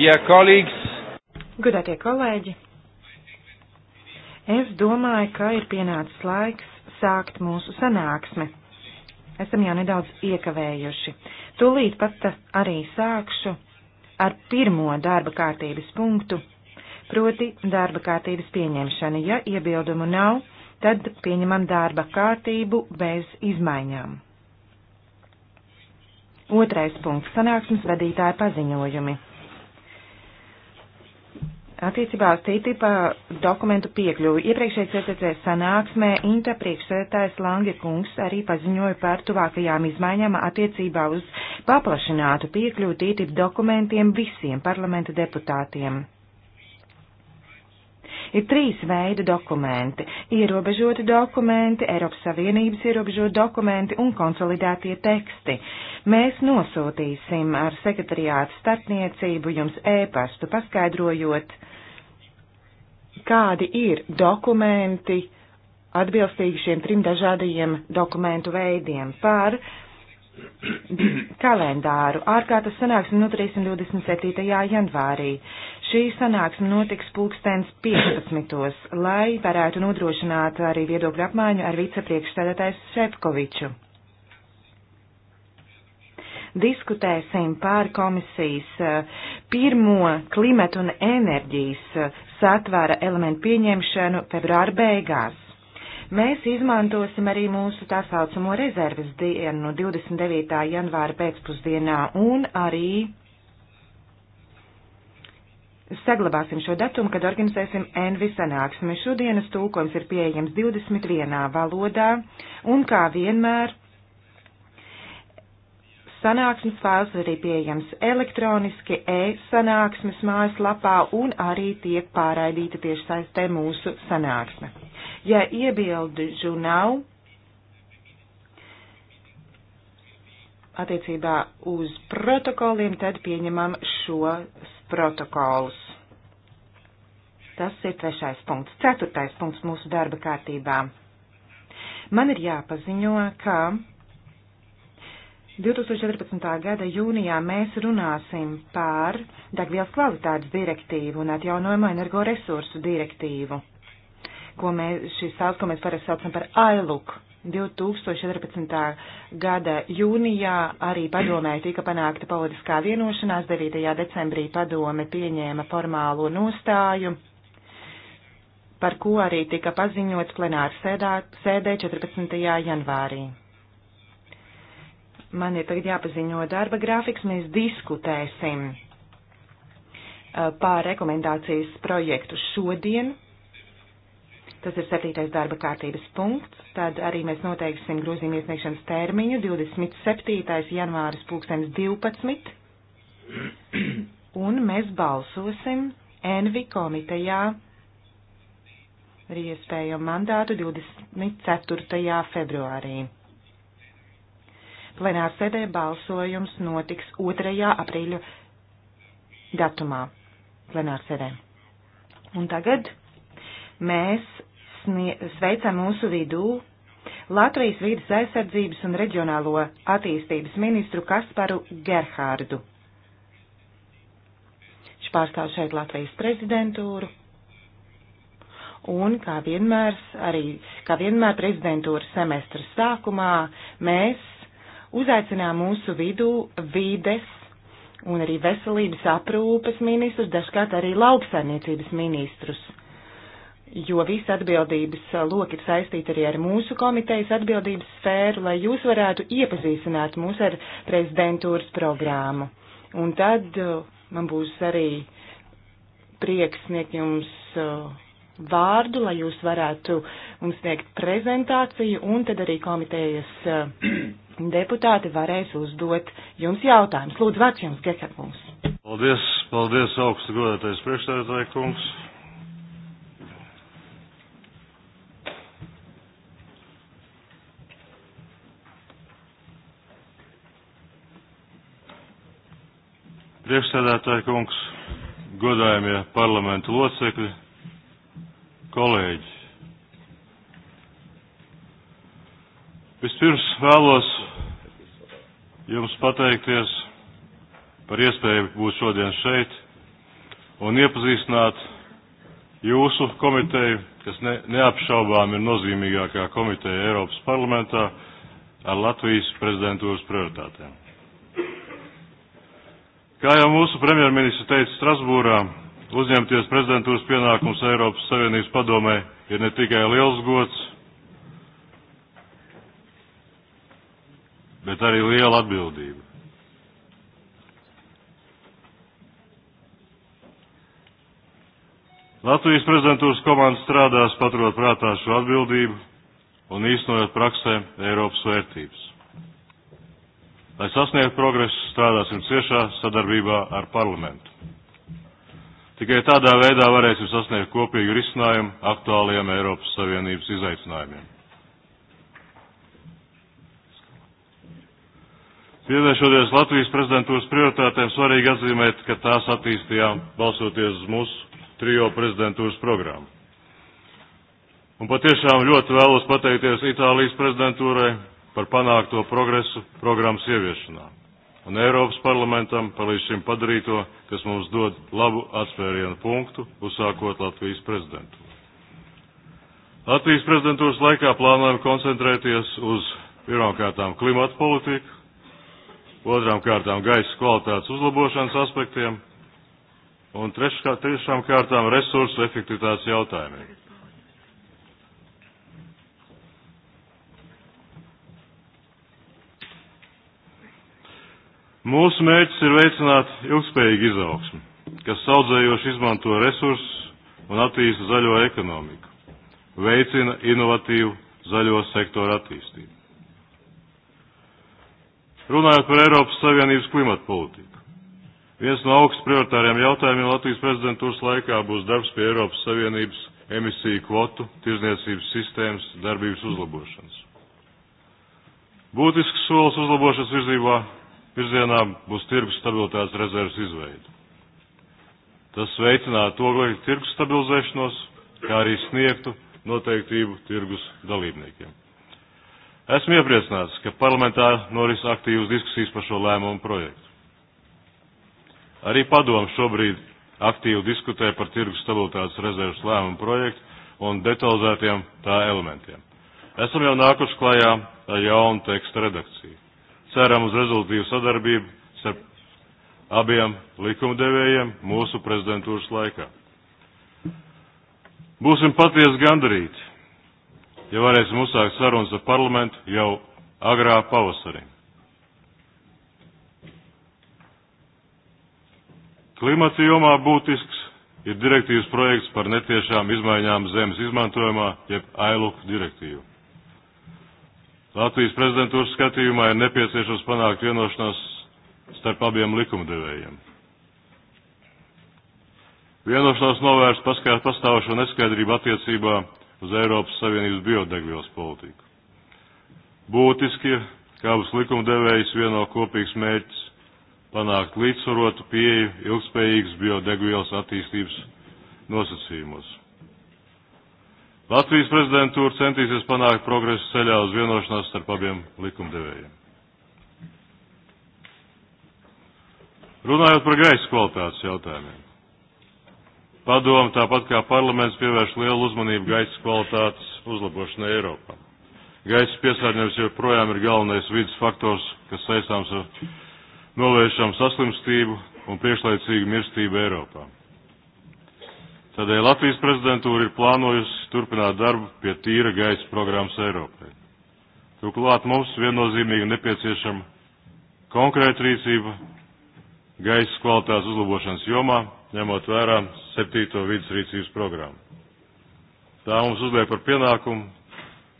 Dear colleagues. Godātie kolēģi, es domāju, ka ir pienācis laiks sākt mūsu sanāksmi. Esam jau nedaudz iekavējuši. Tūlīt pat arī sākšu ar pirmo darba kārtības punktu, proti darba kārtības pieņemšana. Ja iebildumu nav, tad pieņemam darba kārtību bez izmaiņām. Otrais punkts - sanāksmes vadītāja paziņojumi. Attiecībā uz TTIP dokumentu piekļuvi iepriekšējā CCC sanāksmē Inta priekšsētājs Lange kungs arī paziņoja par tuvākajām izmaiņām attiecībā uz paplašinātu piekļuvi TTIP dokumentiem visiem parlamenta deputātiem. Ir trīs veidi dokumenti - ierobežoti dokumenti, Eiropas Savienības ierobežoti dokumenti un konsolidētie teksti. Mēs nosūtīsim ar sekretariātu starpniecību jums ēpastu e paskaidrojot, kādi ir dokumenti atbilstīgi šiem trim dažādajiem dokumentu veidiem par kalendāru. Ārkārtas sanāksmi noturēsim 27. janvārī. Šī sanāksme notiks pulkstens 15. lai varētu nodrošināt arī viedokļu apmaiņu ar vicepriekšstādātais Šefkoviču. Diskutēsim pār komisijas eh, pirmo klimatu un enerģijas eh, satvara elementu pieņemšanu februāra beigās mēs izmantosim arī mūsu tā saucamo rezerves dienu 29. janvāra pēcpusdienā un arī saglabāsim šo datumu, kad organizēsim Envi sanāksmi. Šodienas tūkojums ir pieejams 21. valodā un kā vienmēr. Sanāksmes fails arī pieejams elektroniski e-sanāksmes mājaslapā un arī tiek pārraidīta tieši saistē mūsu sanāksme. Ja iebildužu nav attiecībā uz protokoliem, tad pieņemam šo protokolus. Tas ir trešais punkts. Ceturtais punkts mūsu darba kārtībā. Man ir jāpaziņo, ka 2014. gada jūnijā mēs runāsim par degvielas kvalitātes direktīvu un atjaunojumu energoresursu direktīvu, ko mēs, šis sauc, ko mēs parasti saucam par ILUK 2014. gada jūnijā arī padomē tika panākta politiskā vienošanās, 9. decembrī padome pieņēma formālo nostāju, par ko arī tika paziņots plenāra sēdā, sēdē 14. janvārī. Man ir tagad jāpaziņo darba grafiks, mēs diskutēsim eh, par rekomendācijas projektu šodien, Tas ir septītais darba kārtības punkts. Tad arī mēs noteiksim grozījuma iesniegšanas termiņu 27. janvāris 2012. Un mēs balsosim Envi komitejā ar iespējamu mandātu 24. februārī. Plenārsēdē balsojums notiks 2. aprīļa datumā. Plenārsēdē. Un tagad mēs sveicam mūsu vidū Latvijas vīdas aizsardzības un reģionālo attīstības ministru Kasparu Gerhārdu. Viņš pārstāv šeit Latvijas prezidentūru. Un, kā vienmēr, arī, kā vienmēr prezidentūras semestra sākumā, mēs uzaicinām mūsu vidū vides un arī veselības aprūpes ministrus, dažkārt arī lauksaimniecības ministrus jo visa atbildības loka ir saistīta arī ar mūsu komitejas atbildības sfēru, lai jūs varētu iepazīstināt mūs ar prezidentūras programmu. Un tad uh, man būs arī prieks sniegt jums uh, vārdu, lai jūs varētu mums sniegt prezentāciju, un tad arī komitejas uh, deputāti varēs uzdot jums jautājumus. Lūdzu, vārds jums, Gekarkungs. Paldies, paldies, augstu godātais priekšstādātāja kungs. Priekšsēdētāji kungs, godājumie parlamentu locekļi, kolēģi. Vispirms vēlos jums pateikties par iespēju būt šodien šeit un iepazīstināt jūsu komiteju, kas ne, neapšaubām ir nozīmīgākā komiteja Eiropas parlamentā, ar Latvijas prezidentūras prioritātēm. Kā jau mūsu premjerministra teica Strasbūrā, uzņemties prezidentūras pienākums Eiropas Savienības padomē ir ne tikai liels gods, bet arī liela atbildība. Latvijas prezidentūras komanda strādās paturot prātā šo atbildību un īstenojot praksē Eiropas vērtības. Lai sasniegtu progresu, strādāsim ciešā sadarbībā ar parlamentu. Tikai tādā veidā varēsim sasniegt kopīgu risinājumu aktuālajiem Eiropas Savienības izaicinājumiem. Pievēršoties Latvijas prezidentūras prioritātēm, svarīgi atzīmēt, ka tās attīstījām balsoties uz mūsu trijo prezidentūras programmu. Un patiešām ļoti vēlos pateikties Itālijas prezidentūrai, par panākto progresu programmas ieviešanā un Eiropas parlamentam par līdz šim padarīto, kas mums dod labu atspērienu punktu, uzsākot Latvijas prezidentu. Latvijas prezidentūras laikā plānojam koncentrēties uz pirmkārtām klimata politiku, otrām kārtām gaisa kvalitātes uzlabošanas aspektiem un trešām kārtām resursu efektivitātes jautājumiem. Mūsu mērķis ir veicināt ilgspējīgu izaugsmu, kas saudzējoši izmanto resursus un attīsta zaļo ekonomiku, veicina inovatīvu zaļo sektoru attīstību. Runājot par Eiropas Savienības klimatu politiku. Viens no augstu prioritāriem jautājumiem Latvijas prezidentūras laikā būs darbs pie Eiropas Savienības emisiju kvotu, tirzniecības sistēmas darbības uzlabošanas. Būtisks solis uzlabošanas virzībā virzienā būs tirgus stabilitātes rezerves izveida. Tas veicinātu to tirgus stabilizēšanos, kā arī sniegtu noteiktību tirgus dalībniekiem. Esmu iepriecināts, ka parlamentā noris aktīvas diskusijas par šo lēmumu projektu. Arī padomu šobrīd aktīvi diskutē par tirgus stabilitātes rezerves lēmumu projektu un detalizētiem tā elementiem. Esam jau nākuši klajā ar jaunu tekstu redakciju ceram uz rezultīvu sadarbību starp abiem likumdevējiem mūsu prezidentūras laikā. Būsim patiesi gandarīti, ja varēsim uzsākt sarunas ar parlamentu jau agrā pavasarī. Klimata jomā būtisks ir direktīvas projekts par netiešām izmaiņām zemes izmantojumā, jeb ILUK direktīvu. Latvijas prezidentūras skatījumā ir nepieciešams panākt vienošanos starp abiem likumdevējiem. Vienošanās novērst paskārt pastāvošo neskaidrību attiecībā uz Eiropas Savienības biodegvielas politiku. Būtiski, kā būs likumdevējs vieno kopīgs mērķis panākt līdzsvarotu pieeju ilgspējīgas biodegvielas attīstības nosacījumos. Latvijas prezidentūra centīsies panākt progresu ceļā uz vienošanos starp abiem likumdevējiem. Runājot par gaisa kvalitātes jautājumiem. Padoma, tāpat kā parlaments, pievērš lielu uzmanību gaisa kvalitātes uzlabošanai Eiropā. Gaisa piesārņojums joprojām ir galvenais vidas faktors, kas saistāms ar novēršamu saslimstību un priekšlaicīgu mirstību Eiropā. Tādēļ Latvijas prezidentūra ir plānojusi turpināt darbu pie tīra gaisa programmas Eiropai. Turklāt mums viennozīmīgi nepieciešama konkrēta rīcība gaisa kvalitātes uzlabošanas jomā, ņemot vērā septīto vidas rīcības programmu. Tā mums uzliek par pienākumu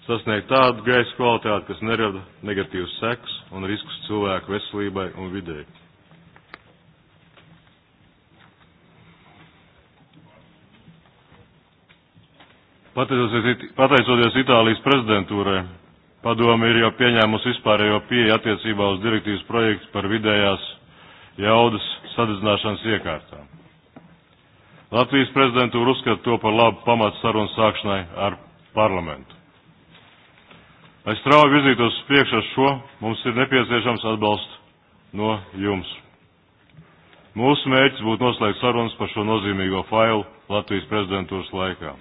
sasniegt tādu gaisa kvalitāti, kas nerada negatīvas sekas un riskus cilvēku veselībai un vidēji. Pateicoties, pateicoties Itālijas prezidentūrai, padome ir jau pieņēmusi vispārējo pieeja attiecībā uz direktīvas projektu par vidējās jaudas sadedzināšanas iekārtām. Latvijas prezidentūra uzskata to par labu pamatu sarunu sākšanai ar parlamentu. Lai strauji virzītos uz priekšu ar šo, mums ir nepieciešams atbalsts no jums. Mūsu mērķis būtu noslēgt sarunas par šo nozīmīgo failu Latvijas prezidentūras laikā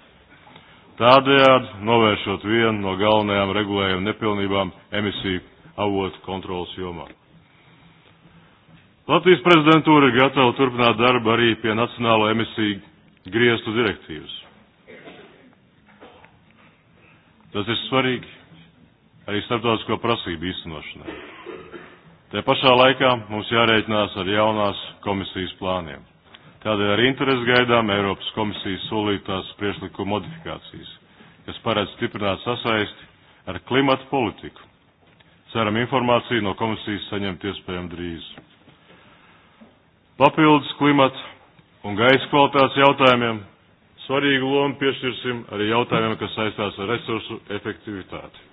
tādējādi novēršot vienu no galvenajām regulējuma nepilnībām emisiju avotu kontrolas jomā. Latvijas prezidentūra ir gatava turpināt darbu arī pie Nacionālo emisiju griestu direktīvas. Tas ir svarīgi arī starptautisko prasību īstenošanai. Te pašā laikā mums jārēķinās ar jaunās komisijas plāniem. Tādēļ ar interesi gaidām Eiropas komisijas solītās priešlikuma modifikācijas, kas paredz stiprināt sasaisti ar klimatu politiku. Ceram informāciju no komisijas saņemt iespējami drīz. Papildus klimata un gaisa kvalitātes jautājumiem svarīgu lomu piešķirsim arī jautājumiem, kas saistās ar resursu efektivitāti.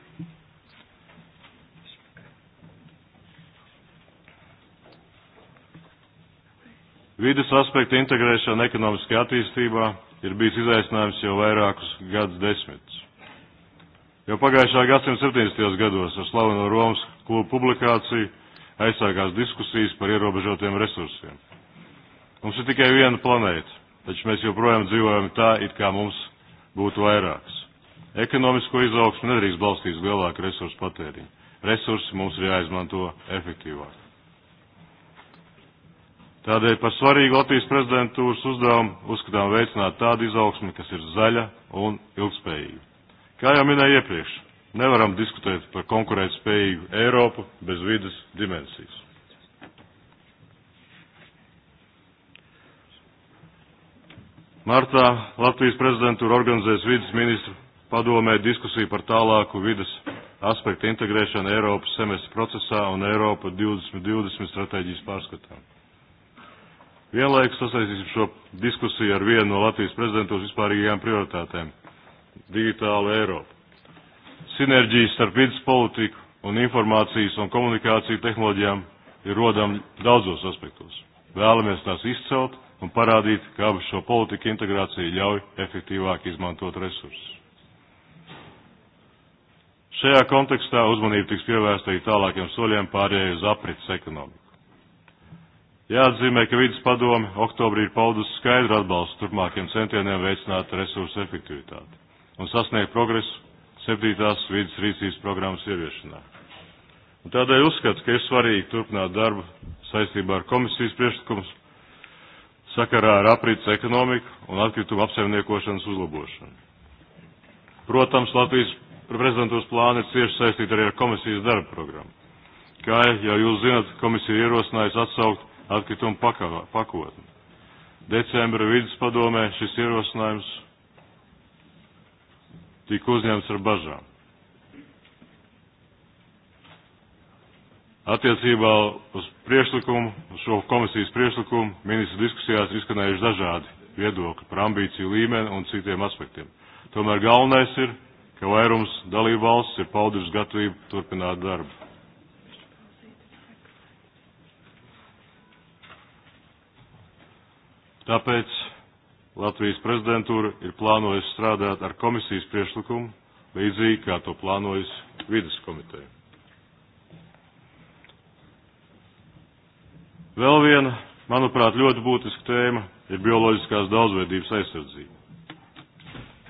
Vides aspekta integrēšana ekonomiskajā attīstībā ir bijis izaicinājums jau vairākus gadus desmitus. Jau pagājušā gadsimta 70. gados ar slaveno Romas klubu publikāciju aizsākās diskusijas par ierobežotiem resursiem. Mums ir tikai viena planēta, taču mēs joprojām dzīvojam tā, it kā mums būtu vairākas. Ekonomisko izaugsmu nedrīkst balstīt uz lielāku resursu patēriņu. Resursi mums ir jāizmanto efektīvāk. Tādēļ par svarīgu Latvijas prezidentūras uzdevumu uzskatām veicināt tādu izaugsmi, kas ir zaļa un ilgspējīga. Kā jau minēju iepriekš, nevaram diskutēt par konkurētspējīgu Eiropu bez vidas dimensijas. Martā Latvijas prezidentūra organizēs vidas ministru padomē diskusiju par tālāku vidas aspektu integrēšanu Eiropas semestra procesā un Eiropa 2020 stratēģijas pārskatām. Vienlaikus sasaistīsim šo diskusiju ar vienu no Latvijas prezidentūras vispārīgajām prioritātēm - digitālu Eiropu. Sinerģijas starp vidas politiku un informācijas un komunikāciju tehnoloģijām ir rodama daudzos aspektos. Vēlamies tās izcelt un parādīt, kā bez šo politiku integrācija ļauj efektīvāk izmantot resursus. Šajā kontekstā uzmanība tiks pievērsta arī tālākiem soļiem pārējai uz aprits ekonomiku. Jāatzīmē, ka vidas padome oktobrī ir paudus skaidru atbalstu turpmākiem centieniem veicināt resursu efektivitāti un sasniegt progresu septītās vidas rīcības programmas ieviešanā. Un tādēļ uzskatu, ka ir svarīgi turpināt darbu saistībā ar komisijas priekšlikumus sakarā ar aprīts ekonomiku un atkritumu apsaimniekošanas uzlabošanu. Protams, Latvijas prezidentūras plāni ir cieši saistīti arī ar komisijas darba programmu. Kā jau jūs zinat, komisija ierosinājusi atsaukt atkritumu pakotni. Decembra vidus padomē šis ierosinājums tika uzņemts ar bažām. Attiecībā uz priekšlikumu, uz šo komisijas priekšlikumu, ministra diskusijās ir izskanējuši dažādi viedokļi par ambīciju līmeni un citiem aspektiem. Tomēr galvenais ir, ka vairums dalību valsts ir paudis gatavību turpināt darbu. Tāpēc Latvijas prezidentūra ir plānojusi strādāt ar komisijas priešlikumu, līdzīgi kā to plānojas vidas komiteja. Vēl viena, manuprāt, ļoti būtiska tēma ir bioloģiskās daudzveidības aizsardzība.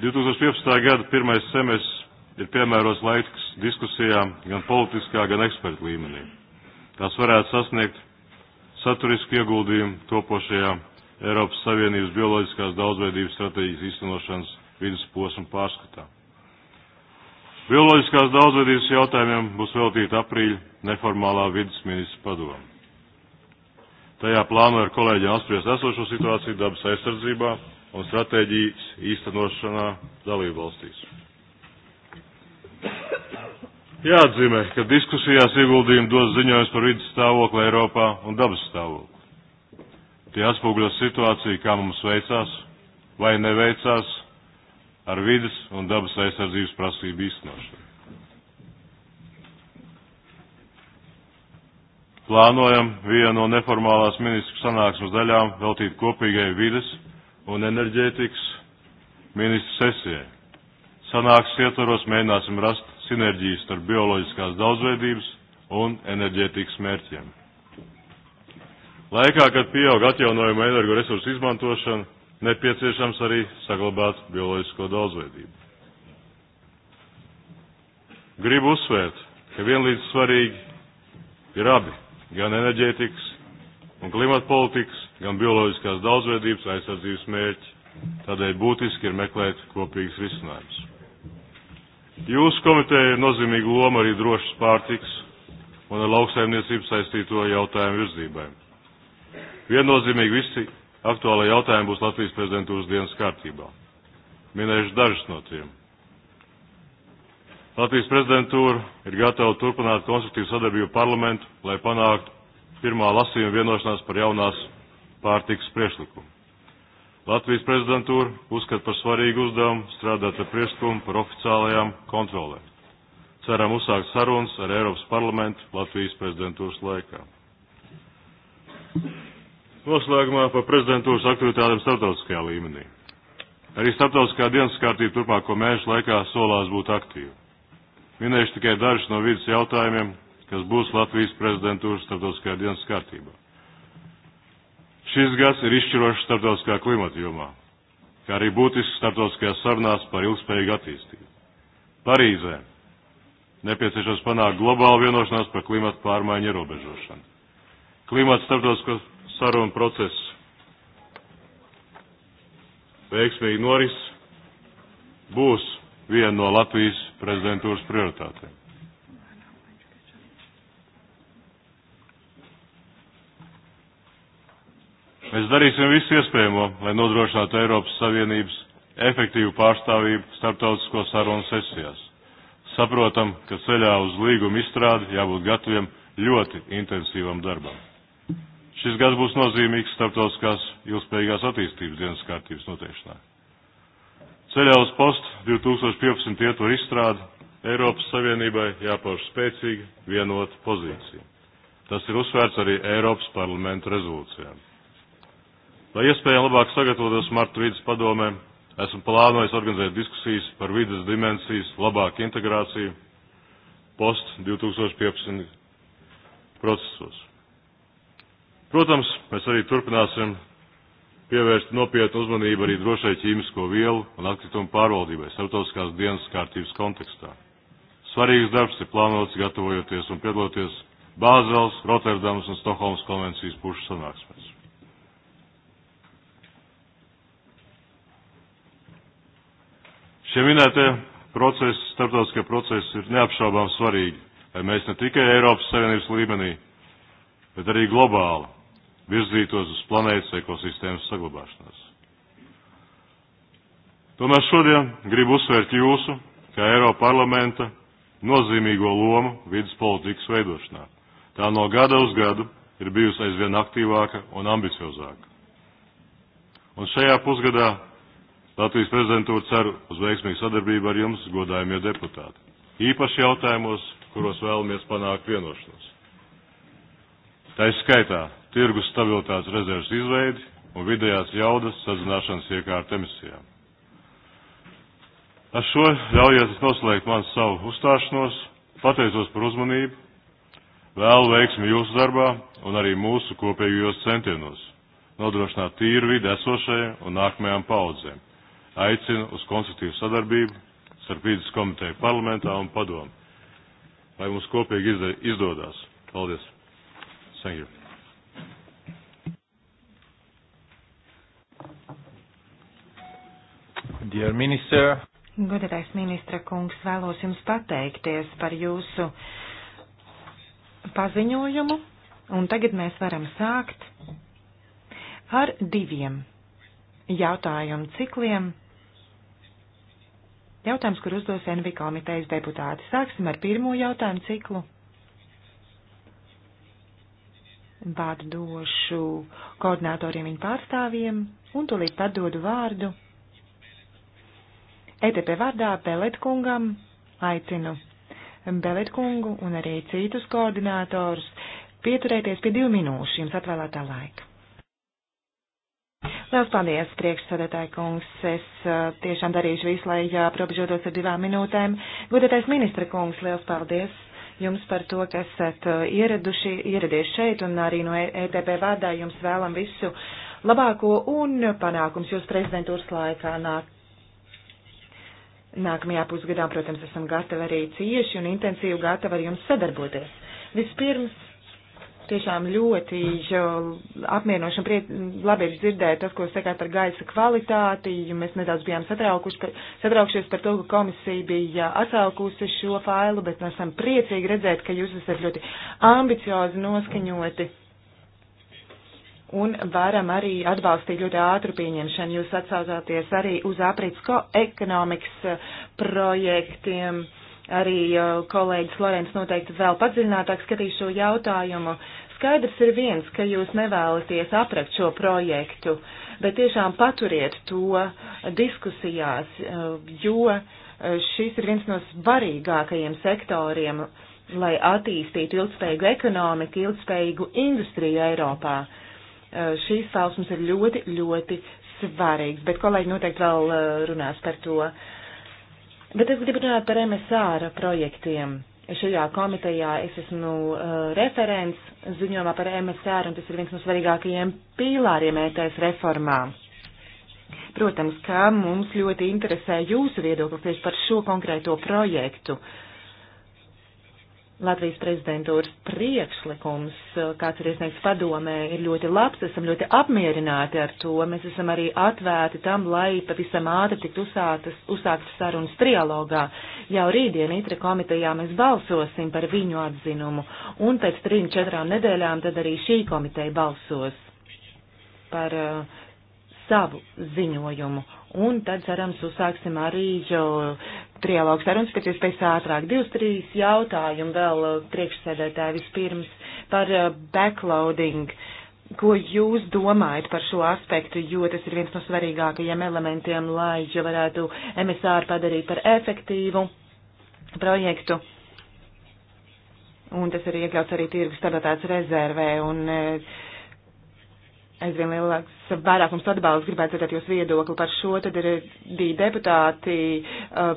2015. gada pirmais semestris ir piemērots laiks diskusijām gan politiskā, gan ekspertu līmenī. Tās varētu sasniegt saturisku ieguldījumu topošajā Eiropas Savienības bioloģiskās daudzveidības stratēģijas īstenošanas vidusposma pārskatā. Bioloģiskās daudzveidības jautājumiem būs veltīta aprīļa neformālā vidusministra padoma. Tajā plāno ar kolēģiem apspriest esošo situāciju dabas aizsardzībā un stratēģijas īstenošanā dalībvalstīs. Jāatzīmē, ka diskusijās ieguldījumi dos ziņojums par vidas stāvokli Eiropā un dabas stāvokli. Tie atspoguļo situāciju, kā mums veicās vai neveicās ar vidas un dabas aizsardzības prasību īstenošanu. Plānojam vienu no neformālās ministru sanāksmes daļām veltīt kopīgai vides un enerģētikas ministru sesijai. Sanāksmes ietvaros mēģināsim rast sinerģijas starp bioloģiskās daudzveidības un enerģētikas mērķiem. Laikā, kad pieaug atjaunojuma energoresursu izmantošana, nepieciešams arī saglabāt bioloģisko daudzveidību. Gribu uzsvērt, ka vienlīdz svarīgi ir abi - gan enerģētikas un klimata politikas, gan bioloģiskās daudzveidības aizsardzības mērķi. Tādēļ būtiski ir meklēt kopīgas risinājumus. Jūsu komiteja ir nozīmīga loma arī drošas pārtiks un ar lauksaimniecību saistīto jautājumu virzībai. Viennozīmīgi visi aktuālai jautājumi būs Latvijas prezidentūras dienas kārtībā. Minēšu dažus no tiem. Latvijas prezidentūra ir gatava turpināt konstruktīvu sadarbību parlamentu, lai panāktu pirmā lasījuma vienošanās par jaunās pārtikas priekšlikumu. Latvijas prezidentūra uzskata par svarīgu uzdevumu strādāt ar priekšlikumu par oficiālajām kontrolēm. Ceram uzsākt sarunas ar Eiropas parlamentu Latvijas prezidentūras laikā. Noslēgumā par prezidentūras aktivitātēm starptautiskajā līmenī. Arī starptautiskā dienas kārtība turpmāko mēnešu laikā solās būt aktīva. Minēšu tikai dažus no vidas jautājumiem, kas būs Latvijas prezidentūras starptautiskajā dienas kārtībā. Šis gads ir izšķirošs starptautiskā klimata jomā, kā arī būtisks starptautiskajās sarunās par ilgspējīgu attīstību. Parīzē nepieciešams panākt globālu vienošanās par klimatu pārmaiņu ierobežošanu klimata starptautisko sarunu procesu veiksmīgi noris būs viena no Latvijas prezidentūras prioritātēm. Mēs darīsim visu iespējamo, lai nodrošinātu Eiropas Savienības efektīvu pārstāvību starptautisko sarunu sesijās. Saprotam, ka ceļā uz līgumu izstrādi jābūt gataviem ļoti intensīvam darbam. Šis gads būs nozīmīgs starptautiskās ilgspējīgās attīstības dienas kārtības noteikšanai. Ceļā uz postu 2015 ietver izstrādi Eiropas Savienībai jāpauž spēcīga, vienota pozīcija. Tas ir uzsvērts arī Eiropas parlamenta rezolūcijām. Lai iespējami labāk sagatavotos Marta vidas padomē, esmu plānojis organizēt diskusijas par vidas dimensijas labāku integrāciju post 2015 procesos. Protams, mēs arī turpināsim pievērst nopietnu uzmanību arī drošai ķīmisko vielu un atkritumu pārvaldībai starptautiskās dienas kārtības kontekstā. Svarīgs darbs ir plānots gatavojoties un piedaloties Bāzels, Rotterdams un Stokholmas konvencijas pušu sanāksmēs. Šie minētie procesi, starptautiskie procesi ir neapšaubām svarīgi, lai mēs ne tikai Eiropas Savienības līmenī, bet arī globāli virzītos uz planētas ekosistēmas saglabāšanos. Tomēr šodien gribu uzsvērt jūsu, kā Eiropa parlamenta, nozīmīgo lomu vidas politikas veidošanā. Tā no gada uz gadu ir bijusi aizvien aktīvāka un ambiciozāka. Un šajā pusgadā Latvijas prezidentūra cer uz veiksmīgu sadarbību ar jums, godājumie deputāti. Īpaši jautājumos, kuros vēlamies panākt vienošanos. Tā ir skaitā tirgus stabilitātes rezerves izveidi un vidējās jaudas sazināšanas iekārta emisijām. Ar šo ļaujiet es noslēgt manu savu uzstāšanos, pateicos par uzmanību, vēlu veiksmi jūsu darbā un arī mūsu kopējos centienos nodrošināt tīru vidi esošajai un nākamajām paudzēm. Aicinu uz konstruktīvu sadarbību starp vīdes komiteju parlamentā un padomu, lai mums kopīgi izdodas. Paldies! Thank you. Dear Minister. Godētais ministra kungs, vēlos jums pateikties par jūsu paziņojumu, un tagad mēs varam sākt ar diviem jautājumu cikliem. Jautājums, kur uzdos NV komitejas deputāti. Sāksim ar pirmo jautājumu ciklu. Vārdu došu koordinatoriem viņu pārstāvjiem un tūlīt pat dodu vārdu ETP vārdā Belet kungam aicinu Belet kungu un arī citus koordinātorus pieturēties pie divu minūšu jums atvēlētā laika. Liels paldies, priekšsādātāji kungs. Es uh, tiešām darīšu visu, lai aprobežotos ar divām minūtēm. Gudatais ministra kungs, liels paldies jums par to, ka esat uh, ieraduši, ieradies šeit un arī no ETP vārdā jums vēlam visu labāko un panākums jūs prezidentūras laikā nāk Nākamajā pusgadā, protams, esam gatavi arī cieši un intensīvi gatavi ar jums sadarboties. Vispirms, tiešām ļoti apmierinoši un priec, labi ir dzirdēt tas, ko sakāt par gaisa kvalitāti, jo mēs nedaudz bijām par, satraukšies par to, ka komisija bija atsaukusi šo failu, bet mēs esam priecīgi redzēt, ka jūs esat ļoti ambiciozi noskaņoti. Mm un varam arī atbalstīt ļoti ātru pieņemšanu. Jūs atsaucāties arī uz apritsko ekonomikas eh, projektiem. Arī eh, kolēģis Lorents noteikti vēl padziļinātāk skatīs šo jautājumu. Skaidrs ir viens, ka jūs nevēlaties aprakt šo projektu, bet tiešām paturiet to diskusijās, eh, jo šis ir viens no svarīgākajiem sektoriem, lai attīstītu ilgspējīgu ekonomiku, ilgspējīgu industriju Eiropā. Uh, Eh, šīs sausums ir ļoti, ļoti svarīgs, bet kolēģi noteikti vēl eh, runās par to. Bet es gribu runāt par MSR projektiem. Šajā komitejā es esmu uh, referents ziņojumā par MSR, un tas ir viens no svarīgākajiem pīlāriem ETS reformā. Protams, ka mums ļoti interesē jūsu viedoklis tieši par šo konkrēto projektu. Uh, Latvijas prezidentūras priekšlikums, eh, kāds ir iesniegts padomē, ir ļoti labs, esam ļoti apmierināti ar to. Mēs esam arī atvērti tam, lai pavisam ātri tiktu uzsāktas, uzsāktas sarunas trialogā. Jau rītdien itra komitejā mēs balsosim par viņu atzinumu, un pēc trim, četrām nedēļām tad arī šī komiteja balsos par uh, savu ziņojumu. Un tad, cerams, uzsāksim arī trialogu sarunas, pēc iespējas ātrāk. Divas, trīs jautājumi vēl eh, priekšsēdētāji vispirms par eh, backloading. Ko jūs domājat par šo aspektu, jo tas ir viens no svarīgākajiem elementiem, lai jau varētu MSR padarīt par efektīvu projektu? Un tas ir iekļauts arī tirgus stabilitātes rezervē. Un, uh, aizvien lielāks vairākums atbalsts gribētu dzirdēt jūs viedokli par šo, tad uh, uh, arī deputāti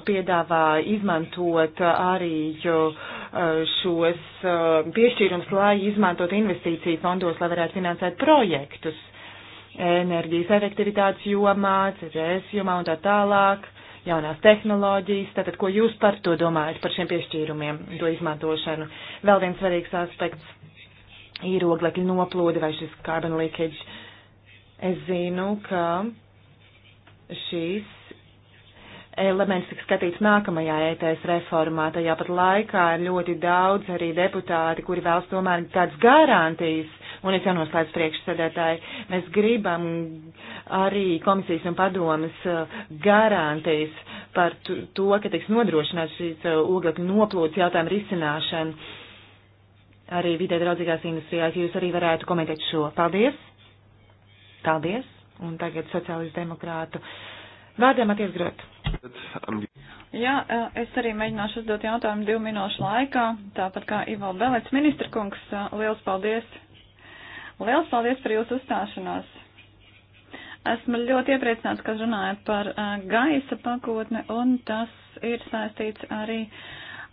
piedāvā izmantot arī šos uh, piešķīrums, lai izmantot investīciju fondos, lai varētu finansēt projektus enerģijas efektivitātes jomā, CCS jomā un tā tālāk, jaunās tehnoloģijas. Tātad, ko jūs par to domājat, par šiem piešķīrumiem, to izmantošanu? Vēl viens svarīgs aspekts ir oglekļa noplūde vai šis carbon leakage. Es zinu, ka šīs elements tiks skatīts nākamajā ETS reformā. Tajā pat laikā ir ļoti daudz arī deputāti, kuri vēlas tomēr tādas garantijas, un es jau noslēdzu priekšsēdētāji, mēs gribam arī komisijas un padomas uh, garantijas par to, ka tiks nodrošināts šīs uh, oglekļa noplūdes jautājumu risināšana arī vidē draudzīgās industrijās. Jūs arī varētu komentēt šo. Paldies! Paldies! Un tagad sociālistu demokrātu vārdiem atties grot. Jā, eh, es arī mēģināšu uzdot jautājumu divu minūšu laikā, tāpat kā Ivo Belets. Ministra kungs, eh, liels paldies! Liels paldies par jūsu uzstāšanos! Esmu ļoti iepriecināts, ka runājat par eh, gaisa pakotni, un tas ir saistīts arī uh,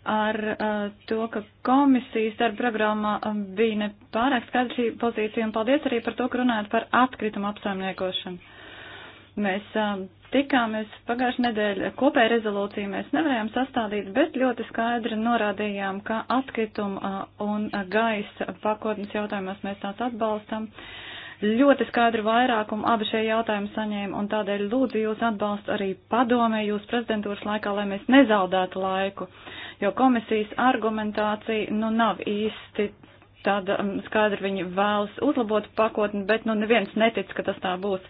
ar uh, to, ka komisijas darba programmā um, bija nepārāk skaidra šī pozīcija, un paldies arī par to, ka runājat par atkritumu apsaimniekošanu. Mēs uh, tikāmies pagājušajā nedēļā kopēja rezolūcija, mēs nevarējām sastādīt, bet ļoti skaidri norādījām, ka atkrituma uh, un uh, gaisa pakotnes jautājumos mēs tās atbalstam. Ļoti skaidru vairākumu abi šie jautājumi saņēma, un tādēļ lūdzu jūs atbalstu arī padomē jūs prezidentūras laikā, lai mēs nezaudētu laiku. Uh, jo komisijas argumentācija nu nav īsti tāda um, skaidra, viņi vēlas uzlabot pakotni, bet nu neviens netic, ka tas tā būs.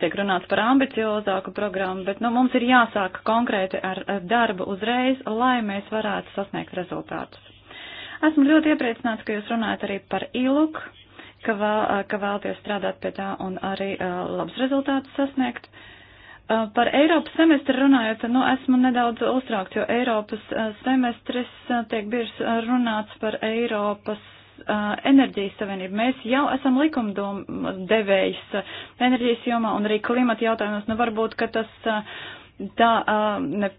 Tiek runāts par ambiciozāku programmu, bet nu mums ir jāsāk konkrēti ar darbu uzreiz, lai mēs varētu sasniegt rezultātus. Esmu ļoti iepriecināts, ka jūs runājat arī par iluk, ka, vēl, ka vēlties strādāt pie tā un arī uh, labs rezultāts sasniegt. Uh, Uh, par Eiropas semestri runājot, nu, esmu nedaudz uztraukts, jo Eiropas uh, semestris uh, tiek bieži runāts par Eiropas enerģijas savienību. Mēs jau esam likumdevējs enerģijas jomā un arī klimata jautājumos. Nu, varbūt, ka tas tā ne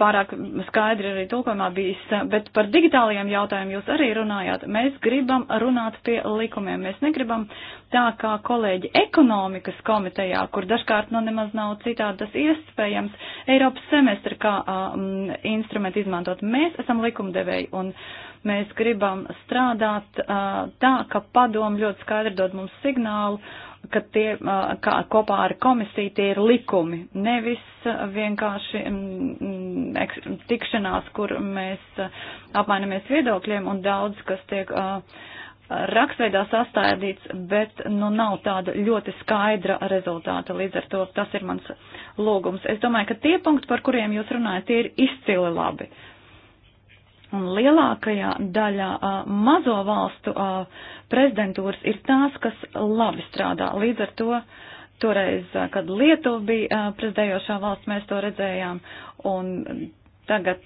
pārāk skaidri arī tulkojumā bijis, bet par digitālajiem jautājumiem jūs arī runājāt. Mēs gribam runāt pie likumiem. Mēs negribam tā kā kolēģi ekonomikas komitejā, kur dažkārt nu nemaz nav citādi tas iespējams, Eiropas semestri kā um, instrumentu izmantot. Mēs esam likumdevēji un mēs gribam strādāt uh, tā, ka padomu ļoti skaidri dod mums signālu ka tie kā, kopā ar komisiju tie ir likumi, nevis vienkārši m, eks, tikšanās, kur mēs apmainamies viedokļiem un daudz, kas tiek uh, rakstveidā sastādīts, bet nu nav tāda ļoti skaidra rezultāta. Līdz ar to tas ir mans lūgums. Es domāju, ka tie punkti, par kuriem jūs runājat, tie ir izcili labi. Uh, Un lielākajā daļā a, mazo valstu a, prezidentūras ir tās, kas labi strādā. Līdz ar to toreiz, a, kad Lietuva bija a, prezidējošā valsts, mēs to redzējām. Un tagad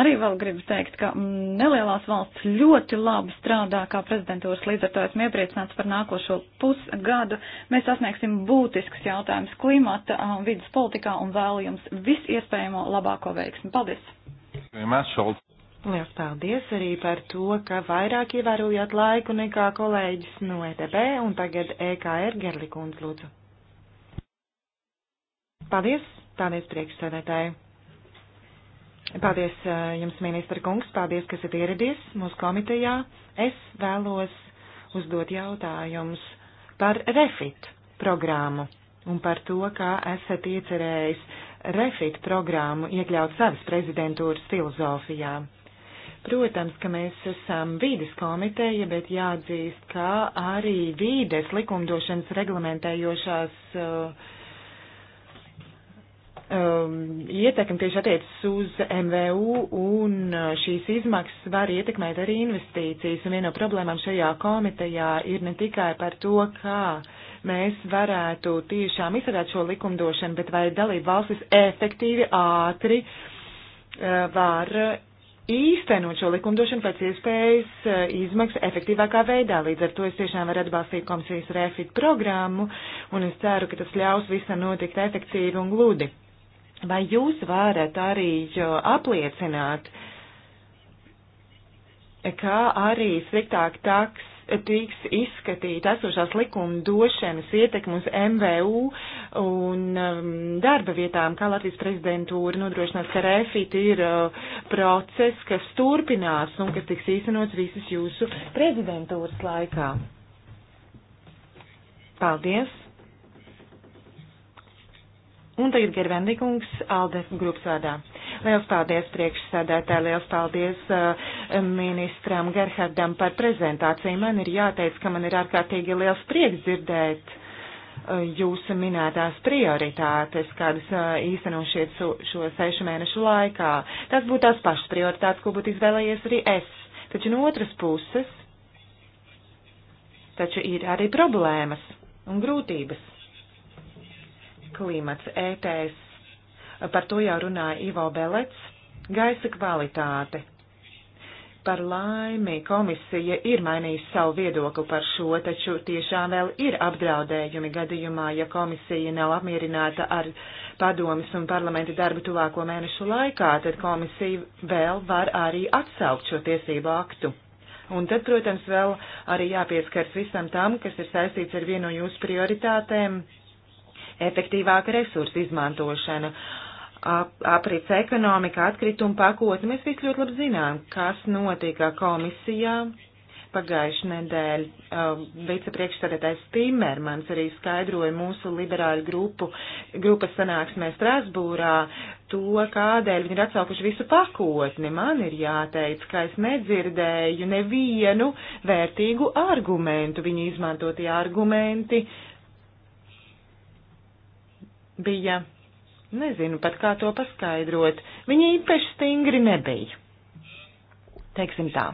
arī vēl gribu teikt, ka nelielās valsts ļoti labi strādā kā prezidentūras. Līdz ar to esmu iepriecināts par nākošo pusgadu. Mēs sasniegsim būtisks jautājums klimata, a, vidas politikā un vēlu jums visiespējamo labāko veiksmi. Paldies! Vienmēr šolds. Lielas paldies arī par to, ka vairāk ievērojāt laiku nekā kolēģis no ETB un tagad EKR Gerlikundz lūdzu. Paldies, paldies priekšsēdētāji. Paldies eh, jums, ministra kungs, paldies, kas esat ieradies mūsu komitejā. Es vēlos uzdot jautājumus par refit programmu un par to, kā esat iecerējis refit programmu iekļaut savas prezidentūras filozofijā. Protams, ka mēs esam vīdes komiteja, bet jāatzīst, ka arī vīdes likumdošanas reglamentējošās uh, um, ietekme tieši attiecas uz MVU un šīs izmaksas var ietekmēt arī investīcijas. Un viena no problēmām šajā komitejā ir ne tikai par to, kā mēs varētu tiešām izsarāt šo likumdošanu, bet vai dalību valstis efektīvi, ātri uh, var īstenot šo likumdošanu pēc iespējas eh, izmaksu efektīvākā veidā. Līdz ar to es tiešām varu atbalstīt komisijas refit programmu, un es ceru, ka tas ļaus visam notikt efektīvi un gludi. Vai jūs varat arī apliecināt, ka arī sliktāk taks tiks izskatīta esošās likuma došanas ietekme uz MVU un um, darba vietām, kā Latvijas prezidentūra nodrošinās, ka refit ir uh, process, kas turpinās un kas tiks īstenots visas jūsu prezidentūras laikā. Paldies! Un tagad Gervendīkungs Alde grupas vārdā. Liels paldies priekšsēdētāji, liels paldies uh, ministram Gerhardam par prezentāciju. Man ir jāteic, ka man ir ārkārtīgi liels prieks dzirdēt uh, jūsu minētās prioritātes, kādas uh, īstenošiet šo, šo sešu mēnešu laikā. Tas būtu tās pašas prioritātes, ko būtu izvēlējies arī es. Taču no otras puses, taču ir arī problēmas un grūtības klimats, ETS Par to jau runāja Ivo Belets. Gaisa kvalitāte. Par laimi komisija ir mainījusi savu viedokli par šo, taču tiešām vēl ir apdraudējumi gadījumā, ja komisija nav apmierināta ar padomis un parlamenta darbu tuvāko mēnešu laikā, tad komisija vēl var arī atsaukt šo tiesību aktu. Un tad, protams, vēl arī jāpieskars visam tam, kas ir saistīts ar vienu no jūsu prioritātēm - efektīvāka resursa izmantošana aprits ekonomika, atkrituma pakotne. Mēs visi ļoti labi zinām, kas notika komisijā pagājušajā nedēļā. Uh, vicepriekšsēdētājs Timermans arī skaidroja mūsu liberāļu grupu, grupas sanāksmē Strasbūrā to, kādēļ viņi ir atsaukuši visu pakotni. Man ir jāteic, ka es nedzirdēju nevienu vērtīgu argumentu. Viņu izmantotie argumenti bija Nezinu pat, kā to paskaidrot. Viņi īpaši stingri nebija. Teiksim tā.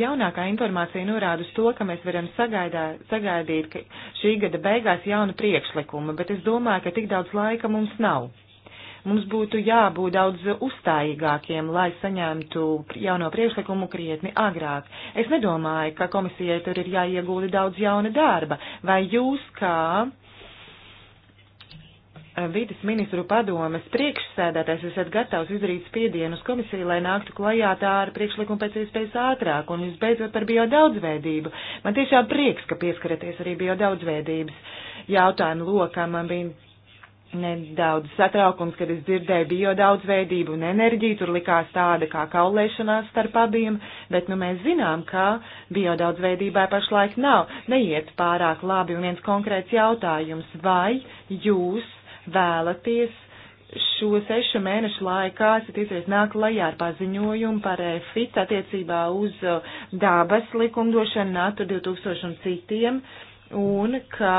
Jaunākā informācija norāda uz to, ka mēs varam sagaidā, sagaidīt šī gada beigās jaunu priekšlikumu, bet es domāju, ka tik daudz laika mums nav. Mums būtu jābūt daudz uzstājīgākiem, lai saņemtu jauno priekšlikumu krietni agrāk. Es nedomāju, ka komisijai tur ir jāiegūda daudz jauna darba. Vai jūs kā uh, vidas ministru padomes priekšsēdētājs esat gatavs izdarīt spiedienu uz komisiju, lai nāktu klajā tā ar priekšlikumu pēc iespējas ātrāk un visbeidzot par biodaudzveidību. Man tiešām prieks, ka pieskaraties arī biodaudzveidības jautājumu lokam. Man bija nedaudz satraukums, kad es dzirdēju biodaudzveidību un enerģiju, tur likās tāda kā kaulēšanās starp abiem, bet nu mēs zinām, ka biodaudzveidībai pašlaik nav, neiet pārāk labi un viens konkrēts jautājums, vai jūs vēlaties šo sešu mēnešu laikā esat iecerējis nākt lajā ar paziņojumu par eh, FIT attiecībā uz eh, dabas likumdošanu, NATO 2000 un citiem, un ka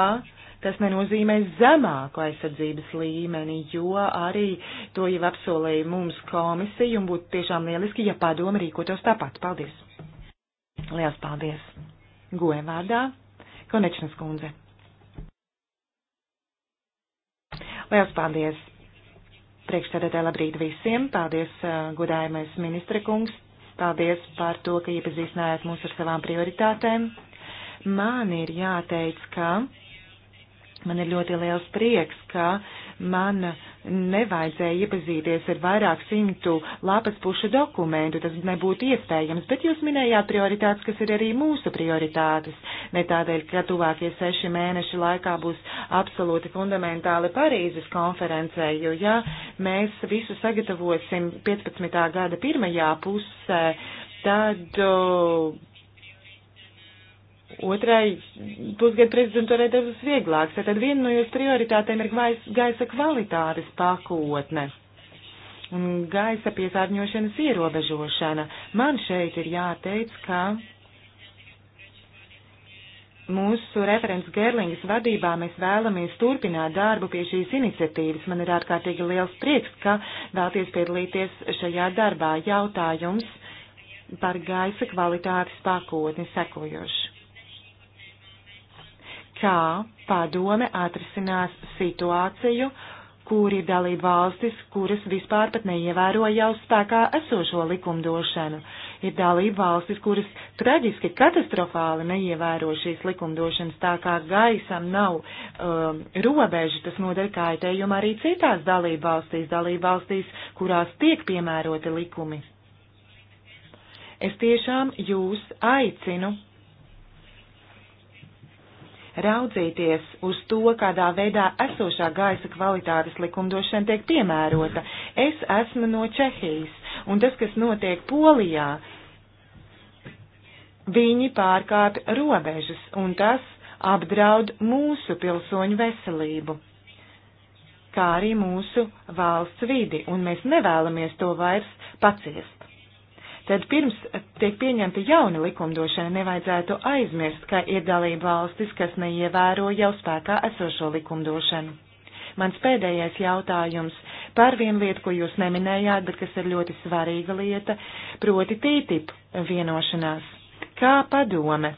tas nenozīmē zemāku aizsardzības līmeni, jo arī to jau apsolīja mums komisija, un būtu tiešām lieliski, ja padoma rīkotos tāpat. Paldies! Liels paldies! Goe vārdā, Konečnas kundze! Liels paldies! Priekšsēdētāji, labrīt visiem! Paldies, godājumais ministra kungs! Paldies par to, ka iepazīstinājāt mūs ar savām prioritātēm. Man ir jāteic, ka man ir ļoti liels prieks, ka mana nevajadzēja iepazīties ar vairāk simtu lapas pušu dokumentu, tas nebūtu iespējams, bet jūs minējāt prioritātes, kas ir arī mūsu prioritātes. Ne tādēļ, ka tuvākie seši mēneši laikā būs absolūti fundamentāli Parīzes konferencē, jo ja mēs visu sagatavosim 15. gada pirmajā pusē, tad. Uh, Otrai pusgadu prezidentūrai devas vieglāks, tad viena no jūsu prioritātēm ir gaisa kvalitātes pakotne un gaisa piesārņošanas ierobežošana. Man šeit ir jāteic, ka mūsu referents Gerlingas vadībā mēs vēlamies turpināt darbu pie šīs iniciatīvas. Man ir ārkārtīgi liels prieks, ka vēlties piedalīties šajā darbā. Jautājums par gaisa kvalitātes pakotni sekojošs kā padome atrisinās situāciju, kuri dalība valstis, kuras vispār pat neievēro jau spēkā esošo likumdošanu. Ir dalība valstis, kuras traģiski katastrofāli neievēro šīs likumdošanas, tā kā gaisam nav um, robežu, tas nodara kaitējumu arī citās dalība valstīs, dalība valstīs, kurās tiek piemēroti likumi. Es tiešām jūs aicinu raudzīties uz to, kādā veidā esošā gaisa kvalitātes likumdošana tiek piemērota. Es esmu no Čehijas, un tas, kas notiek Polijā, viņi pārkāpj robežas, un tas apdraud mūsu pilsoņu veselību, kā arī mūsu valsts vidi, un mēs nevēlamies to vairs paciest tad pirms tiek pieņemta jauna likumdošana, nevajadzētu aizmirst, ka ir dalība valstis, kas neievēro jau spēkā esošo likumdošanu. Mans pēdējais jautājums par vienu lietu, ko jūs neminējāt, bet kas ir ļoti svarīga lieta, proti TTIP vienošanās. Kā padome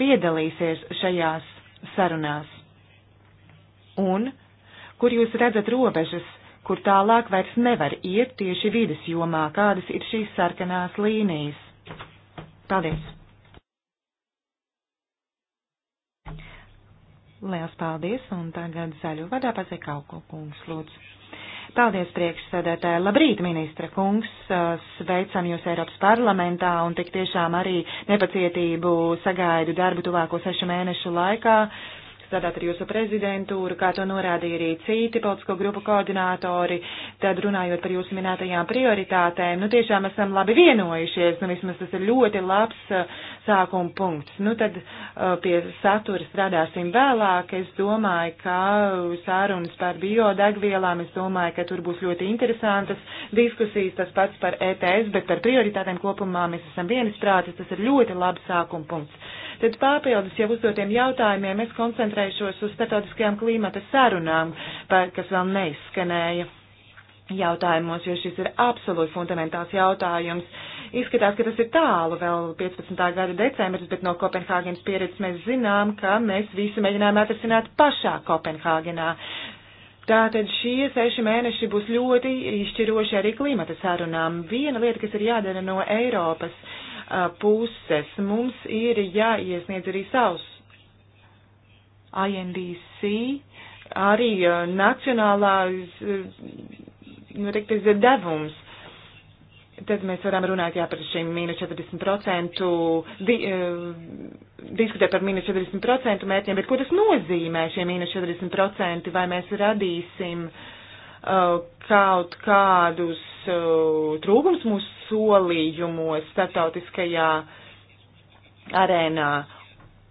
piedalīsies šajās sarunās? Un kur jūs redzat robežas kur tālāk vairs nevar iet tieši vides jomā, kādas ir šīs sarkanās līnijas. Paldies! Liels paldies, un tagad zaļu vadā pasaka Kauko kungs, lūdzu. Paldies, priekšsēdētāji. Labrīt, ministra kungs. Uh, sveicam jūs Eiropas parlamentā un tik tiešām arī nepacietību sagaidu darbu tuvāko sešu mēnešu laikā. Uh, strādāt ar jūsu prezidentūru, kā to norādīja arī citi politisko grupu koordinātori, tad runājot par jūsu minētajām prioritātēm, nu tiešām esam labi vienojušies, nu vismaz tas ir ļoti labs eh, sākuma punkts. Nu tad eh, pie satura strādāsim vēlāk, es domāju, ka sārunas par biodegvielām, es domāju, ka tur būs ļoti interesantas diskusijas, tas pats par ETS, bet par prioritātēm kopumā mēs esam vienisprātis, tas ir ļoti labs sākuma punkts. Tad papildus jau uzdotiem jautājumiem es koncentrēšos uz starptautiskajām klimata sarunām, par, kas vēl neizskanēja jautājumos, jo šis ir absolūti fundamentāls jautājums. Izskatās, ka tas ir tālu vēl 15. gada decembris, bet no Kopenhāgenes pieredzes mēs zinām, ka mēs visu mēģinājām atrisināt pašā Kopenhāgenā. Tātad šie seši mēneši būs ļoti izšķiroši arī klimata sarunām. Viena lieta, kas ir jādara no Eiropas puses. Mums ir jāiesniedz arī savs INDC, arī nacionālās, nu, teikties, devums. Tad mēs varam runāt jā, par šīm mīnus 40%, di, uh, diskutēt par mīnus 40% mērķiem, bet ko tas nozīmē šie mīnus 40%? Vai mēs radīsim uh, kaut kādus Uh, trūkums mūsu solījumos starptautiskajā arēnā.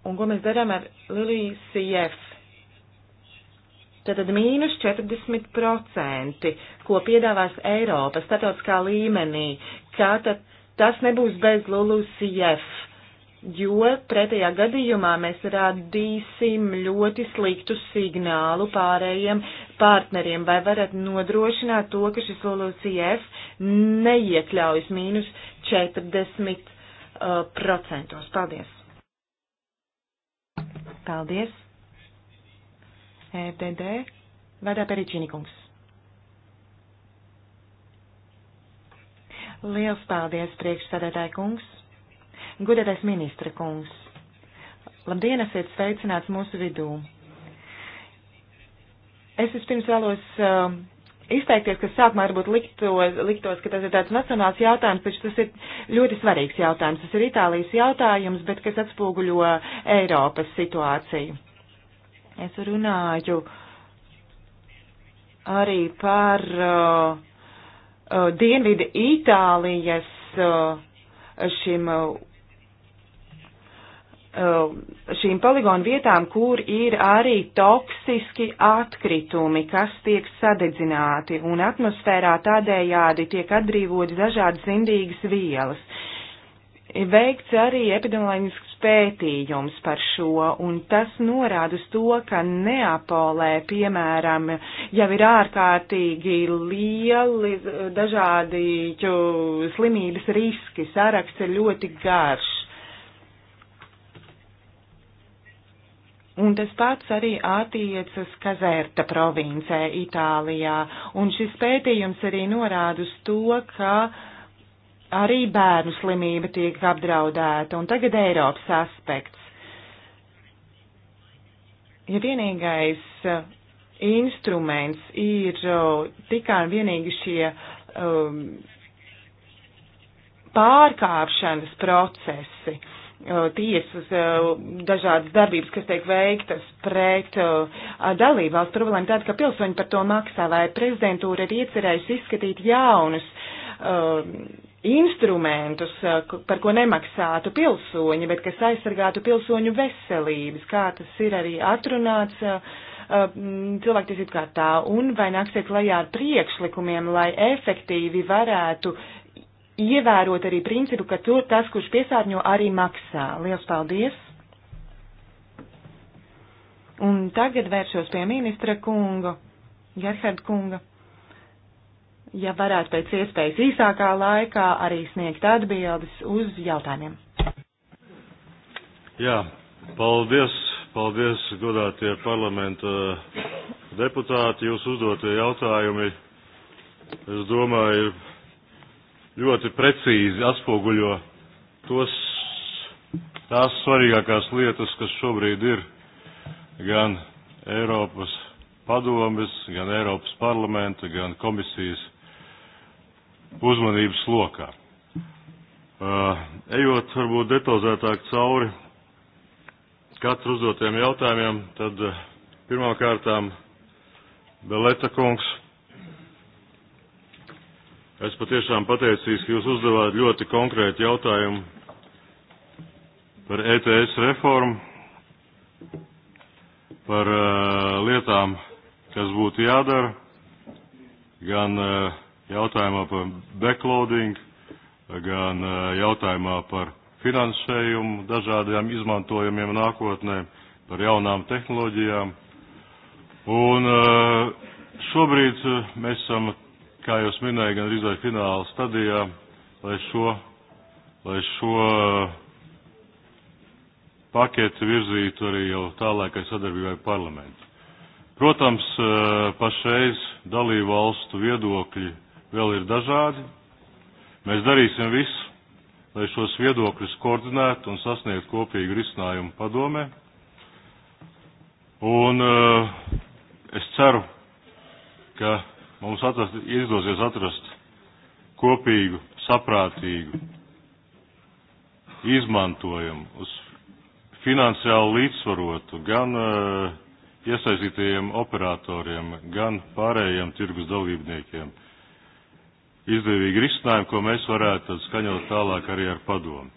Un ko mēs darām ar Liliju CF? Tātad mīnus 40%, ko piedāvās Eiropa starptautiskā līmenī, kā tad tas nebūs bez LULUCF, jo pretējā gadījumā mēs radīsim ļoti sliktu signālu pārējiem partneriem, vai varat nodrošināt to, ka šis LULUCF neiekļaujas mīnus 40 uh, procentos? Paldies! Paldies! EDD, vadā Peričīnikums. Liels paldies, priekšsēdētāja kungs, gudētais ministra kungs. Labdien, esiet sveicināts mūsu vidū. Es vispirms vēlos uh, izteikties, ka sākumā varbūt liktos, liktos, ka tas ir tāds nacionāls jautājums, taču tas ir ļoti svarīgs jautājums. Tas ir Itālijas jautājums, bet kas atspoguļo Eiropas situāciju. Es runāju arī par uh, uh, Dienvidu Itālijas uh, šim. Uh, Uh, šīm poligonu vietām, kur ir arī toksiski atkritumi, kas tiek sadedzināti, un atmosfērā tādējādi tiek atbrīvotas dažādas indīgas vielas. Ir veikts arī epidemioloģisks pētījums par šo, un tas norāda uz to, ka Neapolē, piemēram, jau ir ārkārtīgi lieli dažādi slimības riski, saraksts ir ļoti garš Un tas pats arī attiecas Kazērta provincē Itālijā. Un šis pētījums arī norāda uz to, ka arī bērnu slimība tiek apdraudēta. Un tagad Eiropas aspekts. Ja vienīgais uh, instruments ir uh, tikai un vienīgi šie um, pārkāpšanas procesi, uh, Uh, tiesas uh, dažādas darbības, kas tiek veiktas pret uh, dalībvalstu problēmu, tāda, ka pilsoņi par to maksā, vai prezidentūra ir iecerējusi izskatīt jaunus uh, instrumentus, par ko nemaksātu pilsoņi, bet kas aizsargātu pilsoņu veselības, kā tas ir arī atrunāts uh, cilvēktiesību kārtā, un vai nāksiet klajā ar priekšlikumiem, lai efektīvi varētu ievērot arī principu, ka tur tas, kurš piesārņo, arī maksā. Liels paldies! Un tagad vēršos pie ministra kunga, Gerhard kunga. Ja varētu pēc iespējas īsākā laikā arī sniegt atbildes uz jautājumiem. Jā, paldies, paldies, godātie parlamenta deputāti, jūs uzdotie jautājumi, es domāju, ir ļoti precīzi atspoguļo tos, tās svarīgākās lietas, kas šobrīd ir gan Eiropas padomes, gan Eiropas parlamenta, gan komisijas uzmanības lokā. Uh, ejot varbūt detalizētāk cauri katru uzdotiem jautājumiem, tad uh, pirmkārtām Beleta kungs Es patiešām pateicīgs, ka jūs uzdevāt ļoti konkrētu jautājumu par ETS reformu, par uh, lietām, kas būtu jādara, gan uh, jautājumā par backloading, gan uh, jautājumā par finansējumu dažādiem izmantojumiem nākotnē, par jaunām tehnoloģijām. Un šobrīd mēs esam kā jūs minēju, gan arī fināla stadijā, lai šo, lai šo uh, paketi virzītu arī jau tālākai sadarbībai parlamentu. Protams, uh, pašreiz dalību valstu viedokļi vēl ir dažādi. Mēs darīsim visu, lai šos viedokļus koordinētu un sasniegtu kopīgu risinājumu padomē. Un uh, es ceru, ka mums atrast, izdosies atrast kopīgu, saprātīgu izmantojumu uz finansiāli līdzsvarotu gan uh, iesaistītajiem operatoriem, gan pārējiem tirgus dalībniekiem izdevīgi risinājumi, ko mēs varētu skaņot tālāk arī ar padomu.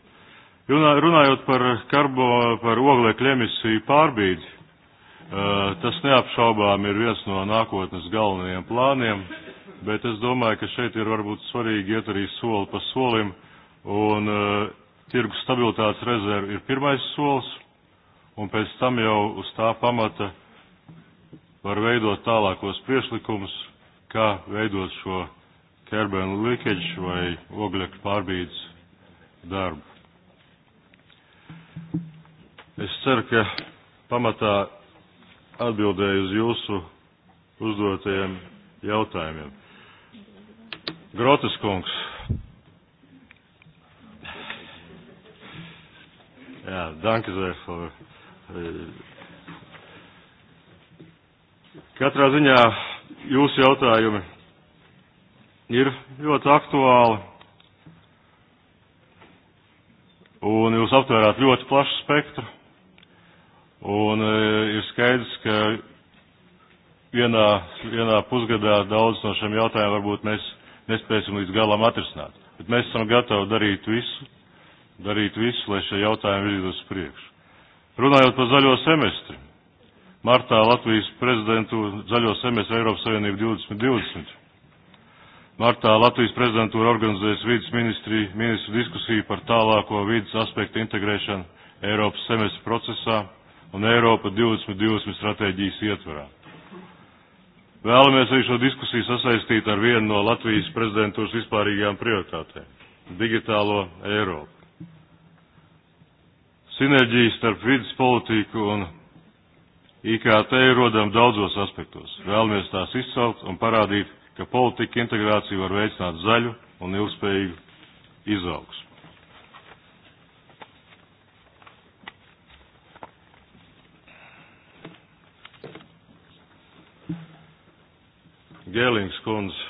Runājot par, karbo, par oglekļa emisiju pārbīdi, Tas neapšaubām ir viens no nākotnes galvenajiem plāniem, bet es domāju, ka šeit ir varbūt svarīgi iet arī soli pa solim, un uh, tirgus stabilitātes rezerve ir pirmais solis, un pēc tam jau uz tā pamata var veidot tālākos priešlikumus, kā veidot šo kerbenu likeģi vai ogļu pārbīdes darbu. Es ceru, ka pamatā atbildēju uz jūsu uzdotajiem jautājumiem. Grotas kungs. Jā, danke sehr for. Eh, katrā ziņā jūsu jautājumi ir ļoti aktuāli. Un jūs aptvērāt ļoti plašu spektru. Un e, ir skaidrs, ka vienā, vienā pusgadā daudz no šiem jautājumiem varbūt mēs nespēsim līdz galam atrisināt. Bet mēs esam gatavi darīt visu, darīt visu, lai šie jautājumi virzītos uz priekšu. Runājot par zaļo semestri, martā Latvijas prezidentu zaļo semestri Eiropas Savienība 2020. Martā Latvijas prezidentūra organizēs vidas ministri, ministru diskusiju par tālāko vidas aspektu integrēšanu Eiropas semestra procesā un Eiropa 2020 stratēģijas ietvarā. Vēlamies arī šo diskusiju sasaistīt ar vienu no Latvijas prezidentūras vispārīgajām prioritātēm - digitālo Eiropu. Sinerģijas starp vidas politiku un IKT rodam daudzos aspektos. Vēlamies tās izcelt un parādīt, ka politika integrācija var veicināt zaļu un ilgspējīgu izaugsmu. Gēlings kundze.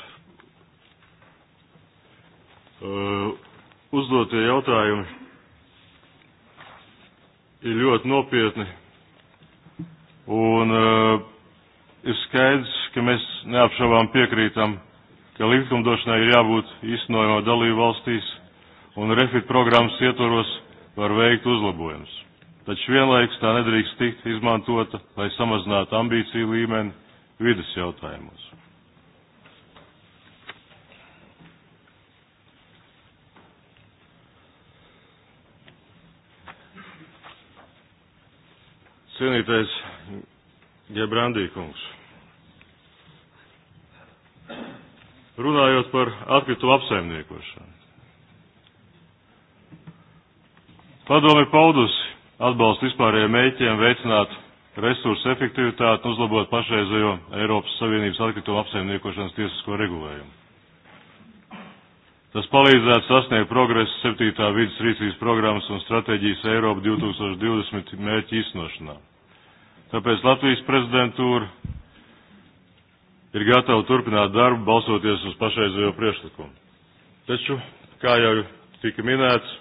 Uh, uzdotie jautājumi ir ļoti nopietni. Un uh, ir skaidrs, ka mēs neapšaubām piekrītam, ka likumdošanai ir jābūt īstenojumā dalību valstīs un refit programmas ietvaros var veikt uzlabojumus. Taču vienlaiks tā nedrīkst tikt izmantota, lai samazinātu ambīciju līmeni vidas jautājumos. Cienītais Gebrandīkungs. Runājot par atkritumu apsaimniekošanu. Padome paudusi atbalstu vispārējiem mēķiem veicināt resursu efektivitāti un uzlabot pašreizējo Eiropas Savienības atkritumu apsaimniekošanas tiesisko regulējumu. Tas palīdzētu sasniegt progresu 7. vidas rīcības programmas un stratēģijas Eiropa 2020 mērķi iznošanā. Tāpēc Latvijas prezidentūra ir gatava turpināt darbu, balsoties uz pašreizējo priekšlikumu. Taču, kā jau tika minēts,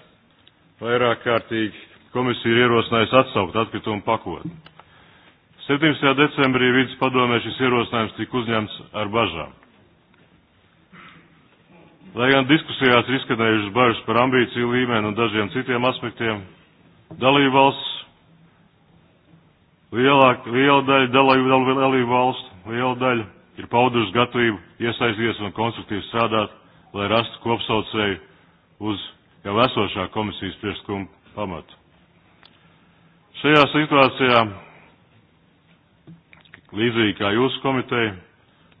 vairāk kārtīgi komisija ir ierosinājusi atsaukt atkritumu pakotni. 17. decembrī vidas padomē šis ierosinājums tika uzņemts ar bažām. Lai gan diskusijās ir izskanējušas bažas par ambīciju līmeni un dažiem citiem aspektiem, dalību valsts, lielāk, liela daļa dalību, dalību valsts, liela daļa ir paudušas gatavību iesaistīties un konstruktīvi strādāt, lai rastu kopsaucēju uz jau esošā komisijas priekšlikuma pamatu. Šajā situācijā, līdzīgi kā jūsu komiteja,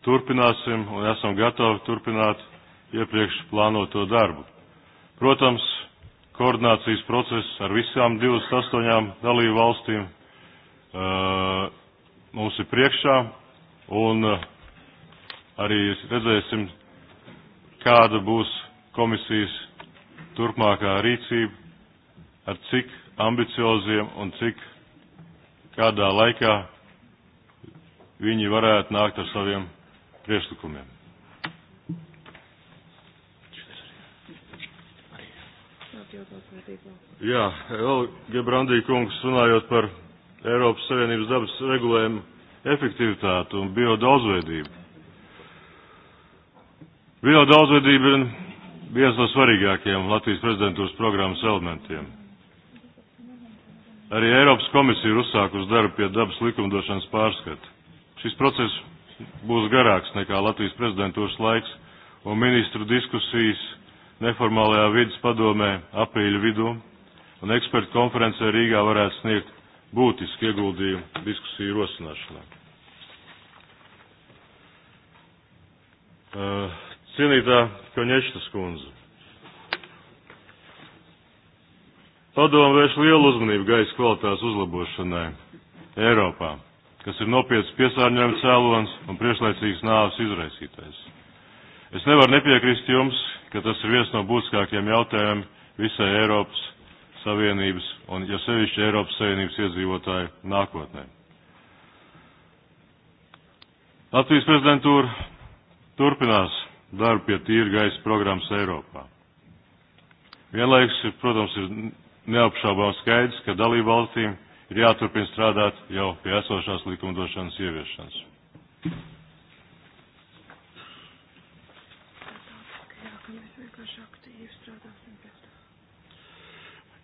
turpināsim un esam gatavi turpināt iepriekš plānoto darbu. Protams, koordinācijas process ar visām 28 dalību valstīm uh, mums ir priekšā, un uh, arī redzēsim, kāda būs komisijas turpmākā rīcība, ar cik ambicioziem un cik kādā laikā viņi varētu nākt ar saviem priekšlikumiem. Jā, vēl Gebrandī kungs runājot par Eiropas Savienības dabas regulējumu efektivitāti un biodaudzveidību. Biodaudzveidība ir viens no svarīgākajiem Latvijas prezidentūras programmas elementiem. Arī Eiropas komisija ir uzsākusi darbu pie dabas likumdošanas pārskata. Šis process būs garāks nekā Latvijas prezidentūras laiks un ministru diskusijas neformālajā vidas padomē aprīļa vidū un ekspertu konferencē Rīgā varētu sniegt būtisku ieguldījumu diskusiju rosināšanā. Eh, cienītā Koņeštas kundze. Padomu vērš lielu uzmanību gaisa kvalitātes uzlabošanai Eiropā, kas ir nopietns piesārņojuma cēlons un priešlaicīgas nāves izraisītais. Es nevaru nepiekrist jums, ka tas ir viens no būtiskākajiem jautājumiem visai Eiropas Savienības un, ja sevišķi, Eiropas Savienības iedzīvotāju nākotnē. Latvijas prezidentūra turpinās darbu pie tīra gaisa programmas Eiropā. Vienlaiks, protams, ir neapšaubām skaidrs, ka dalību valstīm ir jāturpina strādāt jau pie esošās likumdošanas ieviešanas.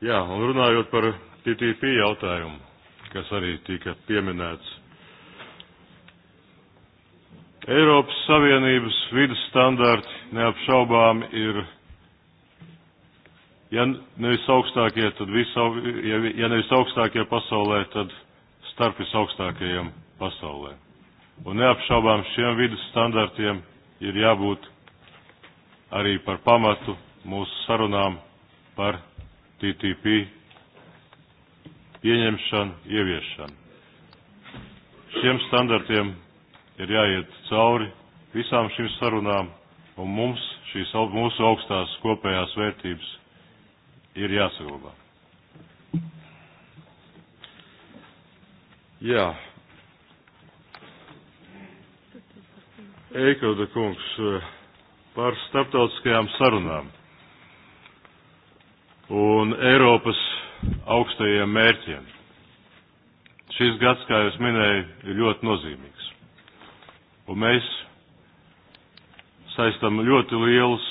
Jā, un runājot par TTP jautājumu, kas arī tika pieminēts. Eiropas Savienības vidas standarti neapšaubām ir, ja nevis augstākie, tad visu, ja, ja nevis augstākie pasaulē, tad starp visaugstākajiem pasaulē. Un neapšaubām šiem vidas standartiem ir jābūt arī par pamatu mūsu sarunām par TTP pieņemšanu, ieviešanu. Šiem standartiem ir jāiet cauri visām šīm sarunām, un mums šīs mūsu augstās kopējās vērtības ir jāsaglabā. Jā. Eikoda kungs par starptautiskajām sarunām un Eiropas augstajiem mērķiem. Šis gads, kā jau es minēju, ir ļoti nozīmīgs. Un mēs saistam ļoti liels,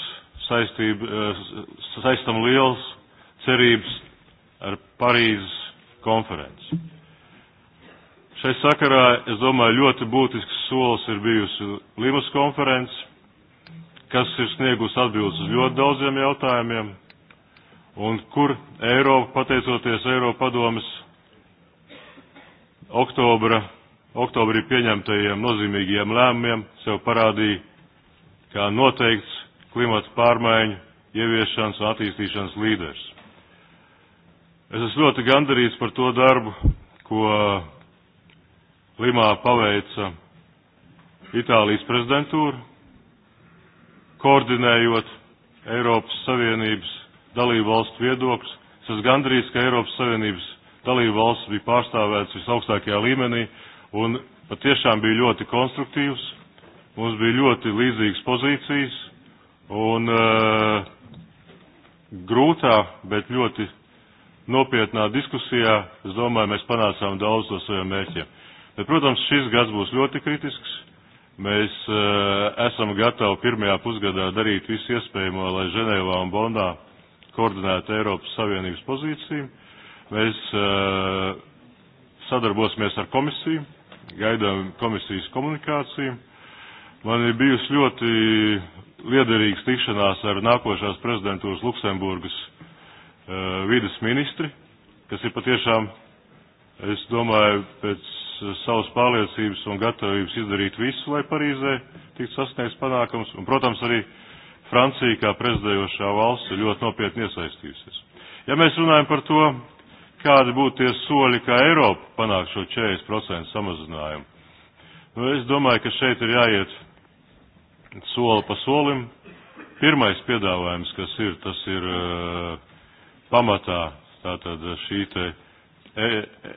saistību, eh, saistam liels cerības ar Parīzes konferenci. Šai sakarā, es domāju, ļoti būtisks solis ir bijusi Limas konference, kas ir sniegusi atbildes uz ļoti daudziem jautājumiem, un kur Eiropa, pateicoties Eiropa padomas oktobra, oktobrī pieņemtajiem nozīmīgiem lēmumiem, sev parādīja kā noteikts klimata pārmaiņu ieviešanas un attīstīšanas līderis. Es esmu ļoti gandarīts par to darbu, ko Limā paveica Itālijas prezidentūra, koordinējot Eiropas Savienības dalību valstu viedoklis. Es esmu gandrīz, ka Eiropas Savienības dalību valsts bija pārstāvēts visaugstākajā līmenī un patiešām bija ļoti konstruktīvs. Mums bija ļoti līdzīgas pozīcijas un uh, grūtā, bet ļoti nopietnā diskusijā, es domāju, mēs panācām daudz no saviem mērķiem. Bet, protams, šis gads būs ļoti kritisks. Mēs uh, esam gatavi pirmajā pusgadā darīt visu iespējamo, lai Ženēvā un Bondā uh, koordinētu Eiropas Savienības pozīciju. Mēs eh, sadarbosimies ar komisiju, gaidām komisijas komunikāciju. Man ir bijusi ļoti liederīgs tikšanās ar nākošās prezidentūras Luksemburgas eh, vides ministri, kas ir patiešām, es domāju, pēc savas pārliecības un gatavības izdarīt visu, lai Parīzē tiktu sasniegts panākums. Un, protams, arī uh, Francija kā prezidējošā valsts ir ļoti nopietni iesaistījusies. Ja mēs runājam par to, kādi būtu tie soļi, kā Eiropa panāk šo 40% samazinājumu, nu, es domāju, ka šeit ir jāiet soli pa solim. Pirmais piedāvājums, kas ir, tas ir uh, pamatā tātad šī te e, e,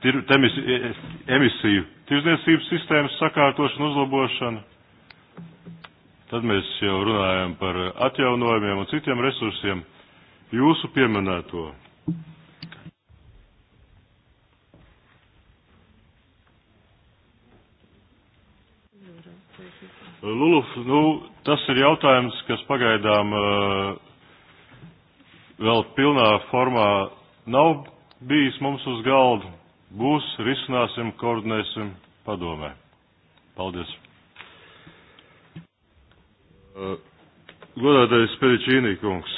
tir, temis, e, e, emisiju tirdzniecības sistēmas sakārtošana, uzlabošana, Tad mēs jau runājam par atjaunojumiem un citiem resursiem. Jūsu pieminēto Luluf, nu, tas ir jautājums, kas pagaidām uh, vēl pilnā formā nav bijis mums uz galda. Būs, risināsim, koordinēsim padomē. Paldies. Eh, godātais Peričīnī kungs.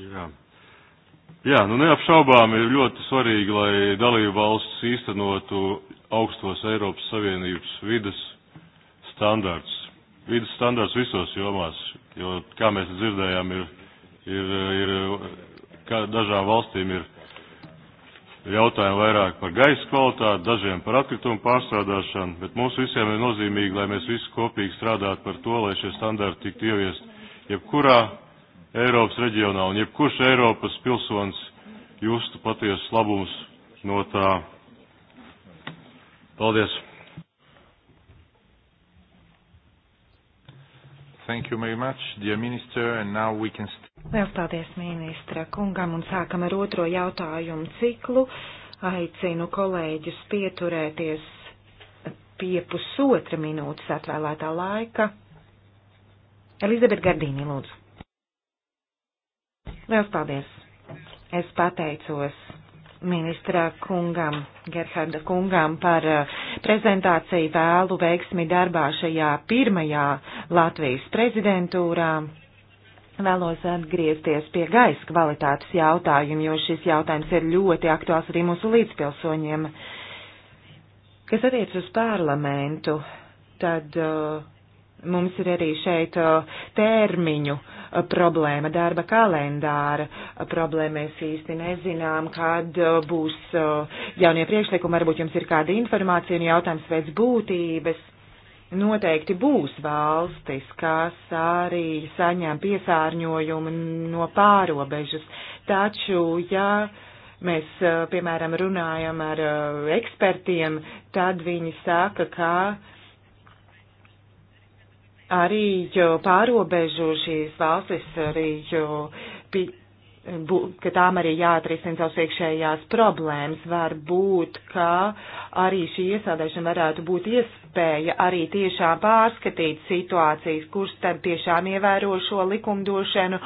Jā. Jā, nu neapšaubām ir ļoti svarīgi, lai dalību valsts īstenotu augstos Eiropas Savienības vidas standārts. Vidas standārts visos jomās, jo, kā mēs dzirdējām, ir, ir, ir kā dažām valstīm ir jautājumi vairāk par gaisa kvalitāti, dažiem par atkritumu pārstrādāšanu, bet mums visiem ir nozīmīgi, lai mēs visi kopīgi strādātu par to, lai šie standarti tiktu ieviest jebkurā Eiropas reģionā un jebkurš Eiropas pilsonis justu patiesu labumus no tā. Paldies! Thank you very much, dear Minister, and now we can Liels paldies ministra kungam un sākam ar otro jautājumu ciklu. Aicinu kolēģus pieturēties pie pusotra minūtes atvēlētā laika. Elizabet Gardīni, lūdzu. Liels paldies. Es pateicos ministra kungam, Gerharda kungam par eh, prezentāciju vēlu veiksmi darbā šajā pirmajā Latvijas prezidentūrā. Vēlos atgriezties pie gaisa kvalitātes jautājuma, jo šis jautājums ir ļoti aktuāls arī mūsu līdzpilsoņiem. Kas attiec uz parlamentu, tad uh, mums ir arī šeit uh, termiņu uh, problēma, darba kalendāra uh, problēma. Mēs īsti nezinām, kad uh, būs uh, jaunie priekšlikumi, varbūt jums ir kāda informācija un jautājums pēc būtības noteikti būs valstis, kas arī saņem piesārņojumu no pārobežas. Taču, ja mēs, piemēram, runājam ar ekspertiem, tad viņi saka, ka arī pārobežu šīs valstis arī ka tām arī jāatrisina savas iekšējās problēmas. Var būt, ka arī šī iesādēšana varētu būt iespēja iespēja arī tiešām pārskatīt situācijas, kurš tad tiešām ievēro šo likumdošanu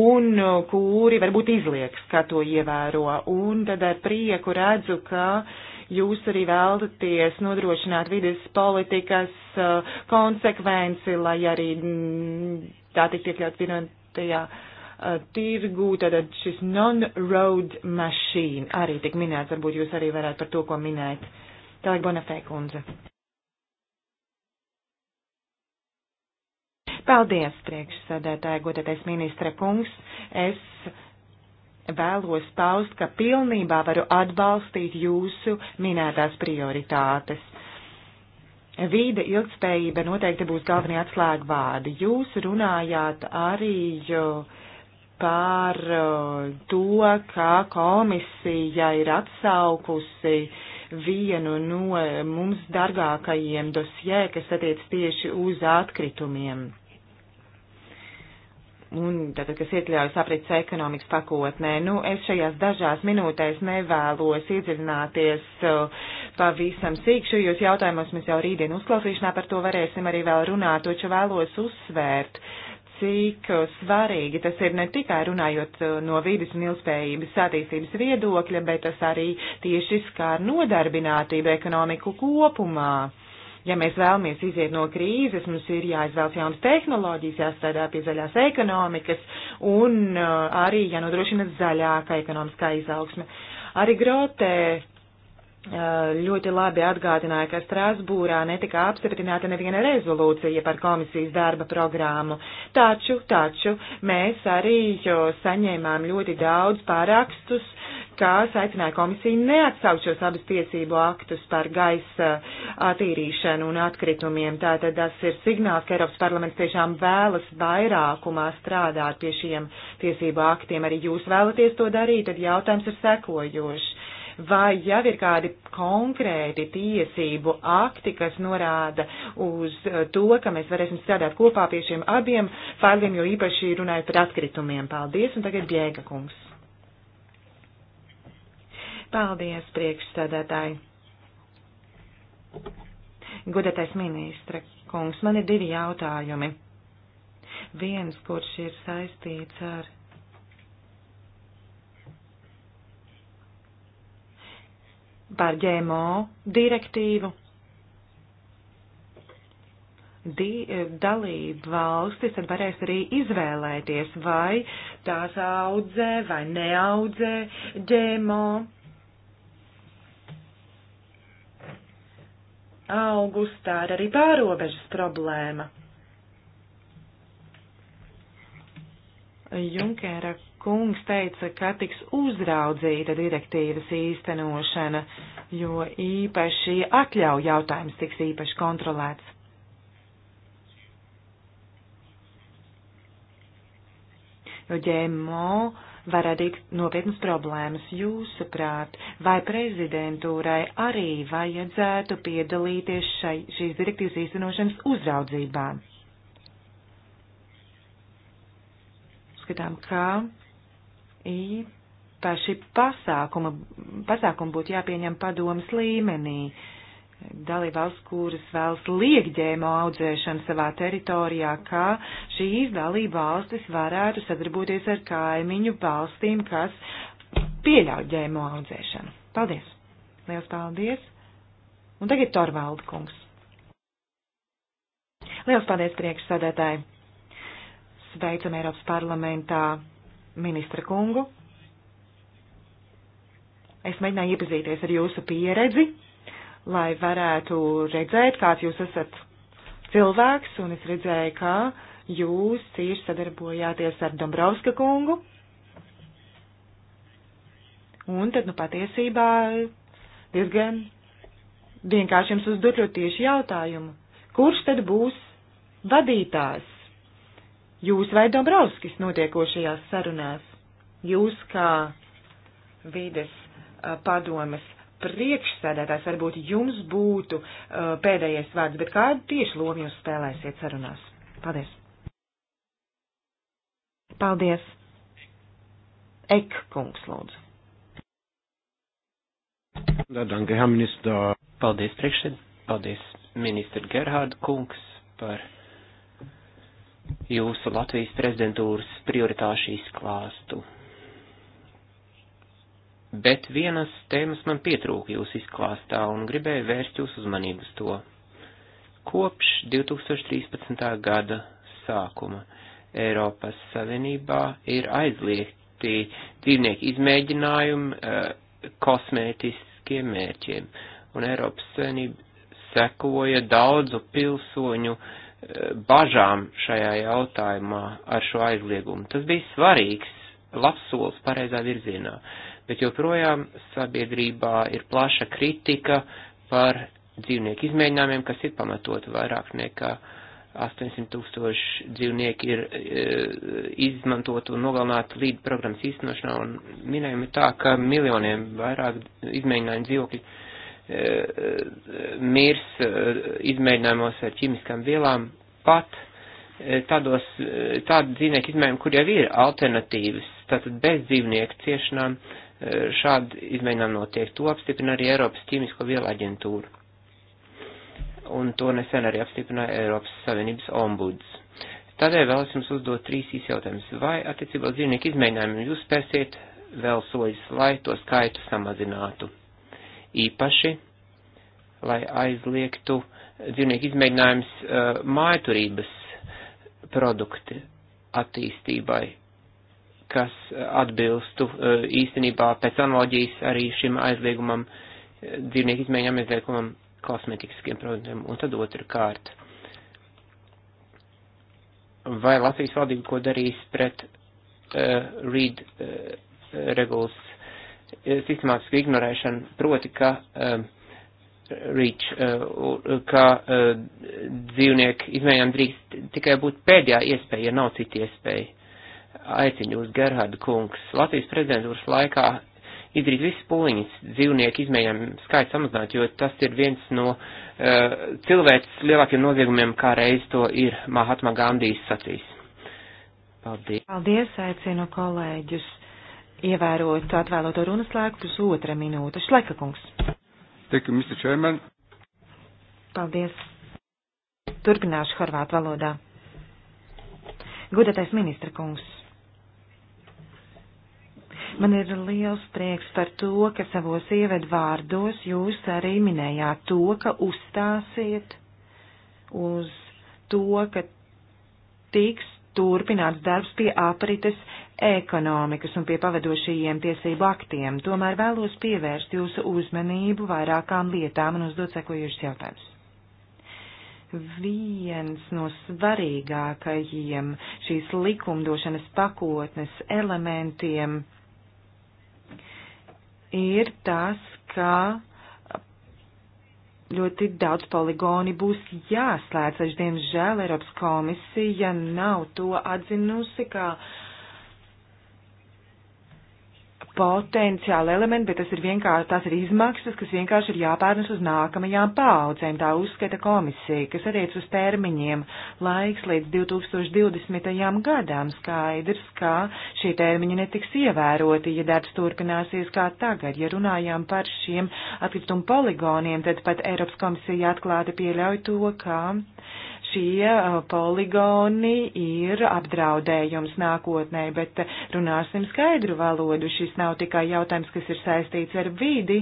un uh, kuri varbūt izlieks, ka to ievēro. Un tad ar prieku redzu, ka jūs arī vēlaties nodrošināt vides politikas uh, konsekvenci, lai arī mm, tā tikt iekļauts vienotajā uh, tirgū, tātad šis non-road machine arī tik minēts, varbūt jūs arī varētu par to ko minēt. Tālāk Bonafē kundze. Paldies, priekšsēdētāji, godētais ministra kungs. Es vēlos paust, ka pilnībā varu atbalstīt jūsu minētās prioritātes. Vīda ilgspējība noteikti būs galvenie atslēgvārdi. Jūs runājāt arī par to, kā komisija ir atsaukusi vienu no mums dargākajiem dosjē, kas attiec tieši uz atkritumiem un tātad, kas iekļaujas aprits ekonomikas pakotnē. Nu, es šajās dažās minūtēs nevēlos iedziļināties uh, pavisam sīkšajos jautājumos, mēs jau rītdien uzklausīšanā par to varēsim arī vēl runāt, taču vēlos uzsvērt cik uh, svarīgi tas ir ne tikai runājot uh, no vidas un ilgspējības attīstības viedokļa, bet tas arī tieši skar nodarbinātību ekonomiku kopumā Ja mēs vēlamies iziet no krīzes, mums ir jāizvēlas jaunas tehnoloģijas, jāstrādā pie zaļās ekonomikas un uh, arī jānodrošina zaļāka ekonomiskā izaugsme. Arī Grote uh, ļoti labi atgādināja, ka Strasbūrā netika apstiprināta neviena rezolūcija par komisijas darba programmu. Taču, taču mēs arī saņēmām ļoti daudz pārakstus kas aicināja komisiju neatsaukt šos abus tiesību aktus par gaisa attīrīšanu un atkritumiem. Tātad tas ir signāls, ka Eiropas parlaments tiešām vēlas vairākumā strādāt pie šiem tiesību aktiem. Arī jūs vēlaties to darīt, tad jautājums ir sekojošs. Vai jau ir kādi konkrēti tiesību akti, kas norāda uz uh, to, ka mēs varēsim strādāt kopā pie šiem abiem failiem, jo īpaši runājot par atkritumiem? Paldies, un tagad Diega kungs. Paldies, priekšsēdētāji. Gudatais ministre, kungs, man ir divi jautājumi. Viens, kurš ir saistīts ar par ģēmo direktīvu. Di, e, dalība valstis tad varēs arī izvēlēties, vai tās audzē vai neaudzē ģēmo. augus, tā ir arī pārobežas problēma. Junkera kungs teica, ka tiks uzraudzīta direktīvas īstenošana, jo īpaši atļauju jautājums tiks īpaši kontrolēts. Jo ģēmo var radīt nopietnas problēmas. Jūsuprāt, vai prezidentūrai arī vajadzētu piedalīties šai, šīs direktīvas īstenošanas uzraudzībā? Skatām, kā īpaši pasākuma, pasākuma būtu jāpieņem padomas līmenī. Uh, dalībvalsts, kuras vēlas liekt ģēmo audzēšanu savā teritorijā, kā šīs dalībvalstis varētu sadarboties ar kaimiņu valstīm, kas pieļauj ģēmo audzēšanu. Paldies! Liels paldies! Un tagad Torvalda kungs. Liels paldies priekšsādētāji! Sveicam Eiropas parlamentā ministra kungu. Es mēģināju iepazīties ar jūsu pieredzi lai varētu redzēt, kāds jūs esat cilvēks, un es redzēju, ka jūs cīši sadarbojāties ar Dombrovska kungu. Un tad, nu, patiesībā diezgan vienkārši jums uzdot ļoti tieši jautājumu. Kurš tad būs vadītājs? Jūs vai Dombrovskis notiekošajās sarunās? Jūs kā vides padomes priekšsēdētājs, varbūt jums būtu uh, pēdējais vārds, bet kādu tieši lomu jūs spēlēsiet sarunās? Paldies! Paldies! Ek, kungs, lūdzu. Danke, Herr Minister. Paldies, priekšsēd. Paldies, ministra Gerhārda kungs, par jūsu Latvijas prezidentūras prioritāšu izklāstu bet vienas tēmas man pietrūka jūs izklāstā un gribēju vērst jūs uzmanību uz to. Kopš 2013. gada sākuma Eiropas Savienībā ir aizliegti dzīvnieku izmēģinājumi uh, eh, kosmētiskiem mērķiem, un Eiropas Savienība sekoja daudzu pilsoņu uh, bažām šajā jautājumā ar šo aizliegumu. Tas bija svarīgs labs solis pareizā virzienā. Uh, bet joprojām sabiedrībā ir plaša kritika par dzīvnieku izmēģinājumiem, kas ir pamatot vairāk nekā 800 tūkstoši dzīvnieki ir e, izmantot un nogalināt līdz programmas īstenošanā, un minējumi tā, ka miljoniem vairāk izmēģinājumu dzīvokļi e, mirs e, izmēģinājumos ar ķimiskām vielām pat e, tādos, e, tādu dzīvnieku izmēģinājumu, kur jau ir alternatīvas, tātad bez dzīvnieku ciešanām. E, Šādi izmēģinājumi notiek. To apstiprina arī Eiropas ķīmisko vielu aģentūra. Un to nesen arī apstiprināja Eiropas Savienības ombuds. Tādēļ vēlos jums uzdot trīs izjautājumus. Vai attiecībā uz dzīvnieku izmēģinājumiem jūs spēsiet vēl soļus, lai to skaitu samazinātu? Īpaši, lai aizliegtu dzīvnieku izmēģinājums uh, mājaturības produkti attīstībai kas eh, atbilstu eh, īstenībā pēc analoģijas arī šim aizliegumam, eh, dzīvnieku izmaiņām aizliegumam kosmetiskiem produktiem. Un tad otrkārt, vai Latvijas valdība ko darīs pret uh, read uh, regulas sistemātisku ignorēšanu, proti, ka uh, reach, uh, ka uh, dzīvnieku izmaiņām drīkst tikai būt pēdējā iespēja, ja nav cita iespēja aicinu jūs, Gerhard kungs, Latvijas prezidentūras laikā izdarīt visu puliņas dzīvnieku izmēģinājumu skaitu samazināt, jo tas ir viens no uh, eh, cilvēks lielākiem noziegumiem, kā reiz to ir Mahatma Gandijs sacījis. Paldies. Paldies, aicinu kolēģus ievērot atvēloto runas laiku uz otra minūte. Šlaika kungs. Teiku, Mr. Chairman. Paldies. Turpināšu horvātu valodā. Gudatais ministra kungs. Man ir liels prieks par to, ka savos ievedvārdos jūs arī minējāt to, ka uzstāsiet uz to, ka tiks turpināts darbs pie aprites ekonomikas un pie pavadošajiem tiesību aktiem. Tomēr vēlos pievērst jūsu uzmanību vairākām lietām un uzdot sekojušas jautājumus viens no svarīgākajiem šīs likumdošanas pakotnes elementiem ir tas, ka ļoti daudz poligoni būs jāslēdz, taču, diemžēl, Eiropas komisija nav to atzinusi kā potenciāli elementi, bet tas ir vienkārši, tās ir izmaksas, kas vienkārši ir jāpārnes uz nākamajām paudzēm. Tā uzskata komisija, kas attiec uz termiņiem laiks līdz 2020. gadām. Skaidrs, ka šie termiņi netiks ievēroti, ja darbs turpināsies kā tagad. Ja runājām par šiem atkritumu poligoniem, tad pat Eiropas komisija atklāti pieļauj to, ka šie poligoni ir apdraudējums nākotnē, bet runāsim skaidru valodu. Šis nav tikai jautājums, kas ir saistīts ar vidi,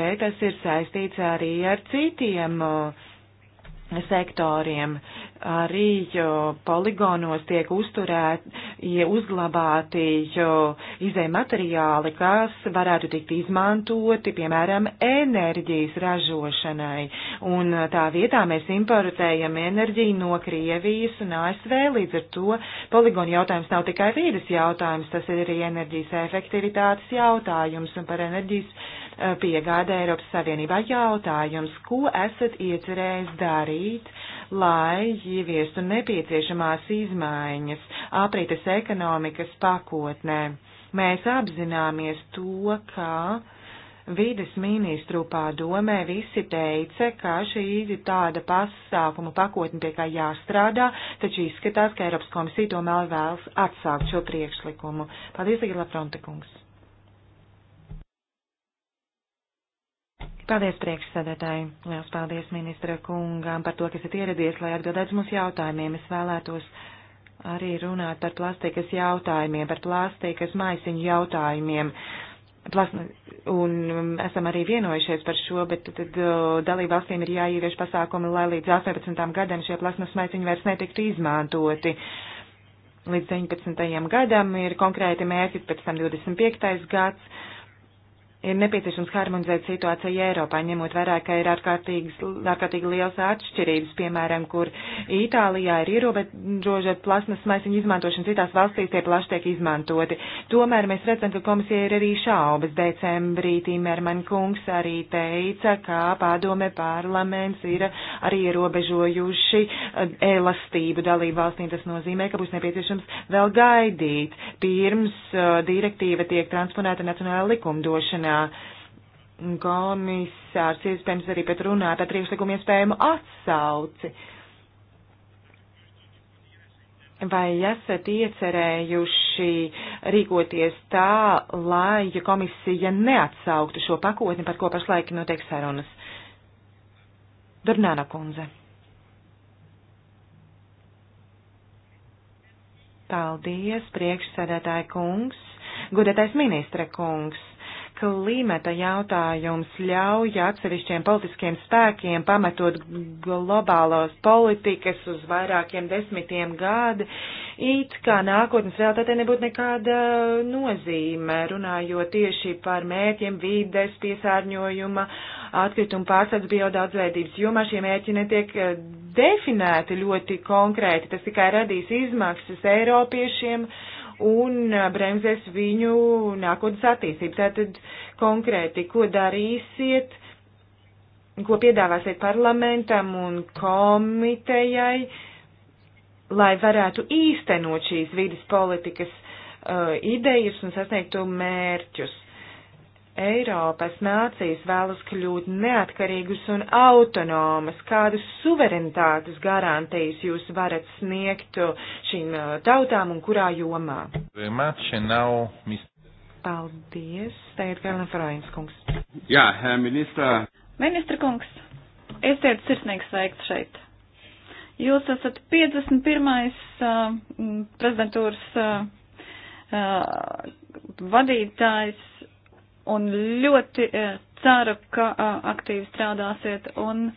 bet tas ir saistīts arī ar citiem uh, sektoriem. Arī poligonos tiek uzturēt, ja uzglabāti izē materiāli, kas varētu tikt izmantoti, piemēram, enerģijas ražošanai. Un tā vietā mēs importējam enerģiju no Krievijas un ASV. Līdz ar to poligonu jautājums nav tikai vīdes jautājums, tas ir arī enerģijas efektivitātes jautājums un par enerģijas Eh, piegāda Eiropas Savienībā. Jautājums, ko esat iecerējis darīt, lai ieviestu nepieciešamās izmaiņas aprītes ekonomikas pakotnē? Mēs apzināmies to, ka vides ministru pārdomē visi teica, ka šī ir tāda pasākuma pakotne, pie kā jāstrādā, taču izskatās, ka Eiropas komisija tomēr vēlas atsākt šo priekšlikumu. Paldies, Agila Frontekungs! Paldies priekšsēdētāji. Liels paldies ministra kungām par to, kas ir ieradies, lai atbildētu mums jautājumiem. Es vēlētos arī runāt par plastikas jautājumiem, par plastikas maisiņu jautājumiem. Plas un um, esam arī vienojušies par šo, bet tad, tad dalībvalstīm ir jāievieš pasākumi, lai līdz 18. gadam šie plasmas maisiņi vairs netiktu izmantoti. Līdz 19. gadam ir konkrēti mērķi, pēc tam 25. gads ir nepieciešams harmonizēt situāciju Eiropā, ņemot vērā, ka ir ārkārtīgi liels atšķirības, piemēram, kur Itālijā ir ierobežoža plasmas maisiņu izmantošana, citās valstīs tie plaši tiek izmantoti. Tomēr mēs redzam, ka komisija ir arī šaubas. Decembrī Timerman kungs arī teica, ka pārdome parlaments ir arī ierobežojuši uh, elastību dalību valstīm. Tas nozīmē, ka būs nepieciešams vēl gaidīt, pirms uh, direktīva tiek transponēta nacionālajā likumdošanā ziņā komisārs iespējams arī pēc runāt ar priekšlikumu iespējamu atsauci. Vai esat iecerējuši rīkoties tā, lai komisija neatsauktu šo pakotni, par ko pašlaik notiek sarunas? Durnāna kundze. Paldies, priekšsēdētāja kungs, gudētais ministra kungs. Klimata jautājums ļauj atsevišķiem politiskiem spēkiem pamatot globālos politikas uz vairākiem desmitiem gadi, it kā nākotnes realitātei nebūtu nekāda nozīme, runājot tieši par mērķiem vides, piesārņojuma, atkritumu pārsardz biodaudzveidības jomā, šie mērķi netiek eh, definēti ļoti konkrēti, tas tikai radīs izmaksas Eiropiešiem. Uh, un bremzēs viņu nākotnes attīstību. Tātad konkrēti, ko darīsiet, ko piedāvāsiet parlamentam un komitejai, lai varētu īstenot šīs vidas politikas uh, idejas un sasniegtu mērķus. Eiropas nācijas vēlas kļūt neatkarīgas un autonomas, kādas suverenitātes garantijas jūs varat sniegt šīm uh, tautām un kurā jomā? Paldies, te ir Karla Frājas kungs. Jā, ministra. Ministra kungs, esiet sirsnīgi sveikts šeit. Jūs esat 51. Uh, prezidentūras uh, uh, vadītājs un ļoti eh, ceru, ka eh, aktīvi strādāsiet un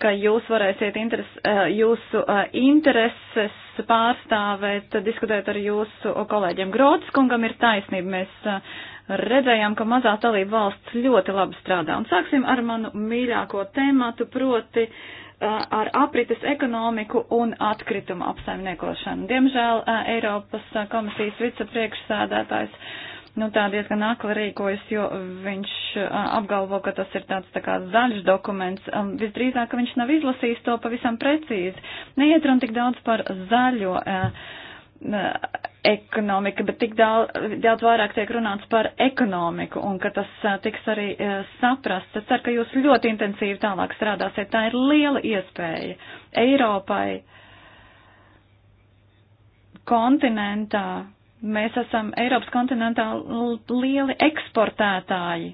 ka jūs varēsiet interes, eh, jūsu intereses pārstāvēt, diskutēt ar jūsu kolēģiem. Grotas kungam ir taisnība, mēs redzējām, ka mazā dalība valsts ļoti labi strādā. Un sāksim ar manu mīļāko tēmatu, proti ar aprites ekonomiku un atkritumu apsaimniekošanu. Diemžēl Eiropas komisijas vicepriekšsēdētājs nu, tā diezgan akli rīkojas, jo viņš apgalvo, ka tas ir tāds tā kā zaļš dokuments. Um, visdrīzāk, ka viņš nav izlasījis to pavisam precīzi. Neiet runa tik daudz par zaļo ekonomiku, bet tik daudz, daudz vairāk tiek runāts par ekonomiku un ka tas tiks arī saprasts. Es ceru, ka jūs ļoti intensīvi tālāk strādāsiet. Tā ir liela iespēja Eiropai kontinentā Mēs esam Eiropas kontinentā lieli eksportētāji,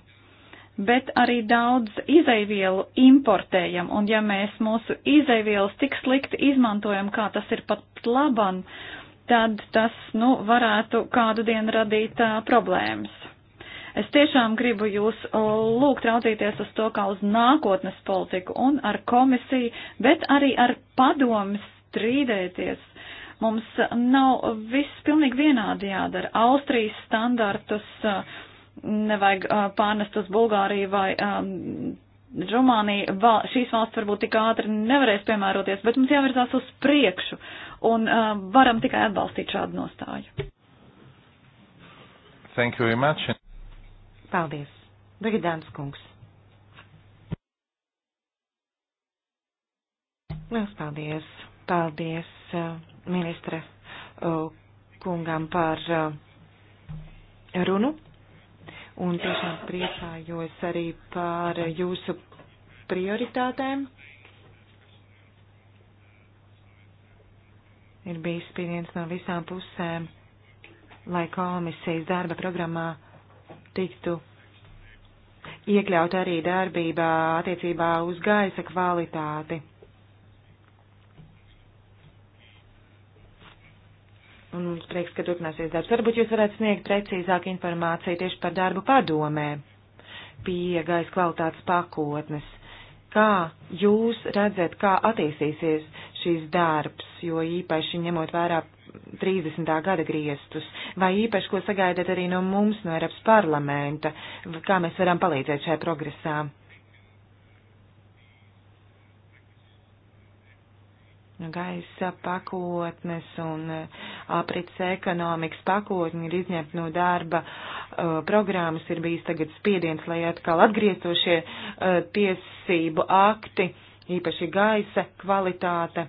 bet arī daudz izaivielu importējam, un ja mēs mūsu izaivielas tik slikti izmantojam, kā tas ir pat laban, tad tas, nu, varētu kādu dienu radīt uh, problēmas. Es tiešām gribu jūs lūgt raudzīties uz to kā uz nākotnes politiku un ar komisiju, bet arī ar padomu strīdēties Mums nav viss pilnīgi vienādi jādara. Austrijas standartus uh, nevajag uh, pārnest uz Bulgāriju vai um, Rumānija, val, šīs valsts varbūt tik ātri nevarēs piemēroties, bet mums jāvirzās uz priekšu un uh, varam tikai atbalstīt šādu nostāju. Thank you very much. Paldies. Brigidāns kungs. Liels paldies. Paldies. Uh, ministra uh, kungam par uh, runu. Un tiešām priecājos arī par jūsu prioritātēm. Ir bijis spiediens no visām pusēm, lai komisijas darba programmā tiktu iekļaut arī darbībā attiecībā uz gaisa kvalitāti. ka turpināsies darbs. Varbūt jūs varētu sniegt precīzāk informāciju tieši par darbu padomē pie gaisa kvalitātes pakotnes. Kā jūs redzat, kā attīstīsies šīs darbs, jo īpaši ņemot vērā 30. gada griestus, vai īpaši, ko sagaidat arī no mums, no Eiropas parlamenta, kā mēs varam palīdzēt šajā progresā? gaisa pakotnes un aprits ekonomikas pakotni ir izņemta no darba uh, programmas, ir bijis tagad spiediens, lai atkal atgriezošie uh, tiesību akti, īpaši gaisa kvalitāte.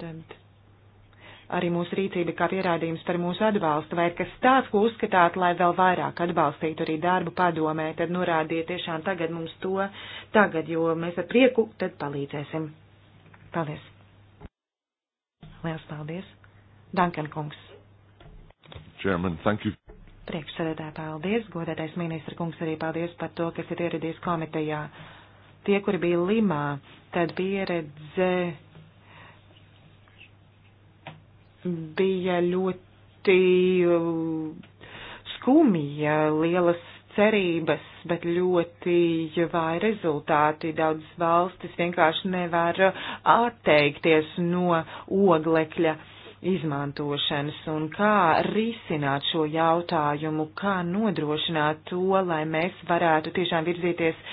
Tad arī mūsu rīcība kā pierādījums par mūsu atbalstu, vai ir kas tāds, ko uzskatāt, lai vēl vairāk atbalstītu arī darbu padomē, tad norādiet tiešām tagad mums to, tagad, jo mēs ar prieku tad palīdzēsim. Paldies! Liels paldies! Dankan kungs. Chairman, thank you. Priekšsēdētāji, paldies. Godētais ministra kungs arī paldies par to, kas ir ieradies komitejā. Tie, kuri bija Limā, tad pieredze bija ļoti uh, skumja, lielas cerības, bet ļoti vai rezultāti. Daudzas valstis vienkārši nevar atteikties no oglekļa izmantošanas un kā risināt šo jautājumu, kā nodrošināt to, lai mēs varētu tiešām virzīties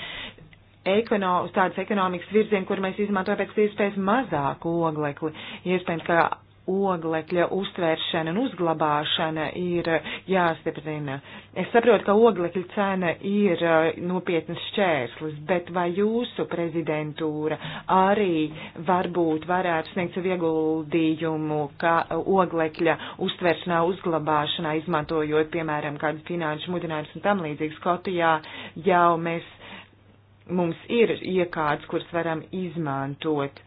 ekono, tāds ekonomikas virzien, kur mēs izmantojam pēc iespējas mazāk oglekli. Iespējams, ka oglekļa uztvēršana un uzglabāšana ir jāstiprina. Es saprotu, ka oglekļa cena ir uh, nopietnas šķērslis, bet vai jūsu prezidentūra arī varbūt varētu sniegt savu ieguldījumu, ka oglekļa uztvēršanā, uzglabāšanā, izmantojot, piemēram, kādu finanšu mudinājumus un tam līdzīgi Skotijā, jau mēs, mums ir iekārtas, kuras varam izmantot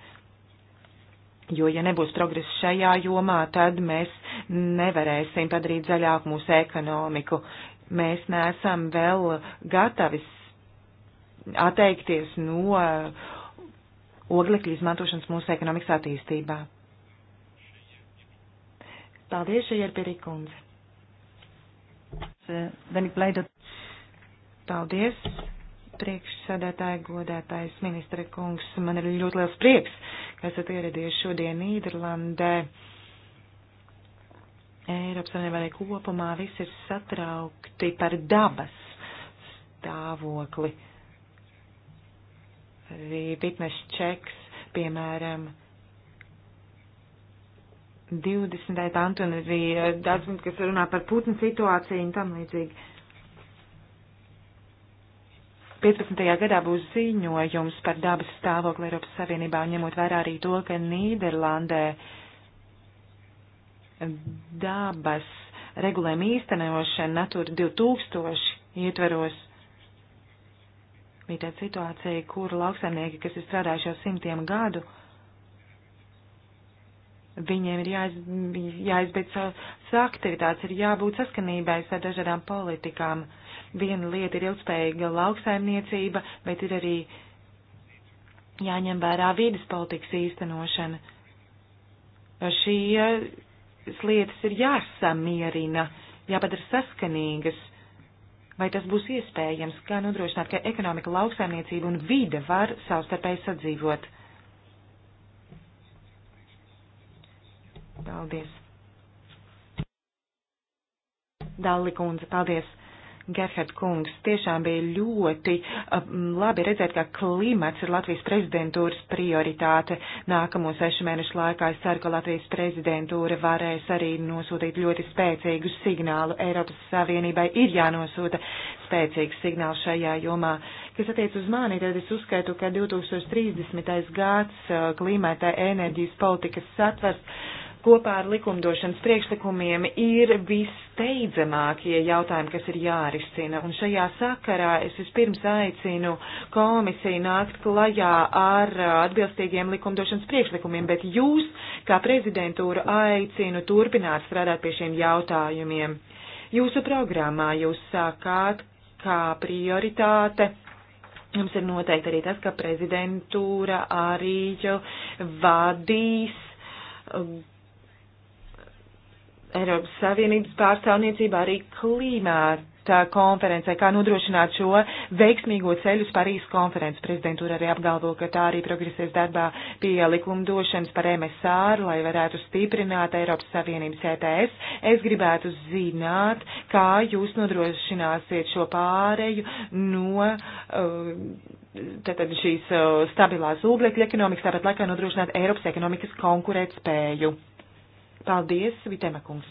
Jo, ja nebūs progresa šajā jomā, tad mēs nevarēsim padarīt zaļāku mūsu ekonomiku. Mēs neesam vēl gatavi atteikties no oglekļa izmantošanas mūsu ekonomikas attīstībā. Paldies, Jērpiri kundze. Paldies priekšsēdētāji, godētājs ministra kungs. Man ir ļoti liels prieks, ka esat ieradies šodien Nīderlandē. Eiropas Savienībā kopumā viss ir satraukti par dabas stāvokli. Arī fitnes čeks, piemēram, 20. pantu un arī eh, daudz, kas runā par putnu situāciju un tam līdzīgi. 15. gadā būs ziņojums par dabas stāvokli Eiropas Savienībā, un ņemot vērā arī to, ka Nīderlandē dabas regulējuma īstenošana Natura 2000 ietveros bija tāda situācija, kur lauksaimnieki, kas ir strādājuši jau simtiem gadu, viņiem ir jāiz, jāizbeidz savas aktivitātes, ir jābūt saskanībai ar dažādām politikām. Uh, Viena lieta ir ilgspējīga lauksaimniecība, bet ir arī jāņem vērā vīdes politikas īstenošana. Šīs lietas ir jāsamierina, jāpadara saskanīgas. Vai tas būs iespējams, kā nodrošināt, ka ekonomika, lauksaimniecība un vide var savstarpēji sadzīvot? Paldies. Dalli kundze, paldies. Gerhard kungs, tiešām bija ļoti uh, labi redzēt, ka klimats ir Latvijas prezidentūras prioritāte. Nākamo sešu mēnešu laikā es ceru, ka Latvijas prezidentūra varēs arī nosūtīt ļoti spēcīgu signālu. Eiropas Savienībai ir jānosūta spēcīgs signāls šajā jomā. Kas attiec uz mani, tad es uzskaitu, ka 2030. gads uh, klimata enerģijas politikas satvers kopā ar likumdošanas priekšlikumiem ir visteidzamākie jautājumi, kas ir jārisina. Un šajā sakarā es vispirms aicinu komisiju nākt klajā ar atbilstīgiem likumdošanas priekšlikumiem, bet jūs, kā prezidentūra, aicinu turpināt strādāt pie šiem jautājumiem. Jūsu programmā jūs sākāt kā prioritāte Jums ir noteikti arī tas, ka prezidentūra arī vadīs Eiropas Savienības pārstāvniecībā arī klimāta konferencē, kā nodrošināt šo veiksmīgo ceļu uz Parīzes konferences. Prezidentūra arī apgalvo, ka tā arī progresēs darbā pie likumdošanas par MSR, lai varētu stiprināt Eiropas Savienības ETS. Es gribētu zināt, kā jūs nodrošināsiet šo pāreju no. Uh, Tātad šīs uh, stabilās ūglekļa ekonomikas, tāpat laikā nodrošināt Eiropas ekonomikas konkurētspēju. spēju. Paldies, Vitema kungs.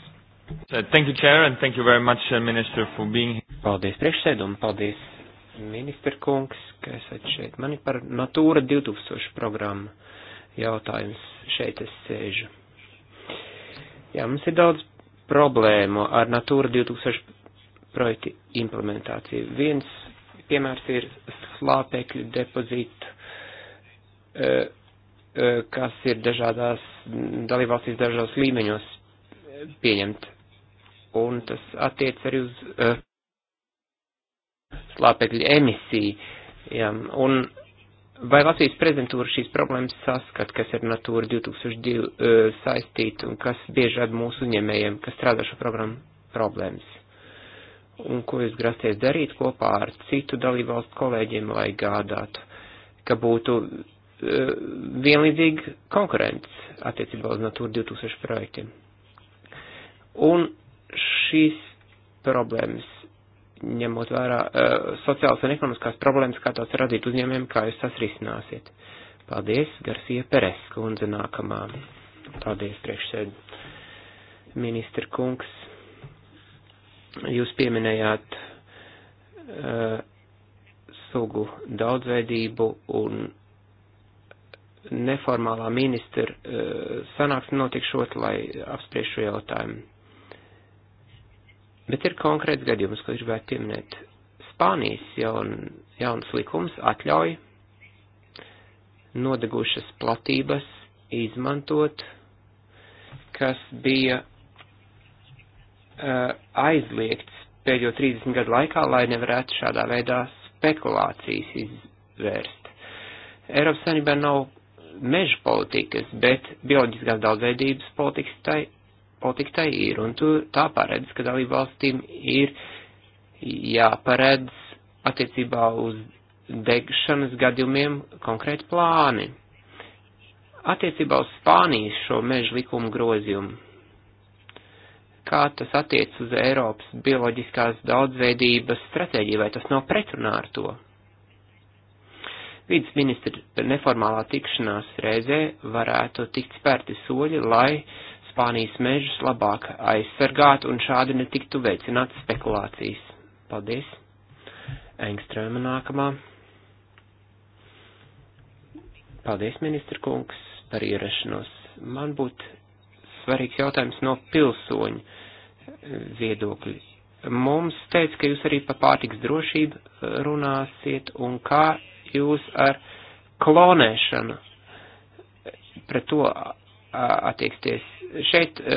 Uh, thank you, Chair, and thank you very much, uh, Minister, for being here. Paldies, priekšsēdum, paldies, ministra kungs, ka esat šeit. Man ir par Natūra 2000 programmu jautājums. Šeit es sēžu. Jā, mums ir daudz problēmu ar Natūra 2000 projektu implementāciju. Viens piemērs ir slāpekļu depozītu. Uh, E, kas ir dažādās dalībvalstīs dažādos līmeņos pieņemt. Un tas attiec arī uz uh, e, slāpekļu emisijām. Un vai Latvijas prezidentūra šīs problēmas saskat, kas ir Natūra 2002 uh, e, saistīta un kas bieži rada mūsu uzņēmējiem, kas strādā šo programmu problēmas? Un ko jūs grasties darīt kopā ar citu dalībvalstu kolēģiem, lai gādātu, ka būtu Eh, vienlīdzīga konkurence attiecībā uz Natūra 2000 projektiem. Un šīs problēmas, ņemot vērā uh, sociālas un ekonomiskās problēmas, kā tās radīt uzņēmējiem, kā jūs tas risināsiet. Paldies, Garcija Peres, kundze nākamā. Paldies, priekšsēd. Ministra kungs, jūs pieminējāt uh, sugu daudzveidību un neformālā ministra e, sanāksme notikšot, lai apspriež šo jautājumu. Bet ir konkrēts gadījums, ko gribētu pieminēt. Spānijas jaun, jauns likums atļauj nodegušas platības izmantot, kas bija uh, aizliegts pēdējo 30 gadu laikā, lai nevarētu šādā veidā spekulācijas izvērst. Eiropas Sanībā nav meža politikas, bet bioloģiskās daudzveidības politikas tai, politika tai ir, un tu tā paredz, ka dalību valstīm ir jāparedz attiecībā uz degšanas gadījumiem konkrēti plāni. Attiecībā uz Spānijas šo mežu likumu grozījumu, kā tas attiec uz Eiropas bioloģiskās daudzveidības stratēģiju, vai tas nav pretrunā ar to? Vides ministra neformālā tikšanās reizē varētu tikt spērti soļi, lai Spānijas mežus labāk aizsargātu un šādi netiktu veicināt spekulācijas. Paldies! Engstrēma nākamā. Paldies, ministra kungs, par ierašanos. Man būtu svarīgs jautājums no pilsoņu viedokļa. Mums teica, ka jūs arī par pārtiks drošību runāsiet un kā jūs ar klonēšanu pret to attieksties. Šeit e,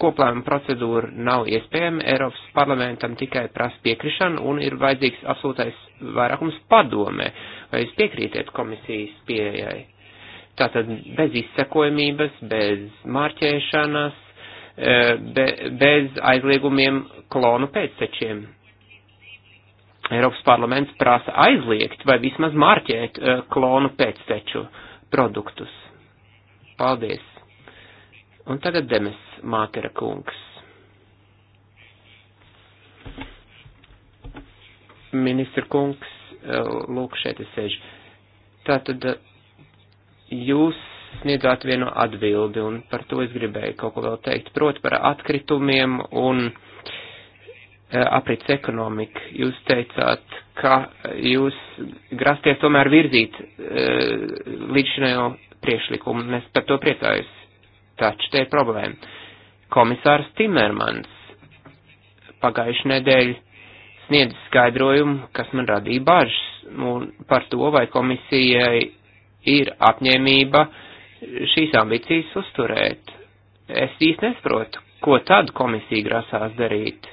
koplājuma procedūra nav iespējama, Eiropas parlamentam tikai prasa piekrišanu un ir vajadzīgs absolūtais vairākums padomē, vai jūs piekrītiet komisijas pieejai. Tātad bez izsekojamības, bez mārķēšanas, e, be, bez aizliegumiem klonu pēctečiem. Eiropas parlaments prasa aizliegt vai vismaz marķēt uh, klonu pēcteču produktus. Paldies. Un tagad Demes Mātera kungs. Ministra kungs, eh, lūk, šeit es sēžu. Tātad eh, jūs sniedzāt vienu atbildi, un par to es gribēju kaut ko vēl teikt, proti par atkritumiem un uh, Eh, aprits ekonomika. Jūs teicāt, ka jūs grasties tomēr virzīt eh, līdzinējo priešlikumu, un es par to priecājos. Taču te ir problēma. Komisārs Timermans pagājuši nedēļu sniedz skaidrojumu, kas man radīja bažas par to, vai komisijai ir apņēmība šīs ambīcijas uzturēt. Es īsti nesaprotu, ko tad komisija grasās darīt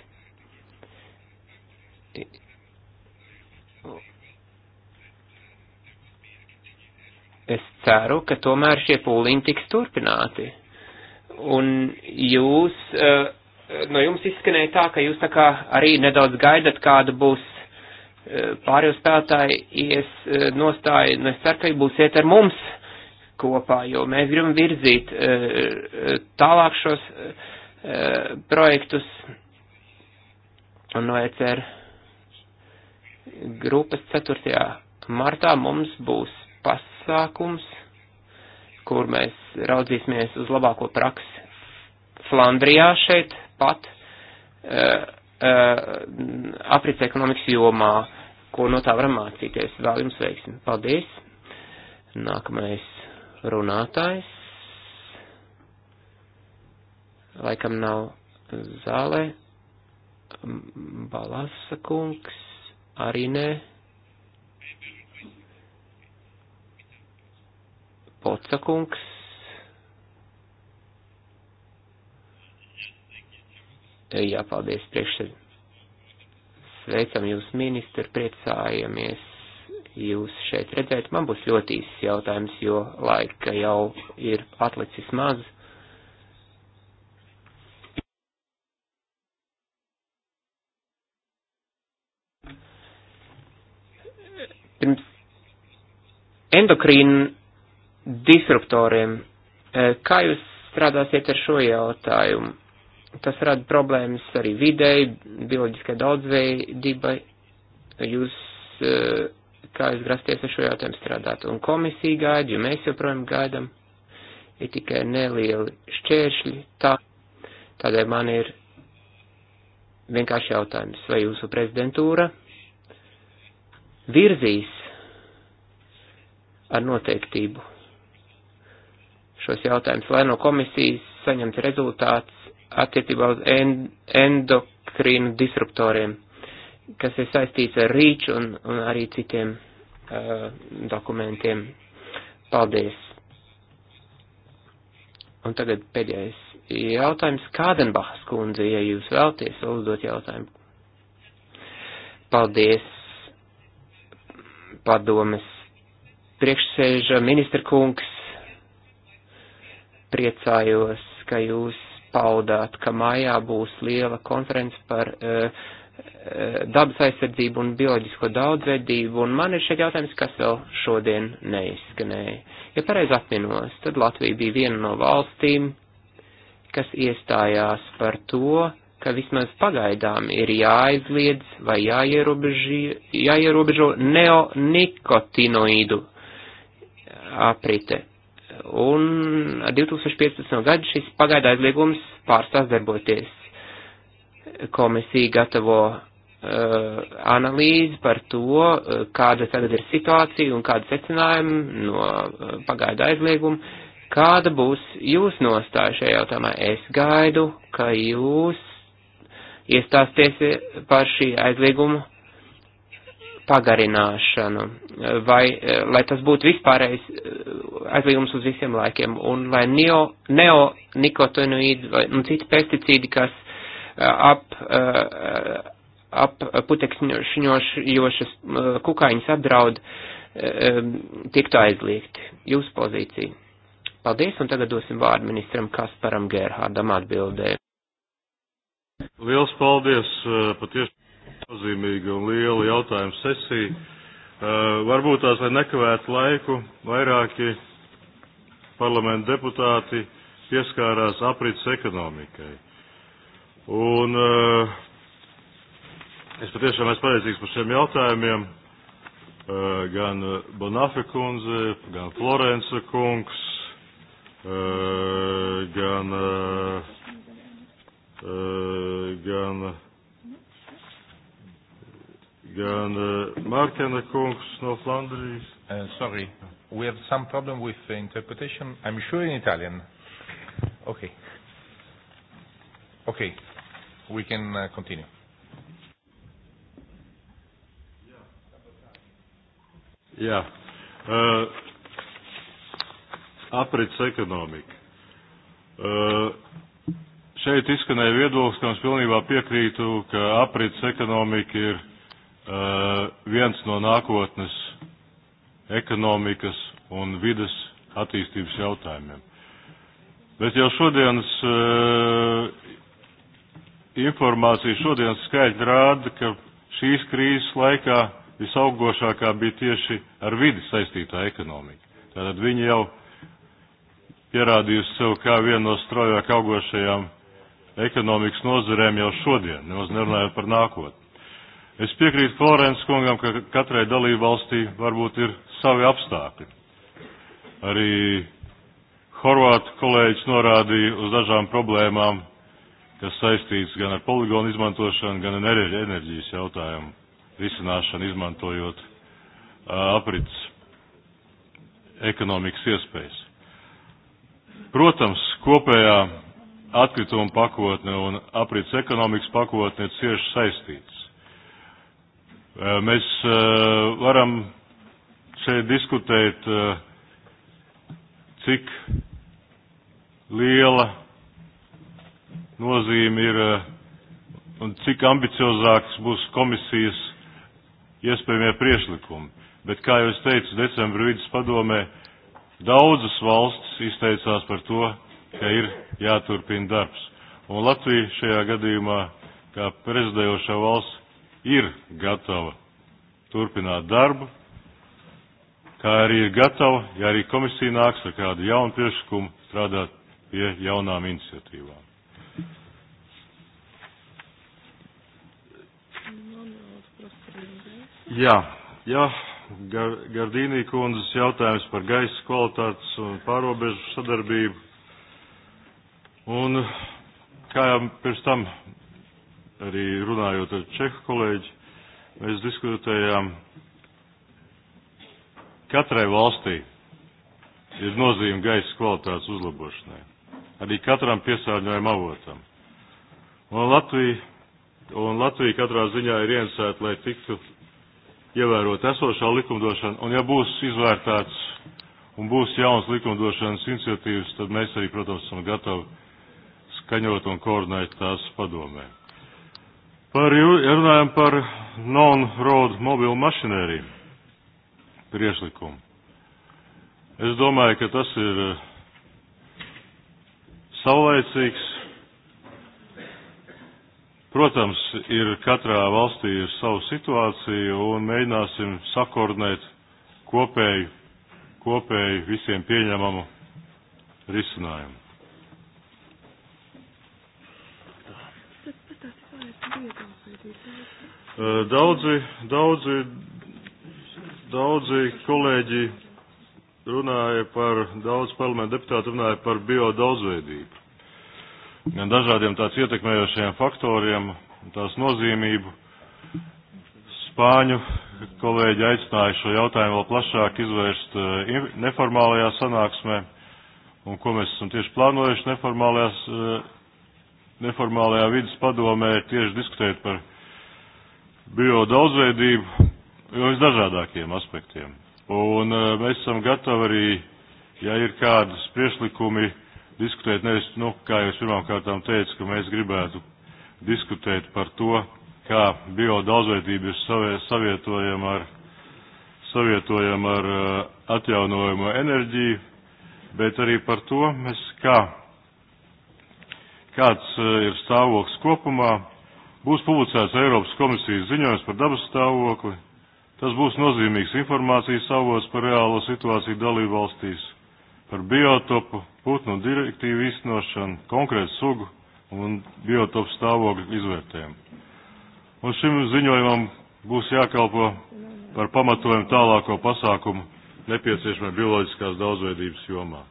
Es ceru, ka tomēr šie pūliņi tiks turpināti. Un jūs, eh, no jums izskanēja tā, ka jūs tā kā arī nedaudz gaidat, kāda būs eh, pārējos spēlētāji ies eh, nostāja, un nu, es ceru, ka būsiet ar mums kopā, jo mēs gribam virzīt tālāk šos projektus un no ECR grupas 4. martā mums būs pasākums, kur mēs raudzīsimies uz labāko praksi. Flandrijā šeit pat uh, uh, aprits ekonomikas jomā, ko no tā varam mācīties. Vēl jums veiksim. Paldies. Nākamais runātājs. Laikam nav zālē. Balasa kungs arī nē. Pocakungs. Jā, paldies priekšsēd. Sveicam jūs, ministru, priecājamies jūs šeit redzēt. Man būs ļoti īsts jautājums, jo laika jau ir atlicis maz. Uh, Pirms endokrīnu disruptoriem, eh, kā jūs strādāsiet ar šo jautājumu? Tas rada problēmas arī videi, bioloģiskai daudzveidībai. Jūs, eh, kā jūs grasties ar šo jautājumu strādāt? Un komisija gaida, jo mēs joprojām gaidam, ir tikai nelieli šķēršļi. Tā, tādēļ man ir vienkārši jautājums, vai jūsu prezidentūra virzīs ar noteiktību šos jautājumus, lai no komisijas saņemtu rezultāts attiecībā uz endokrīnu disruptoriem, kas ir saistīts ar rīču un, un arī citiem uh, dokumentiem. Paldies! Un tagad pēdējais jautājums Kādenbahas kundze, ja jūs vēlties uzdot jautājumu. Paldies! padomes priekšsēža ministra kungs. Priecājos, ka jūs paudāt, ka mājā būs liela konference par uh, dabas aizsardzību un bioloģisko daudzveidību, un man ir šeit jautājums, kas vēl šodien neizskanēja. Ja pareizi atminos, tad Latvija bija viena no valstīm, kas iestājās par to, ka vismaz pagaidām ir jāaizliedz vai jāierobežo neonikotinoīdu aprite. Un ar 2015. gadu šis pagaidā aizliegums pārstās darboties. Komisija gatavo Uh, analīzi par to, uh, kāda tagad ir situācija un kāda secinājuma no uh, pagaida aizlieguma, kāda būs jūs nostāja šajā jautājumā. Es gaidu, ka jūs iestāsties par šī aizlieguma pagarināšanu, vai eh, lai tas būtu vispārējais eh, aizliegums uz visiem laikiem, un lai neo, neonikotinoīdi vai nu, citi pesticīdi, kas eh, ap, ap putekšņošas kukaiņas apdraud, tiktu aizliegti. Jūsu pozīcija. Paldies, un tagad dosim vārdu ministram Kasparam Gerhardam atbildē. Liels paldies! Uh, patiešām nozīmīga un liela jautājuma sesija. Uh, varbūt tās, lai nekavētu laiku, vairāki parlamenta deputāti pieskārās aprits ekonomikai. Un uh, es patiešām esmu pateicīgs par šiem jautājumiem. Uh, gan Bonafe kundze, gan Florence kungs, uh, gan uh, gan, gan Mārkena kungs no Flandrijas. Uh, sorry, we have some problem with the interpretation. I'm sure in Italian. Okay. Okay, we can uh, continue. Jā, uh, aprits ekonomika. Uh, Šeit izskanēja viedoklis, kam es pilnībā piekrītu, ka aprits ekonomika ir uh, viens no nākotnes ekonomikas un vidas attīstības jautājumiem. Bet jau šodienas uh, informācija, šodienas skaidri rāda, ka šīs krīzes laikā visaugošākā bija tieši ar vidi saistītā ekonomika. Tātad viņi jau pierādījusi sev kā vienu no straujāk augošajām ekonomikas nozarēm jau šodien, nemaz nerunājot par nākotni. Es piekrītu Florence kungam, ka katrai dalībvalstī varbūt ir savi apstākļi. Arī Horvātu kolēģis norādīja uz dažām problēmām, kas saistīts gan ar poligonu izmantošanu, gan ar enerģijas jautājumu risināšanu, izmantojot aprits ekonomikas iespējas. Protams, kopējā atkrituma pakotne un aprits ekonomikas pakotne ir cieši saistīts. Eh, mēs eh, varam šeit diskutēt, eh, cik liela nozīme ir un cik ambiciozāks būs komisijas iespējamie priešlikumi. Bet, kā jau es teicu, decembra vidus padomē daudzas valstis izteicās par to, ka ir jāturpina darbs. Un Latvija šajā gadījumā, kā prezidējošā valsts, ir gatava turpināt darbu, kā arī ir gatava, ja arī komisija nāks ar kādu jaunu priekšlikumu, strādāt pie jaunām iniciatīvām. Jā, jā, Gar, Gardīnī kundzes jautājums par gaisa kvalitātes un pārobežu sadarbību Un kā jau pirms tam arī runājot ar čehu kolēģi, mēs diskutējām, katrai valstī ir nozīme gaisa kvalitātes uzlabošanai, arī katram piesārņojuma avotam. Un Latvija, un Latvija katrā ziņā ir iensēta, lai tiktu ievērot esošā likumdošana, un ja būs izvērtāts un būs jauns likumdošanas iniciatīvas, tad mēs arī, protams, esam gatavi skaņot un koordinēt tās padomē. Par, ja runājam par non-road mobilu mašinēriju priešlikumu. Es domāju, ka tas ir eh, saulaicīgs. Protams, ir katrā valstī ir savu situāciju un mēģināsim sakoordinēt kopēju, kopēju visiem pieņemamu risinājumu. Daudzi, daudzi, daudzi kolēģi runāja par, daudz parlamenta deputāti runāja par biodaudzveidību. Gan dažādiem tāds ietekmējošiem faktoriem, tās nozīmību. Spāņu kolēģi aicināja šo jautājumu vēl plašāk izvērst neformālajā sanāksmē, un ko mēs esam tieši plānojuši neformālajā vidas padomē, tieši diskutēt par bio daudzveidību visdažādākiem aspektiem. Un e, mēs esam gatavi arī, ja ir kādas priešlikumi, diskutēt nevis, nu, kā jau es pirmām kārtām teicu, ka mēs gribētu diskutēt par to, kā bio daudzveidība ir savietojama ar, savietojama ar e, atjaunojumu enerģiju, bet arī par to, mēs kā, kāds e, ir stāvoklis kopumā Būs publicēts Eiropas komisijas ziņojums par dabas stāvokli. Tas būs nozīmīgs informācijas avots par reālo situāciju dalību valstīs, par biotopu, putnu direktīvu iznošanu, konkrētu sugu un biotopu stāvokļu izvērtējumu. Un šim ziņojumam būs jākalpo par pamatojumu tālāko pasākumu nepieciešamai bioloģiskās daudzveidības jomā.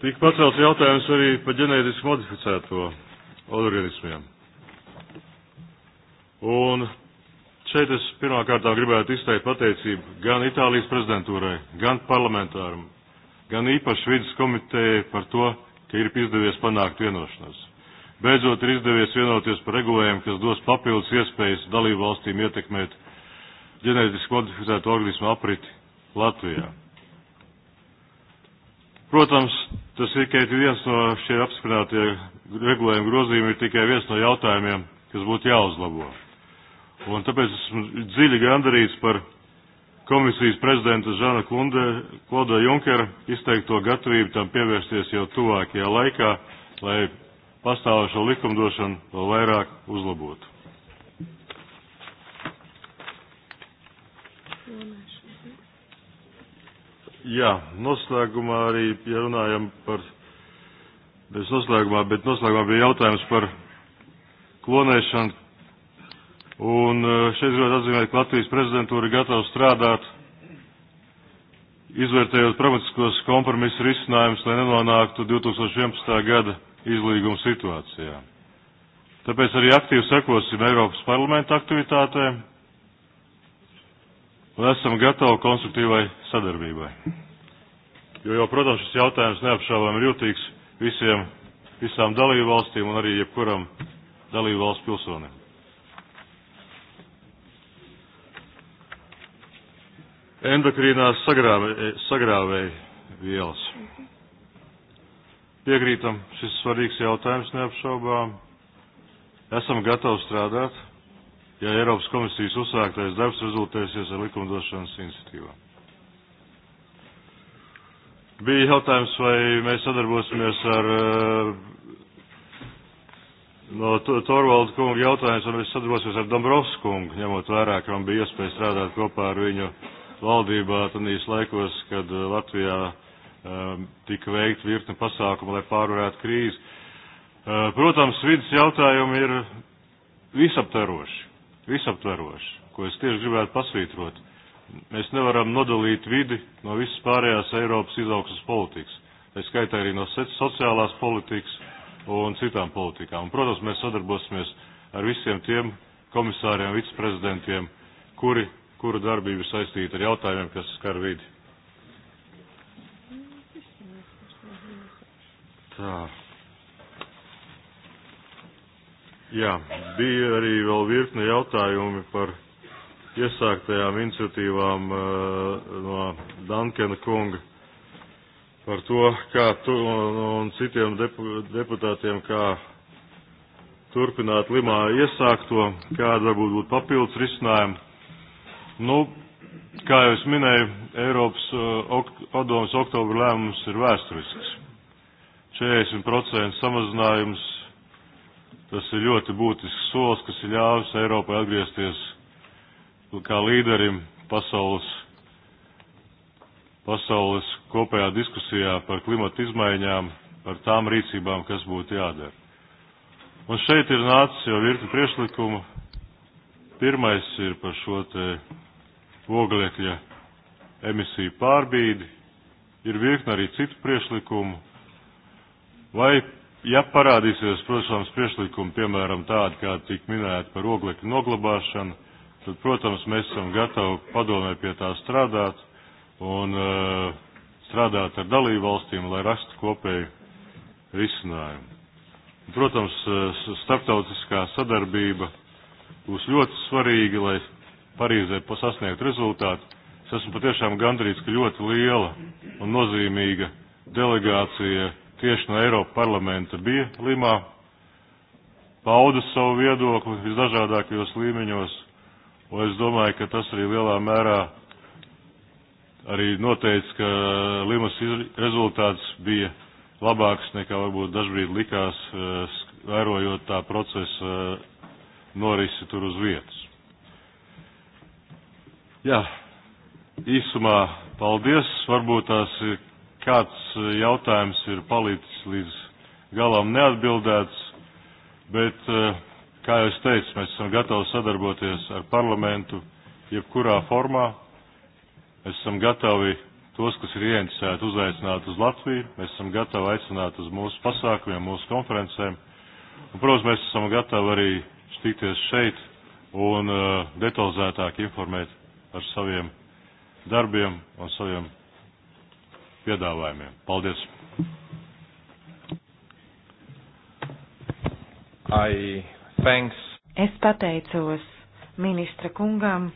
Tik pacelts jautājums arī par ģenētiski modificēto organismiem. Un šeit es pirmkārt gribētu izteikt pateicību gan Itālijas prezidentūrai, gan parlamentāram, gan īpaši vidas komitejai par to, ka ir izdevies panākt vienošanos. Beidzot ir izdevies vienoties par regulējumu, kas dos papildus iespējas dalību valstīm ietekmēt ģenētiski modificētu organismu apriti Latvijā. Protams, Tas ir tikai viens no šie apspriestie regulējuma grozījumi, ir tikai viens no jautājumiem, kas būtu jāuzlabo. Un tāpēc esmu dziļi gandarīts par komisijas prezidenta Žana Kunde, Kloda Junkera izteikto gatavību tam pievērsties jau tuvākajā laikā, lai pastāvošo likumdošanu vēl vairāk uzlabotu. Jā, noslēgumā arī, ja runājam par, bez noslēgumā, bet noslēgumā bija jautājums par klonēšanu. Un e, šeit gribētu atzīmēt, ka Latvijas prezidentūra ir gatava strādāt, izvērtējot pragmatiskos kompromisu risinājumus, lai nenonāktu 2011. gada izlīguma situācijā. Tāpēc arī aktīvi sekosim Eiropas parlamenta aktivitātēm un esam gatavi konstruktīvai sadarbībai. Jo, jo protams, šis jautājums neapšaubām ir jūtīgs visiem, visām dalību valstīm un arī jebkuram dalību valsts pilsonim. Endokrīnās sagrāvē, sagrāvēja vielas. Piekrītam, šis svarīgs jautājums neapšaubām. Esam gatavi strādāt ja Eiropas komisijas uzsāktais darbs rezultēsies ar likumdošanas iniciatīvām. Bija jautājums, vai mēs sadarbosimies ar eh, no Torvalda kunga jautājums, vai mēs sadarbosimies ar Dombrovsku kungu, ņemot vērā, ka man bija iespēja strādāt kopā ar viņu valdībā tanīs laikos, kad eh, Latvijā um, tika veikta virkne pasākumu, lai pārvarētu krīzi. Uh, protams, vidas jautājumi ir visaptaroši visaptverošs, ko es tieši gribētu pasvītrot. Mēs nevaram nodalīt vidi no visas pārējās Eiropas izaugsmas politikas, tā skaitā arī no sociālās politikas un citām politikām. Un, protams, mēs sadarbosimies ar visiem tiem komisāriem, viceprezidentiem, kuri, kuru darbība saistīta ar jautājumiem, kas skar vidi. Tā. Jā, bija arī vēl virkne jautājumi par iesāktajām iniciatīvām eh, no Dankena kunga par to, kā tu un citiem deputātiem, kā turpināt Limā iesākto, kāda varbūt būtu papildus risinājuma. Nu, kā jau es minēju, Eiropas eh, padomas oktobra lēmums ir vēsturisks. 40% samazinājums Tas ir ļoti būtisks solis, kas ir ļāvis Eiropai atgriezties kā līderim pasaules, pasaules kopējā diskusijā par klimatu izmaiņām, par tām rīcībām, kas būtu jādara. Un šeit ir nācis jau virkni priešlikumu. Pirmais ir par šo te oglekļa emisiju pārbīdi, ir virkni arī citu priešlikumu, vai Ja parādīsies, protams, priešlikumi, piemēram, tādi, kā tika minēti par oglekļu noglabāšanu, tad, protams, mēs esam gatavi padomē pie tā strādāt un uh, strādāt ar dalību valstīm, lai rastu kopēju risinājumu. Protams, eh, starptautiskā sadarbība būs ļoti svarīga, lai Parīzē sasniegtu rezultātu. Es esmu patiešām gandrīz, ka ļoti liela un nozīmīga delegācija tieši no Eiropa parlamenta bija Limā, pauda savu viedokli visdažādākajos līmeņos, un es domāju, ka tas arī lielā mērā arī noteica, ka Limas rezultāts bija labāks nekā varbūt dažbrīd likās, eh, vērojot tā procesa eh, norisi tur uz vietas. Jā, īsumā paldies. Varbūt tās kāds eh, jautājums ir palicis līdz galam neatbildēts, bet, eh, kā jau es teicu, mēs esam gatavi sadarboties ar parlamentu jebkurā formā. Mēs esam gatavi tos, kas ir ieinteresēti, uzaicināt uz Latviju. Mēs esam gatavi aicināt uz mūsu pasākumiem, mūsu konferencēm. Un, protams, mēs esam gatavi arī tikties šeit un uh, detalizētāk informēt par saviem darbiem un saviem piedāvājumiem. Paldies! I thanks. Es pateicos ministra kungam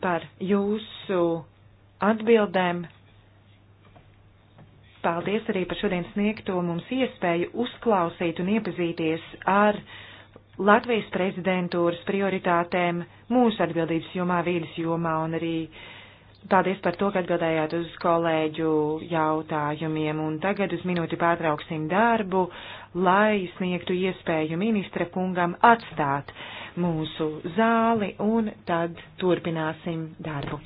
par jūsu atbildēm. Paldies arī par šodien sniegto mums iespēju uzklausīt un iepazīties ar Latvijas prezidentūras prioritātēm mūsu atbildības jomā, vīdes jomā un arī uh, Paldies par to, ka atbildējāt uz kolēģu jautājumiem, un tagad uz minūti pārtrauksim darbu, lai sniegtu iespēju ministra kungam atstāt mūsu zāli, un tad turpināsim darbu.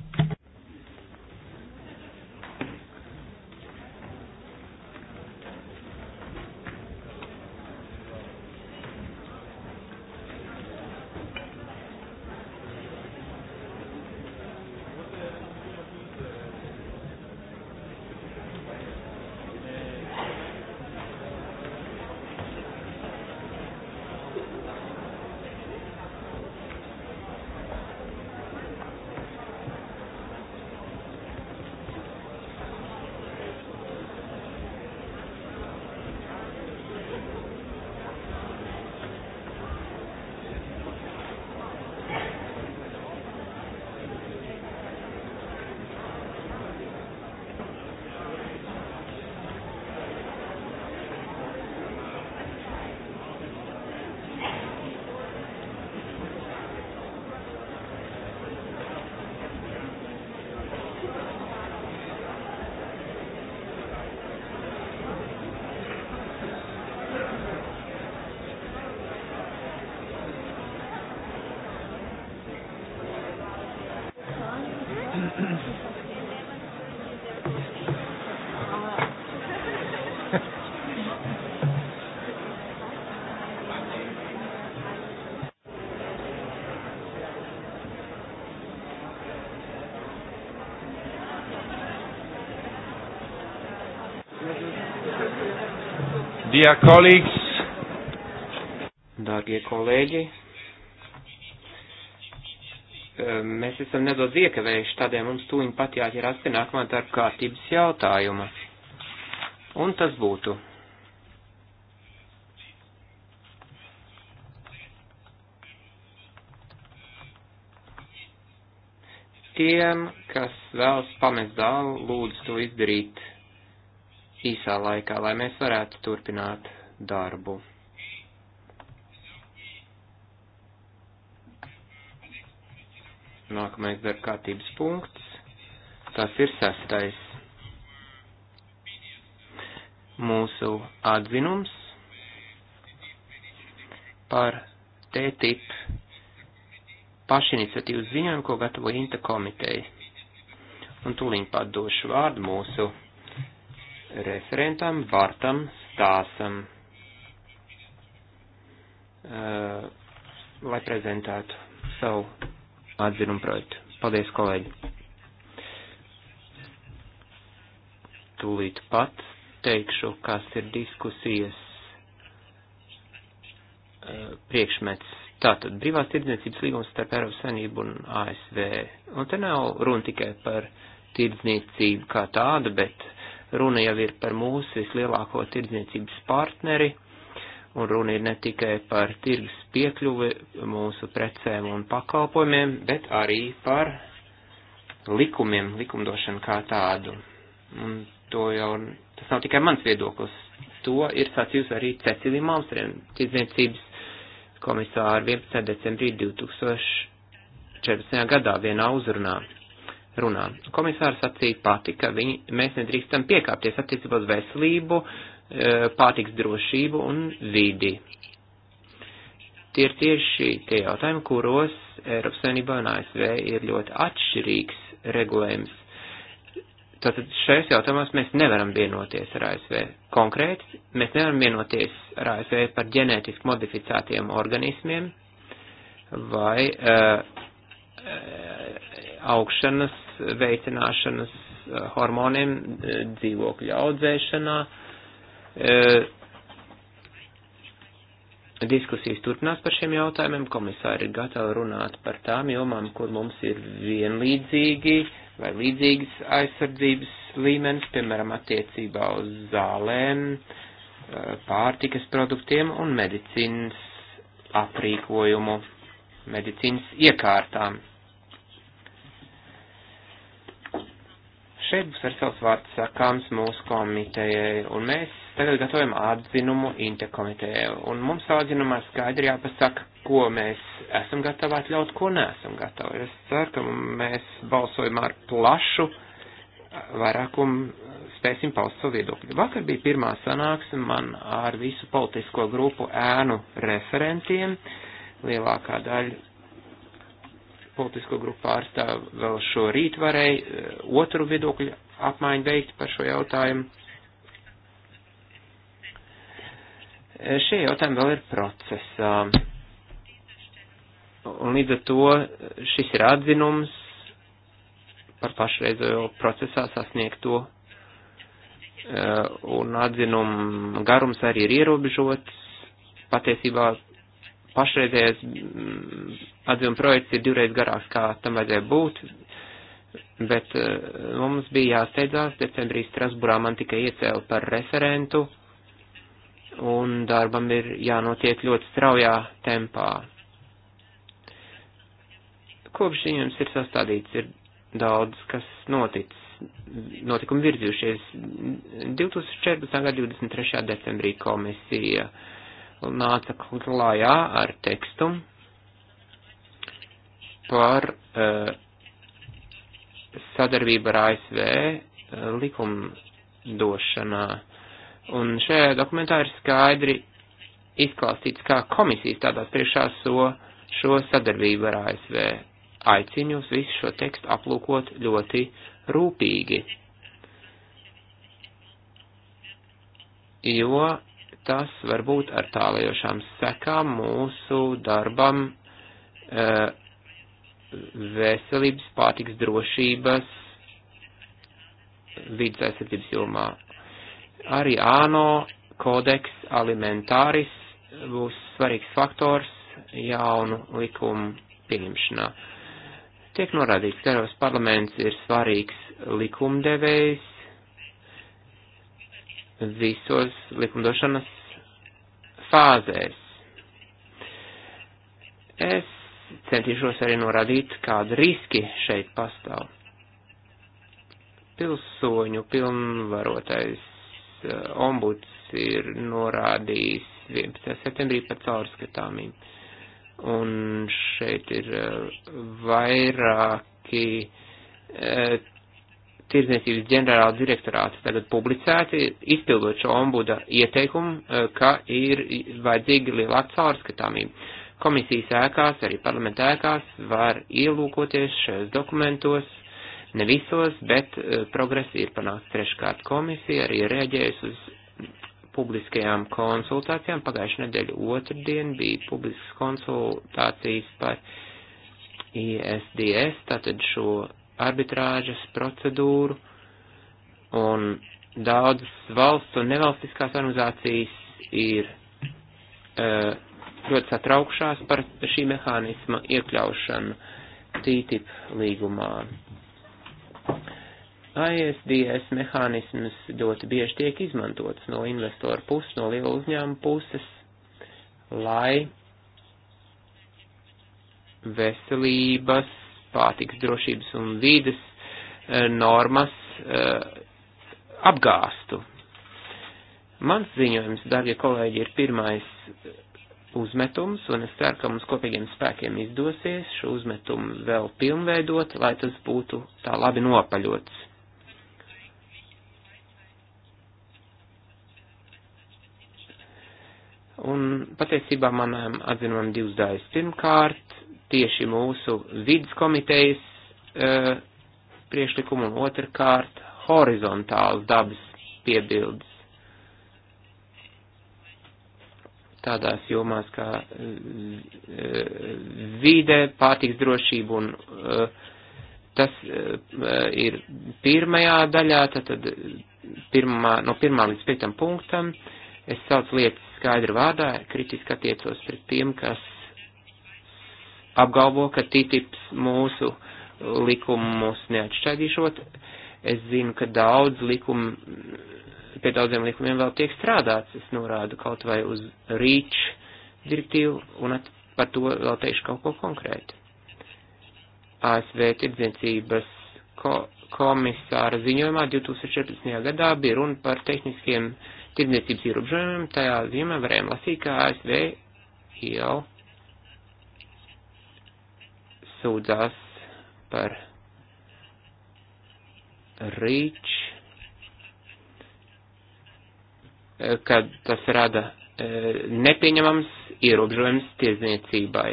Dear colleagues, Dārgie kolēģi, um, mēs esam nedaudz iekavējuši, tādēļ mums tūliņ pat jāķerās pie nākamā darba kārtības jautājuma. Un tas būtu. Tiem, kas vēlas pamest dālu, lūdzu to izdarīt īsā laikā, lai mēs varētu turpināt darbu. Nākamais darba kārtības punkts, tas ir sastais. Mūsu atzinums par TTIP pašiniciatīvas ziņojumu, ko gatavo Inta komiteja. Un tūlīt pat došu vārdu mūsu referentam Bartam Stāsam, uh, lai prezentētu savu atzinumu projektu. Paldies, kolēģi! Tūlīt pat teikšu, kas ir diskusijas uh, priekšmets. Tātad brīvās tirdzniecības līgums starp Eiropas Savienību un ASV. Un te nav runa tikai par tirdzniecību kā tādu, bet uh, Runa jau ir par mūsu vislielāko tirdzniecības partneri, un runa ir ne tikai par tirgus piekļuvi mūsu precēm un pakalpojumiem, bet arī par likumiem, likumdošanu kā tādu. Un to jau, tas nav tikai mans viedoklis, to ir sacījusi arī Cecilija Malmstrēm, tirdzniecības komisāra 11. decembrī 2014. gadā vienā uzrunā runā. Komisārs sacīja pati, ka viņi, mēs nedrīkstam piekāpties attiecībā uz veselību, e, pārtiks drošību un vidi. Tie ir tieši tie jautājumi, kuros Eiropas Savienībā un ASV ir ļoti atšķirīgs regulējums. Tātad šajos jautājumos mēs nevaram vienoties ar ASV. Konkrēti, mēs nevaram vienoties ar ASV par ģenētiski modificētiem organismiem vai uh, Eh, augšanas, veicināšanas eh, hormoniem eh, dzīvokļu audzēšanā. Diskusijas turpinās par šiem jautājumiem. Komisāri ir gatavi runāt par tām jomām, kur mums ir vienlīdzīgi vai līdzīgas aizsardzības līmenis, piemēram, attiecībā uz zālēm, pārtikas produktiem un medicīnas aprīkojumu, medicīnas iekārtām. Šeit būs ar savs vārds sakāms mūsu komitejai, un mēs tagad gatavojam atzinumu interkomitejai, un mums atzinumā skaidri jāpasaka, ko mēs esam gatavi atļaut, ko neesam gatavi. Es ceru, ka mēs balsojam ar plašu vairākumu spēsim paust savu viedokļu. Vakar bija pirmā sanāksme man ar visu politisko grupu ēnu referentiem. Lielākā daļa politisko grupu pārstāv vēl šo rīt varēja eh, otru viedokļu apmaiņu veikt par šo jautājumu. Eh, šie jautājumi vēl ir procesā. Un līdz ar to eh, šis ir atzinums par pašreizējo procesā sasniegto. Un atzinuma garums arī ir ierobežots. Patiesībā pašreizējais mm, atzīmuma projekts ir divreiz garāks, kā tam vajadzēja būt, bet eh, mums bija jāsteidzās, decembrī Strasburā man tikai iecēla par referentu, un darbam ir jānotiek ļoti straujā tempā. Kopš viņams ir sastādīts, ir daudz, kas noticis, notikumi virzījušies. 2014. gada 23. decembrī komisija uh, nāca klājā ar tekstu par uh, sadarbību ar ASV eh, likumdošanā. Un šajā dokumentā ir skaidri izklāstīts, kā komisijas tādās priekšā so šo sadarbību ar ASV. Aicinu jūs visu šo tekstu aplūkot ļoti rūpīgi. Jo tas var būt ar tālajošām sekām mūsu darbam e, veselības pārtiks drošības vidas aizsardzības jomā. Arī ANO kodeks alimentāris būs svarīgs faktors jaunu likumu pieņemšanā. Tiek norādīts, ka Eiropas parlaments ir svarīgs likumdevējs visos likumdošanas fāzēs. Es centīšos arī norādīt, kādi riski šeit pastāv. Pilsoņu pilnvarotais eh, ombuds ir norādījis 11. septembrī par caurskatāmību. Un šeit ir eh, vairāki eh, Tirzniecības ģenerāla direktorāts tagad publicēti, izpildot šo ombuda ieteikumu, eh, ka ir vajadzīga lielāka caurskatāmība. Komisijas ēkās, arī parlamenta ēkās var ielūkoties šajos dokumentos, ne visos, bet eh, progress ir panākts treškārt komisija, arī reaģējusi uz publiskajām konsultācijām. Pagājušajā nedēļa otrdien bija publiskas konsultācijas par ISDS, tātad šo arbitrāžas procedūru, un daudzas valsts un nevalstiskās organizācijas ir uh, ļoti satraukšās par šī mehānisma iekļaušanu TTIP līgumā. ISDS mehānisms ļoti bieži tiek izmantots no investoru puses, no lielu uzņēmumu puses, lai veselības pārtiks drošības un vīdes eh, normas eh, apgāstu. Mans ziņojums, darbie kolēģi, ir pirmais uzmetums, un es ceru, ka mums kopīgiem spēkiem izdosies šo uzmetumu vēl pilnveidot, lai tas būtu tā labi nopaļots. Un patiesībā manām atzinumam divas daļas. Pirmkārt, tieši mūsu vidas komitejas e, priešlikumu un otrkārt horizontāls dabas piebildes. Tādās jomās kā e, e vide, pārtiks drošība un e, tas e, e, ir pirmajā daļā, tad, tad pirmā, no pirmā līdz piektam punktam es saucu lietas skaidru vārdā, kritiski attiecos pret tiem, kas apgalvo, ka TTIPs mūsu likumus neatšķaidīšot. Es zinu, ka daudz likumu, pie daudziem likumiem vēl tiek strādāts. Es norādu kaut vai uz rīč direktīvu un at, par to vēl teikšu kaut ko konkrētu. ASV tirdzniecības ko, komisāra ziņojumā 2014. gadā bija runa par tehniskiem tirdzniecības ierobežojumiem. Tajā ziņā varējām lasīt, ka ASV jau sūdzās par rīč, e, kad tas rada e, nepieņemams ierobežojums tiesniecībai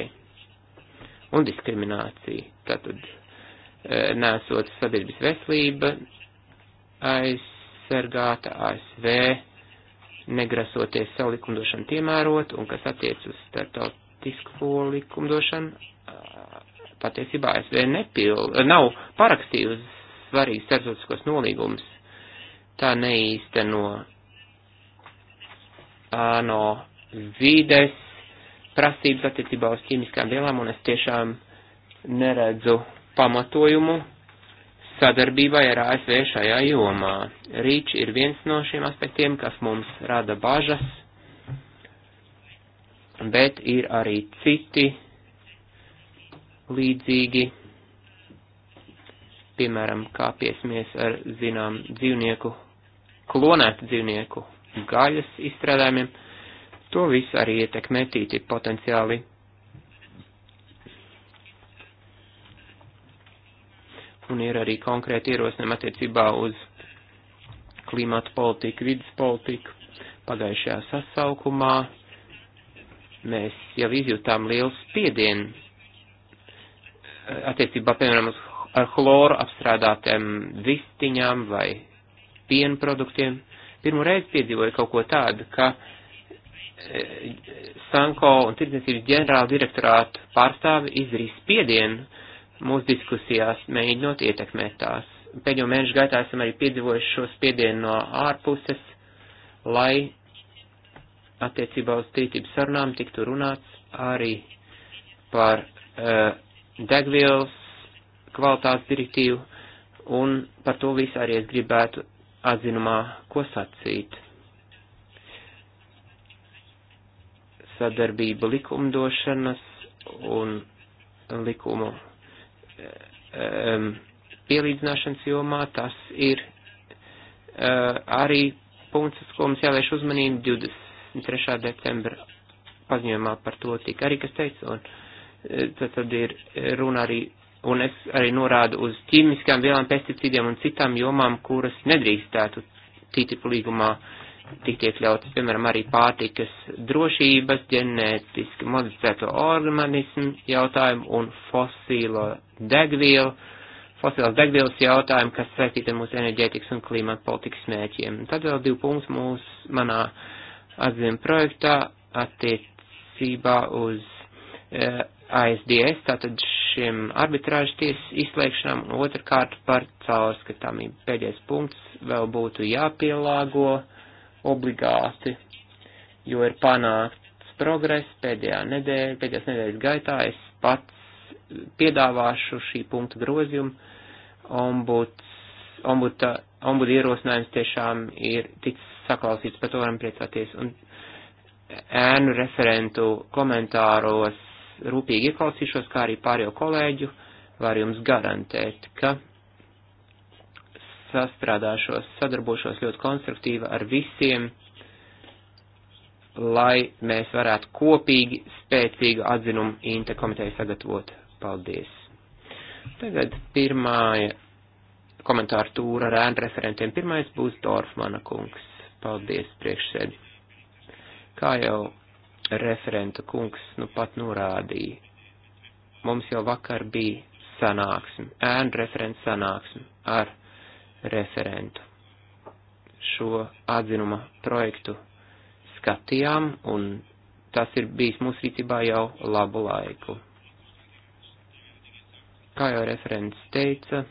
un diskriminācija. Tātad e, nesot sabiedrības veselība aizsargāta ASV, negrasoties savu likumdošanu piemērot, un kas attiec uz starptautisko likumdošanu, patiesībā ASV nepil, nav parakstījusi svarīgas starptautiskos nolīgumus. Tā neīsteno no vides prasības attiecībā uz ķīmiskām vielām, un es tiešām neredzu pamatojumu sadarbībai ar ASV šajā jomā. Rīč ir viens no šiem aspektiem, kas mums rada bažas, bet ir arī citi līdzīgi, piemēram, kāpiesimies ar zinām dzīvnieku, klonētu dzīvnieku gaļas izstrādājumiem, to visu arī ietekmē tīti potenciāli. Un ir arī konkrēti ierosinājumi attiecībā uz klimatu politiku, vidas politiku. Pagājušajā sasaukumā mēs jau izjūtām lielu spiedienu attiecībā, piemēram, ar chloru apstrādātiem vistiņām vai piena produktiem. Pirmo reizi piedzīvoju kaut ko tādu, ka e, Sanko un tirdzniecības ģenerāla direktorāta pārstāvi izdarīja spiedienu mūsu diskusijās, mēģinot ietekmēt tās. Pēdējo mēnešu gaitā esam arī piedzīvojuši šo spiedienu no ārpuses, lai attiecībā uz tītības sarunām tiktu runāts arī par uh, degvielas kvalitātes direktīvu, un par to visu arī es gribētu atzinumā, ko sacīt. Sadarbība likumdošanas un likumu um, pielīdzināšanas jomā, tas ir uh, arī punkts, uz ko mums jāvērš uzmanība 23. decembra paziņojumā par to tika arī kas teica, un tad, tad ir runa arī, un es arī norādu uz ķīmiskām vielām, pesticīdiem un citām jomām, kuras nedrīkstētu TTIP līgumā tikt iekļautas, piemēram, arī pārtikas drošības, ģenētiski modificēto organismu jautājumu un fosīlo degvielu, fosilās degvielas jautājumu, kas saistīta ar mūsu enerģētikas un klimata politikas mērķiem. Tad vēl divi punkti mūsu manā atzīm projektā attiecībā uz eh, ASDS, tātad šiem arbitrāžu tiesas izslēgšanām, un otrkārt par caurskatāmību. Pēdējais punkts vēl būtu jāpielāgo obligāti, jo ir panākts progress pēdējā nedēļa, pēdējās nedēļas gaitā. Es pats piedāvāšu šī punkta grozījumu. Ombuds, ombuda, ombuda ierosinājums tiešām ir ticis saklausīts, par to varam priecāties. Un ēnu referentu komentāros rūpīgi ieklausīšos, kā arī pārējo kolēģu, var jums garantēt, ka sastrādāšos, sadarbošos ļoti konstruktīvi ar visiem, lai mēs varētu kopīgi spēcīgu atzinumu Inte komiteju sagatavot. Paldies! Tagad pirmā komentāra tūra ar ēnu referentiem. Pirmais būs Dorfmana kungs. Paldies, priekšsēdi. Kā jau referenta kungs nu pat norādīja. Mums jau vakar bija sanāksme, ēnu referenta sanāksme ar referentu. Šo atzinuma projektu skatījām, un tas ir bijis mūsu rīcībā jau labu laiku. Kā jau referents teica,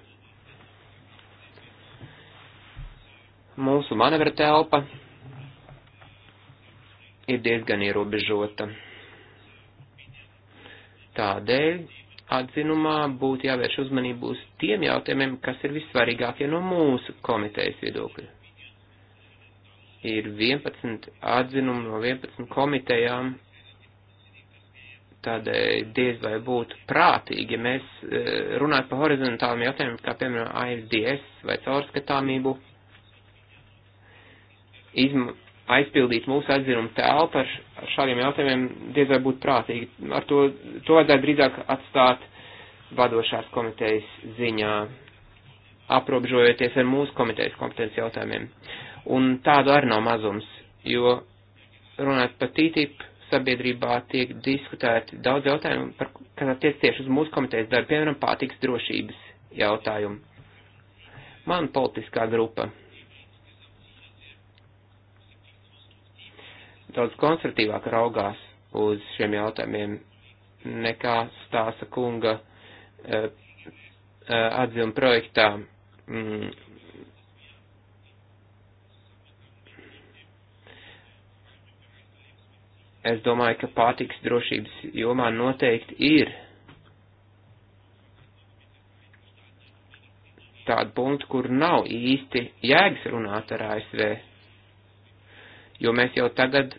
mūsu manevra telpa ir diezgan ierobežota. Tādēļ atzinumā būtu jāvērš uzmanību uz tiem jautājumiem, kas ir vissvarīgākie no mūsu komitejas viedokļa. Ir 11 atzinumu no 11 komitejām, tādēļ diez vai būtu prātīgi, ja mēs eh, runātu par horizontāliem jautājumiem, kā piemēram AFDS vai caurskatāmību, izma aizpildīt mūsu atzinumu tēlu par šādiem jautājumiem diez vai būtu prātīgi. Ar to, to vajadzētu drīzāk atstāt vadošās komitejas ziņā, aprobežojoties ar mūsu komitejas kompetenci jautājumiem. Un tādu arī nav mazums, jo runājot par TTIP, sabiedrībā tiek diskutēti daudz jautājumu, par, kas attiec tieši uz mūsu komitejas darbu, piemēram, pārtiks drošības jautājumu. Man politiskā grupa daudz konstruktīvāk raugās uz šiem jautājumiem nekā stāsta kunga uh, atzījuma projektā. Mm. Es domāju, ka pārtiks drošības jomā noteikti ir tādu punktu, kur nav īsti jēgas runāt ar ASV, jo mēs jau tagad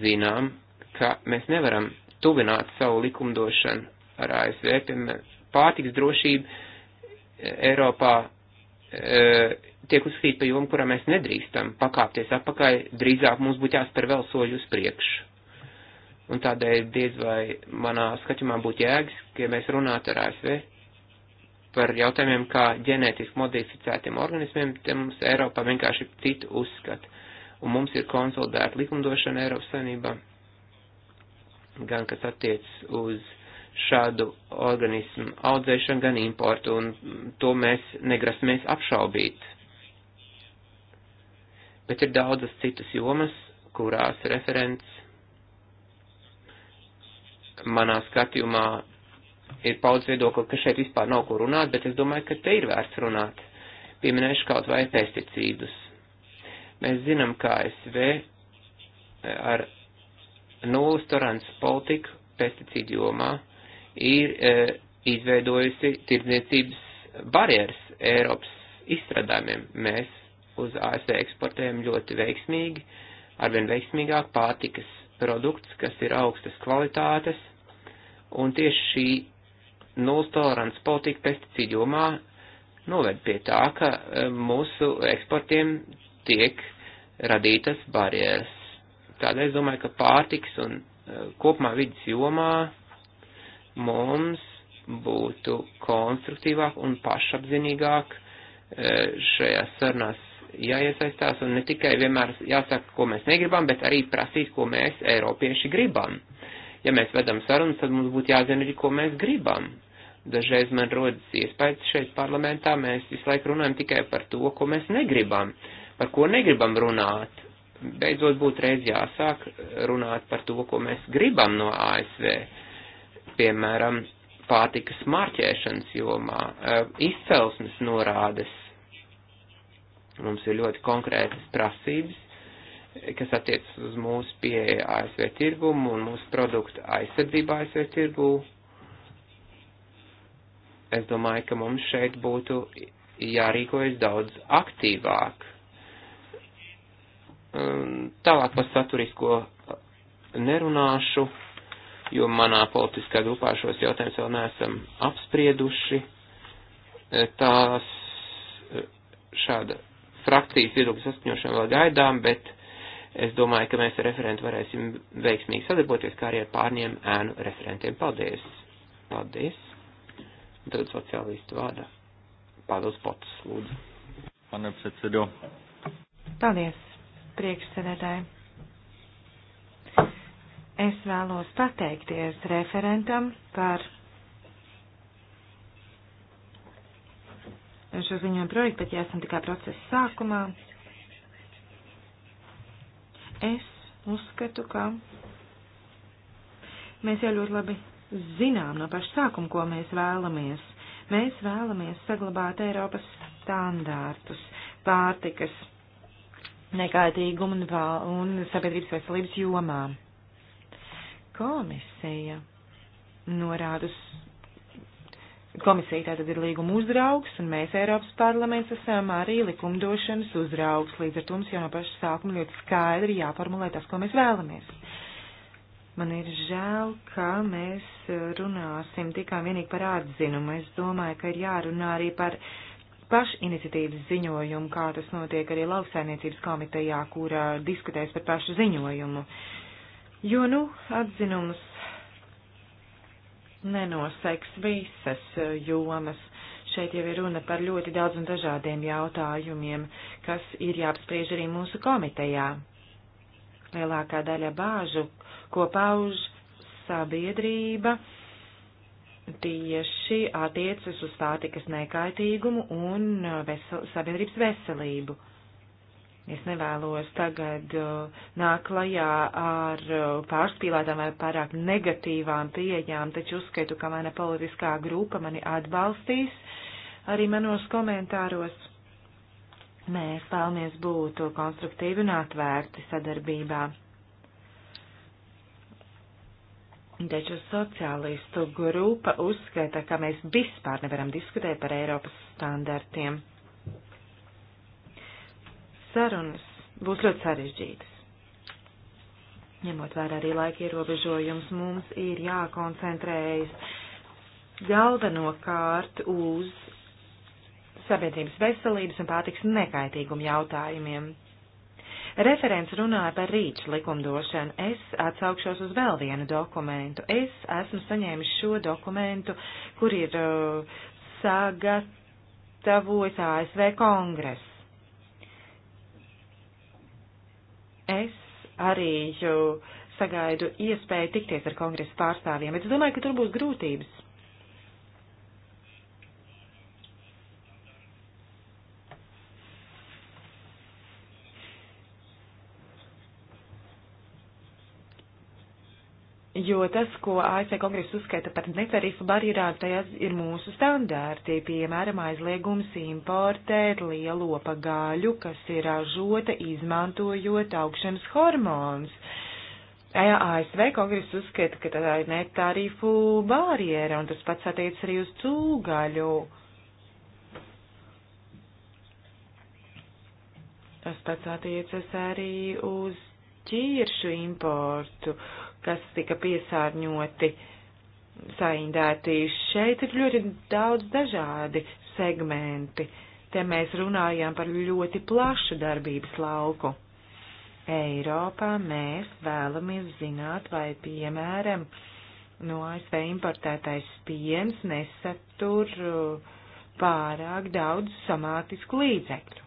zinām, ka mēs nevaram tuvināt savu likumdošanu ar ASV, piemēram, pārtiks drošība e, Eiropā e, tiek uzskatīta par jomu, kurā mēs nedrīkstam pakāpties atpakaļ, drīzāk mums būtu jāspēr vēl soļi uz priekšu. Un tādēļ diez vai manā skatījumā būtu jēgas, ja mēs runātu ar ASV par jautājumiem kā ģenētiski modificētiem organismiem, te mums Eiropā vienkārši citu uzskatu un mums ir konsolidēta likumdošana Eiropas Savienībā, gan kas attiec uz šādu organismu audzēšanu, gan importu, un to mēs negrasmies apšaubīt. Bet ir daudzas citas jomas, kurās referents manā skatījumā ir paudz viedokli, ka šeit vispār nav ko runāt, bet es domāju, ka te ir vērts runāt. Pieminēšu kaut vai pesticīdus. Mēs zinām, ka ASV eh, ar nulles tolerants politiku pesticīdu jomā ir e, izveidojusi tirdzniecības barjeras Eiropas izstrādājumiem. Mēs uz ASV eksportējam ļoti veiksmīgi, arvien veiksmīgāk pārtikas produkts, kas ir augstas kvalitātes, un tieši šī nulles tolerants politika pesticīdu jomā noved pie tā, ka e, mūsu eksportiem tiek radītas barjeras. Tādēļ es domāju, ka pārtiks un e, kopumā vidas jomā mums būtu konstruktīvāk un pašapzinīgāk e, šajās sarunās jāiesaistās un ne tikai vienmēr jāsaka, ko mēs negribam, bet arī prasīt, ko mēs, Eiropieši, gribam. Ja mēs vedam sarunas, tad mums būtu jāzina arī, ko mēs gribam. Dažreiz man rodas iespējas šeit parlamentā, mēs visu laiku runājam tikai par to, ko mēs negribam. Uh, par ko negribam runāt. Beidzot būtu reiz jāsāk runāt par to, ko mēs gribam no ASV. Piemēram, pārtikas marķēšanas jomā, eh, izcelsmes norādes. Mums ir ļoti konkrētas prasības, kas attiec uz mūsu pieeja ASV tirgumu un mūsu produktu aizsardzību ASV tirgū. Es domāju, ka mums šeit būtu jārīkojas daudz aktīvāk. Um, tālāk par saturisko nerunāšu, jo manā politiskā grupā šos jautājumus vēl neesam apsprieduši. E, tās e, šāda frakcijas viedokļu saskaņošana vēl gaidām, bet es domāju, ka mēs ar referentu varēsim veiksmīgi sadarboties, kā arī ar pārņiem ēnu referentiem. Paldies! Paldies! Tad sociālistu vārdā. Pāvils Pots, lūdzu. Pane predsedo. Paldies priekšsēdētāji. Es vēlos pateikties referentam par šo ziņojumu projektu, bet ja esam tikai procesa sākumā, es uzskatu, ka mēs jau ļoti labi zinām no paša sākuma, ko mēs vēlamies. Mēs vēlamies saglabāt Eiropas standārtus pārtikas nekaitīguma un, un sabiedrības veselības jomā. Komisija norāda uz. Komisija tātad ir līguma uzraugs, un mēs Eiropas parlaments esam arī likumdošanas uzraugs. Līdz ar to mums jau no paša sākuma ļoti skaidri jāformulē tas, ko mēs vēlamies. Man ir žēl, ka mēs runāsim tikai vienīgi par atzinumu. Es domāju, ka ir jārunā arī par uh, pašiniciatīvas ziņojumu, kā tas notiek arī lauksainiecības komitejā, kura diskutēs par pašu ziņojumu. Jo, nu, atzinums nenoseks visas jomas. Šeit jau ir runa par ļoti daudz un dažādiem jautājumiem, kas ir jāapspriež arī mūsu komitejā. Lielākā daļa bāžu, ko pauž sabiedrība, tieši attiecas uz pārtikas nekaitīgumu un uh, vesel, sabiedrības veselību. Es nevēlos tagad uh, nākt klajā ar uh, pārspīlētām vai pārāk negatīvām pieejām, taču uzskaitu, ka mana politiskā grupa mani atbalstīs arī manos komentāros. Mēs vēlamies būt konstruktīvi un atvērti sadarbībā Taču sociālistu grupa uzskata, ka mēs vispār nevaram diskutēt par Eiropas standartiem. Sarunas būs ļoti sarežģītas. Ņemot vērā arī laika ierobežojums, mums ir jākoncentrējas galvenokārt uz sabiedrības veselības un pārtiks nekaitīgumu jautājumiem. Referents runāja par rīču likumdošanu. Es atsaukšos uz vēl vienu dokumentu. Es esmu saņēmis šo dokumentu, kur ir uh, sagatavojis ASV kongress. Es arī uh, sagaidu iespēju tikties ar kongresa pārstāvjiem, bet es domāju, ka tur būs grūtības. Jo tas, ko ASV kongress uzskaita par netarifu barjerām, tajās ir mūsu standārti, piemēram, aizliegums importēt lielo pagaļu, kas ir ražota izmantojot augšanas hormonus. ASV kongress uzskata, ka tā ir netarifu barjera, un tas pats attiec arī uz cūgaļu. Tas pats attiecas arī uz ķiršu importu. Uh, kas tika piesārņoti, saindēti. Šeit ir ļoti daudz dažādi segmenti. Te mēs runājām par ļoti plašu darbības lauku. Eiropā mēs vēlamies zināt, vai, piemēram, no ASV importētais piens nesatur uh, pārāk daudz samātisku līdzekļu.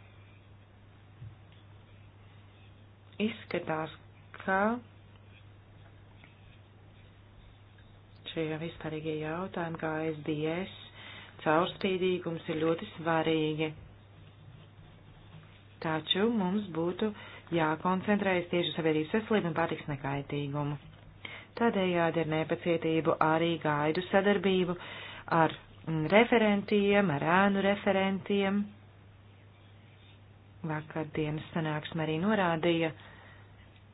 Izskatās, ka šie vispārīgie jautājumi, kā SDS, caurspīdīgums ir ļoti svarīgi. Taču mums būtu jākoncentrējas tieši uz sabiedrības veselību un pārtiks nekaitīgumu. Tādējādi ar nepacietību arī gaidu sadarbību ar mm, referentiem, ar ēnu referentiem. Vakardienas sanāksme arī norādīja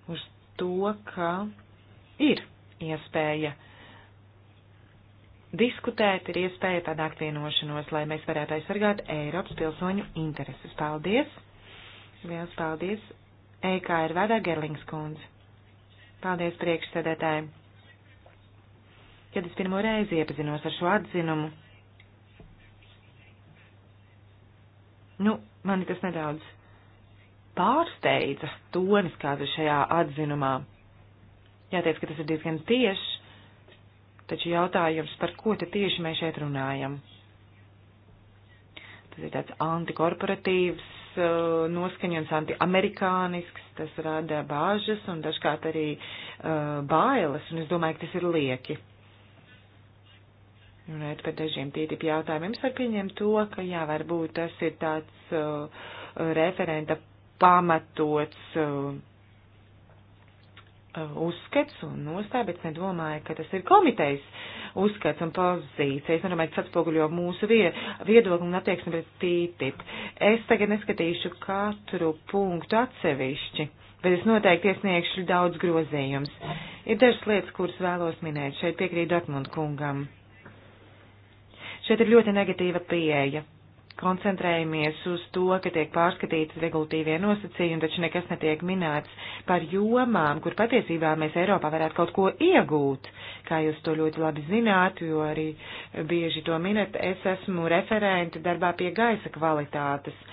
uz to, ka ir iespēja diskutēt, ir iespēja panākt vienošanos, lai mēs varētu aizsargāt Eiropas pilsoņu intereses. Paldies! Liels paldies! EKR vadā Gerlings kundze. Paldies priekšsēdētājiem! Kad es pirmo reizi iepazinos ar šo atzinumu, nu, mani tas nedaudz pārsteidza tonis, kāds ir šajā atzinumā. Jāteic, ka tas ir diezgan tieši Taču jautājums, par ko te tieši mēs šeit runājam? Tas ir tāds antikorporatīvs uh, noskaņojums, antiamerikānisks, tas rada bāžas un dažkārt arī uh, bailes, un es domāju, ka tas ir lieki. Runājot par dažiem tītip jautājumiem, es varu pieņemt to, ka jā, varbūt tas ir tāds uh, referenta pamatots. Uh, Uh, uzskats un nostāja, bet nedomāju, ka tas ir komitejas uzskats un pozīcija. Es nedomāju, tas atspoguļo mūsu vie, viedokli un attieksmi pret TTIP. Es tagad neskatīšu katru punktu atsevišķi, bet es noteikti iesniegšu daudz grozījums. Ir dažas lietas, kuras vēlos minēt. Šeit piekrīt Dortmund kungam. Šeit ir ļoti negatīva pieeja koncentrējamies uz to, ka tiek pārskatītas regulatīvie nosacījumi, taču nekas netiek minēts par jomām, kur patiesībā mēs Eiropā varētu kaut ko iegūt. Kā jūs to ļoti labi zināt, jo arī bieži to minat, es esmu referenti darbā pie gaisa kvalitātes.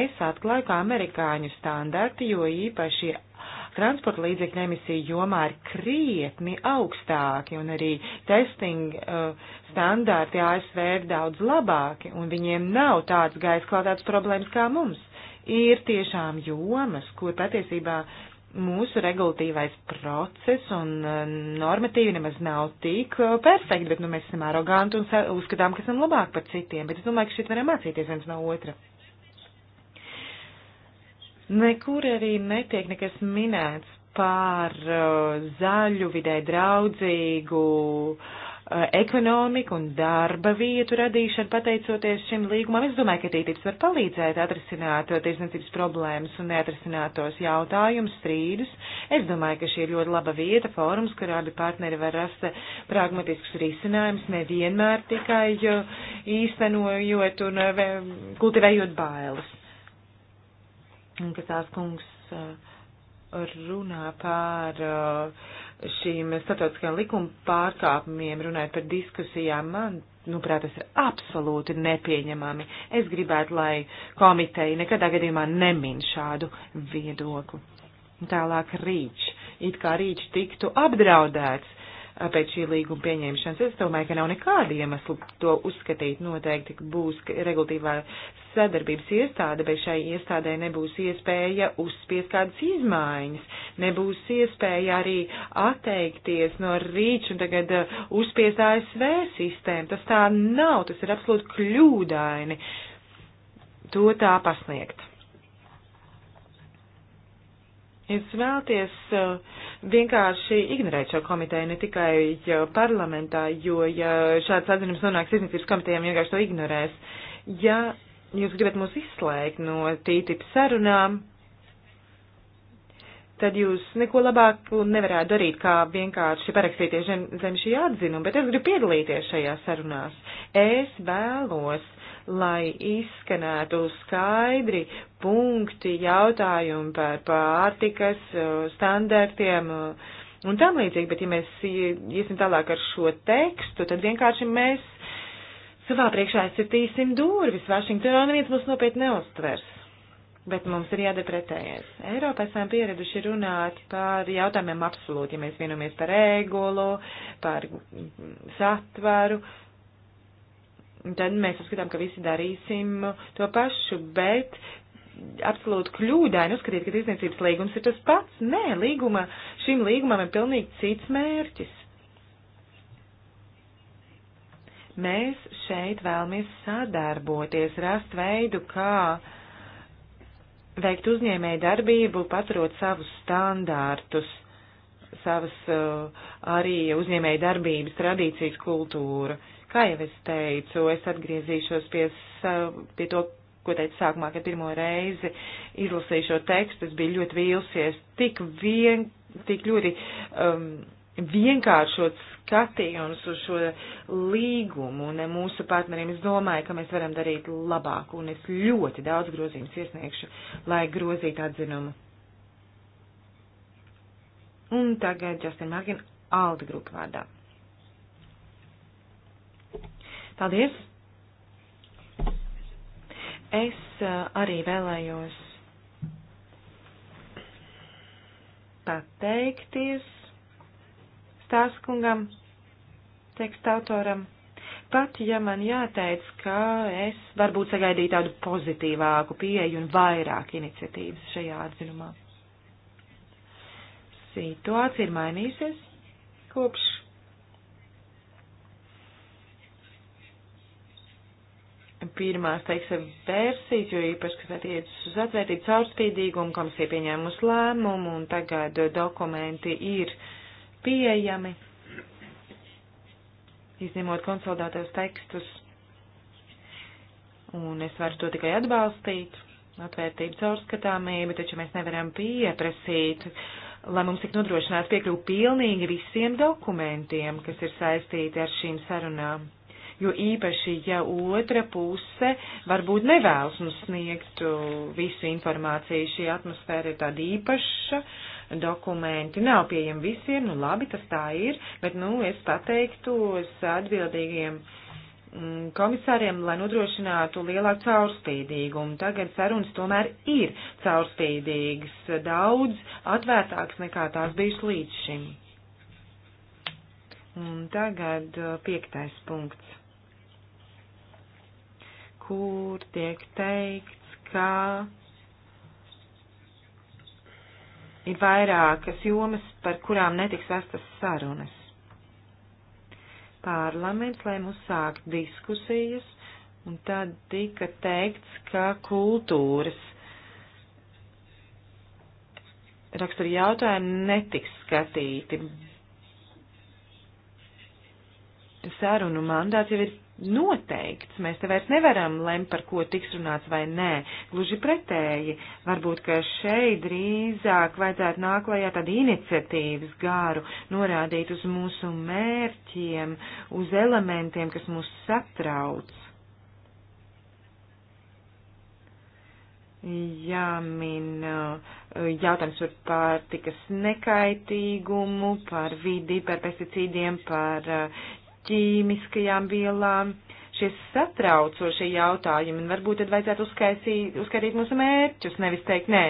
Es atklāju, ka amerikāņu standarti, jo īpaši transporta līdzekļu emisiju jomā ir krietni augstāki un arī testing uh, standārti ASV ir daudz labāki un viņiem nav tāds gaisa kvalitātes problēmas kā mums. Ir tiešām jomas, kur patiesībā mūsu regulatīvais process un uh, normatīvi nemaz nav tik uh, perfekti, bet nu, mēs esam aroganti un uzskatām, ka esam labāk par citiem, bet es domāju, ka šit varam mācīties viens no otra. Nekur arī netiek nekas minēts par uh, zaļu vidē draudzīgu uh, ekonomiku un darba vietu radīšanu pateicoties šim līgumam. Es domāju, ka tītības var palīdzēt atrisināt tirsniecības problēmas un neatrisinātos jautājumus, strīdus. Es domāju, ka šī ir ļoti laba vieta, fórums, kur abi partneri var rast pragmatiskus risinājumus, nevienmēr tikai uh, īstenojot un uh, kultivējot bailes ka tās kungs uh, runā par uh, šīm statotiskajām likuma pārkāpumiem, runāja par diskusijām. Man, nuprāt, tas ir absolūti nepieņemami. Es gribētu, lai komiteja nekadā gadījumā nemin šādu viedokli. Tālāk rīč. It kā rīč tiktu apdraudēts uh, pēc šī līguma pieņemšanas. Es domāju, ka nav nekāda iemesla to uzskatīt. Noteikti būs regulatīvā sadarbības iestāde, bet šai iestādē nebūs iespēja uzspies kādas izmaiņas, nebūs iespēja arī atteikties no rīču un tagad uh, uzspies ASV sistēmu. Tas tā nav, tas ir absolūti kļūdaini to tā pasniegt. Jūs vēlties uh, vienkārši ignorēt šo komiteju, ne tikai parlamentā, jo, ja šāds atzinums nonāks izniecības komitejām, vienkārši to ignorēs. Ja jūs gribat mūs izslēgt no TTIP sarunām, tad jūs neko labāku nevarētu darīt, kā vienkārši parakstīties zem, zem šī atzinuma, bet es gribu piedalīties šajā sarunās. Es vēlos, lai izskanētu skaidri punkti, jautājumi par pārtikas standartiem un tam līdzīgi, bet ja mēs iesim tālāk ar šo tekstu, tad vienkārši mēs Savā priekšā aizsitīsim durvis. Vašingtonā neviens mūs nopietni neuztvers. Bet mums ir jādara pretējais. Eiropā esam pieraduši runāt par jautājumiem absolūti, ja mēs vienomies par ēgolu, par satvaru. Tad mēs uzskatām, ka visi darīsim to pašu, bet absolūti kļūdaini uzskatīt, ka tirdzniecības līgums ir tas pats. Nē, līguma, šim līgumam ir pilnīgi cits mērķis. Mēs šeit vēlamies sadarboties, rast veidu, kā veikt uzņēmēju darbību, paturot savus standārtus, savas uh, arī uzņēmēju darbības tradīcijas kultūru. Kā jau es teicu, es atgriezīšos pie, sav, pie to, ko teicu sākumā, kad pirmo reizi izlasīju šo tekstu, es biju ļoti vīlusies, tik vien, tik ļoti um, vienkāršot skatījums uz šo līgumu un mūsu partneriem. Es domāju, ka mēs varam darīt labāk, un es ļoti daudz grozījumus iesniegšu, lai grozītu atzinumu. Un tagad Justin Margin, Alda grupa vārdā. Paldies! Es uh, arī vēlējos pateikties stāskungam, teksta autoram. Pat ja man jāteic, ka es varbūt sagaidīju tādu pozitīvāku pieeju un vairāk iniciatīvas šajā atzinumā. Situācija ir mainīsies kopš pirmās, teiksim, versijas, jo īpaši, kas attiecas uz atvērtību caurspīdīgumu, komisija pieņēmusi lēmumu un tagad dokumenti ir uh, pieejami, izņemot konsolidētos tekstus, un es varu to tikai atbalstīt, atvērtību caurskatāmību, taču mēs nevaram pieprasīt, lai mums tik nodrošinās piekļuvu pilnīgi visiem dokumentiem, kas ir saistīti ar šīm sarunām jo īpaši, ja otra puse varbūt nevēlas mums sniegt visu informāciju, šī atmosfēra ir tāda īpaša, dokumenti nav pieejami visiem, nu labi, tas tā ir, bet, nu, es pateiktu uz atbildīgiem mm, komisāriem, lai nodrošinātu lielāku caurspīdīgumu. Tagad sarunas tomēr ir caurspīdīgas, daudz atvērtākas nekā tās bijušas līdz šim. Un tagad uh, piektais punkts, kur tiek teikts, ka ir vairākas jomas, par kurām netiks vestas sarunas. Parlaments lēma uzsākt diskusijas, un tad tika teikts, ka kultūras rakstura jautājumi netiks skatīti. Sarunu mandāts jau ir noteikts. Mēs te vairs nevaram lemt, par ko tiks runāts vai nē. Gluži pretēji, varbūt, ka šeit drīzāk vajadzētu nāklājā tādu iniciatīvas gāru, norādīt uz mūsu mērķiem, uz elementiem, kas mūs satrauc. jāmin uh, jautājums par pārtikas nekaitīgumu, par vidi, par pesticīdiem, par uh, ķīmiskajām vielām. Šie satraucošie jautājumi, un varbūt tad vajadzētu uzskaisīt, uzskaitīt mūsu mērķus, nevis teikt, nē,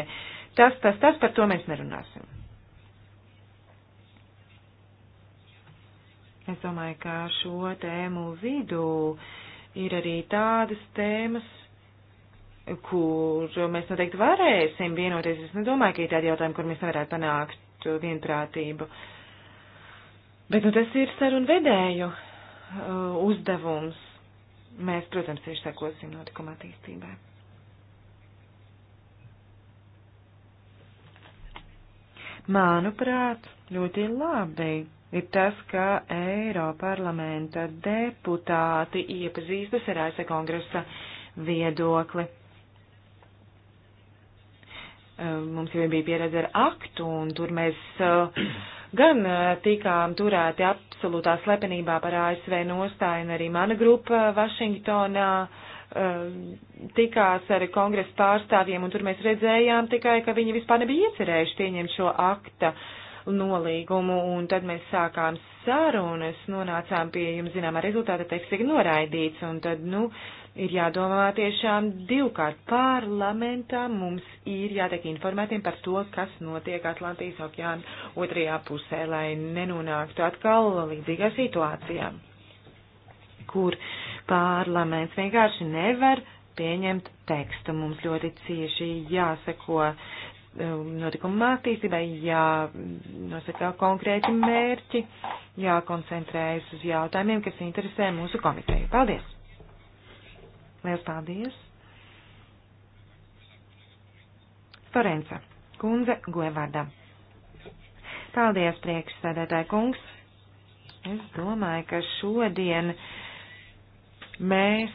tas, tas, tas, par to mēs nerunāsim. Es domāju, ka šo tēmu vidū ir arī tādas tēmas, kur mēs noteikti varēsim vienoties. Es nedomāju, ka ir tādi jautājumi, kur mēs nevarētu panākt vienprātību. Uh, Bet nu, tas ir sarunvedēju uh, uzdevums. Mēs, protams, ir sekosim notikuma attīstībai. Manuprāt, ļoti labi ir tas, ka Eiroparlamenta deputāti iepazīstas ar ASV kongresa viedokli. Uh, mums jau bija pieredze ar aktu, un tur mēs uh, gan tikām turēti absolūtā slepenībā par ASV nostāju, un arī mana grupa Vašingtonā tikās ar kongresa pārstāvjiem, un tur mēs redzējām tikai, ka viņi vispār nebija iecerējuši pieņemt šo akta nolīgumu, un tad mēs sākām sarunas, nonācām pie, jums zināmā rezultāta, teiks, ir noraidīts, un tad, nu, uh, ir jādomā tiešām divkārt. Parlamentā mums ir jātiek informētiem par to, kas notiek Atlantijas okeāna otrajā pusē, lai nenonāktu atkal līdzīgā situācijā, kur parlaments vienkārši nevar pieņemt tekstu. Mums ļoti cieši jāseko um, notikuma attīstībai, jānosaka konkrēti mērķi, jākoncentrējas uz jautājumiem, kas interesē mūsu komiteju. Paldies! Lielas paldies! Florence, kundze Guevada. Paldies, priekšsēdētāji kungs. Es domāju, ka šodien mēs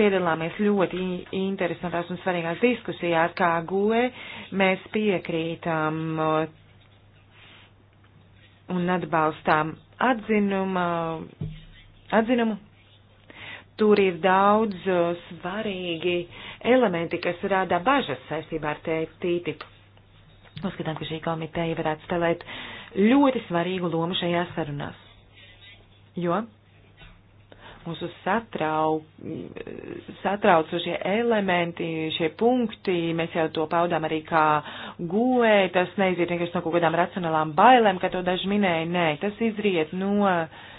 piedalāmies ļoti interesantās un svarīgās diskusijās, kā goe mēs piekrītam uh, un atbalstām atzinuma, atzinumu Tur ir daudz uh, svarīgi elementi, kas rada bažas saistībā ar TTIP. Uzskatām, ka šī komiteja varētu spēlēt ļoti svarīgu lomu šajās sarunās. Jo mūsu satrau, satraucošie elementi, šie punkti, mēs jau to paudām arī kā guē, tas neiziet vienkārši no kaut kādām racionālām bailēm, kā to daži minēja, nē, tas izriet no. Uh,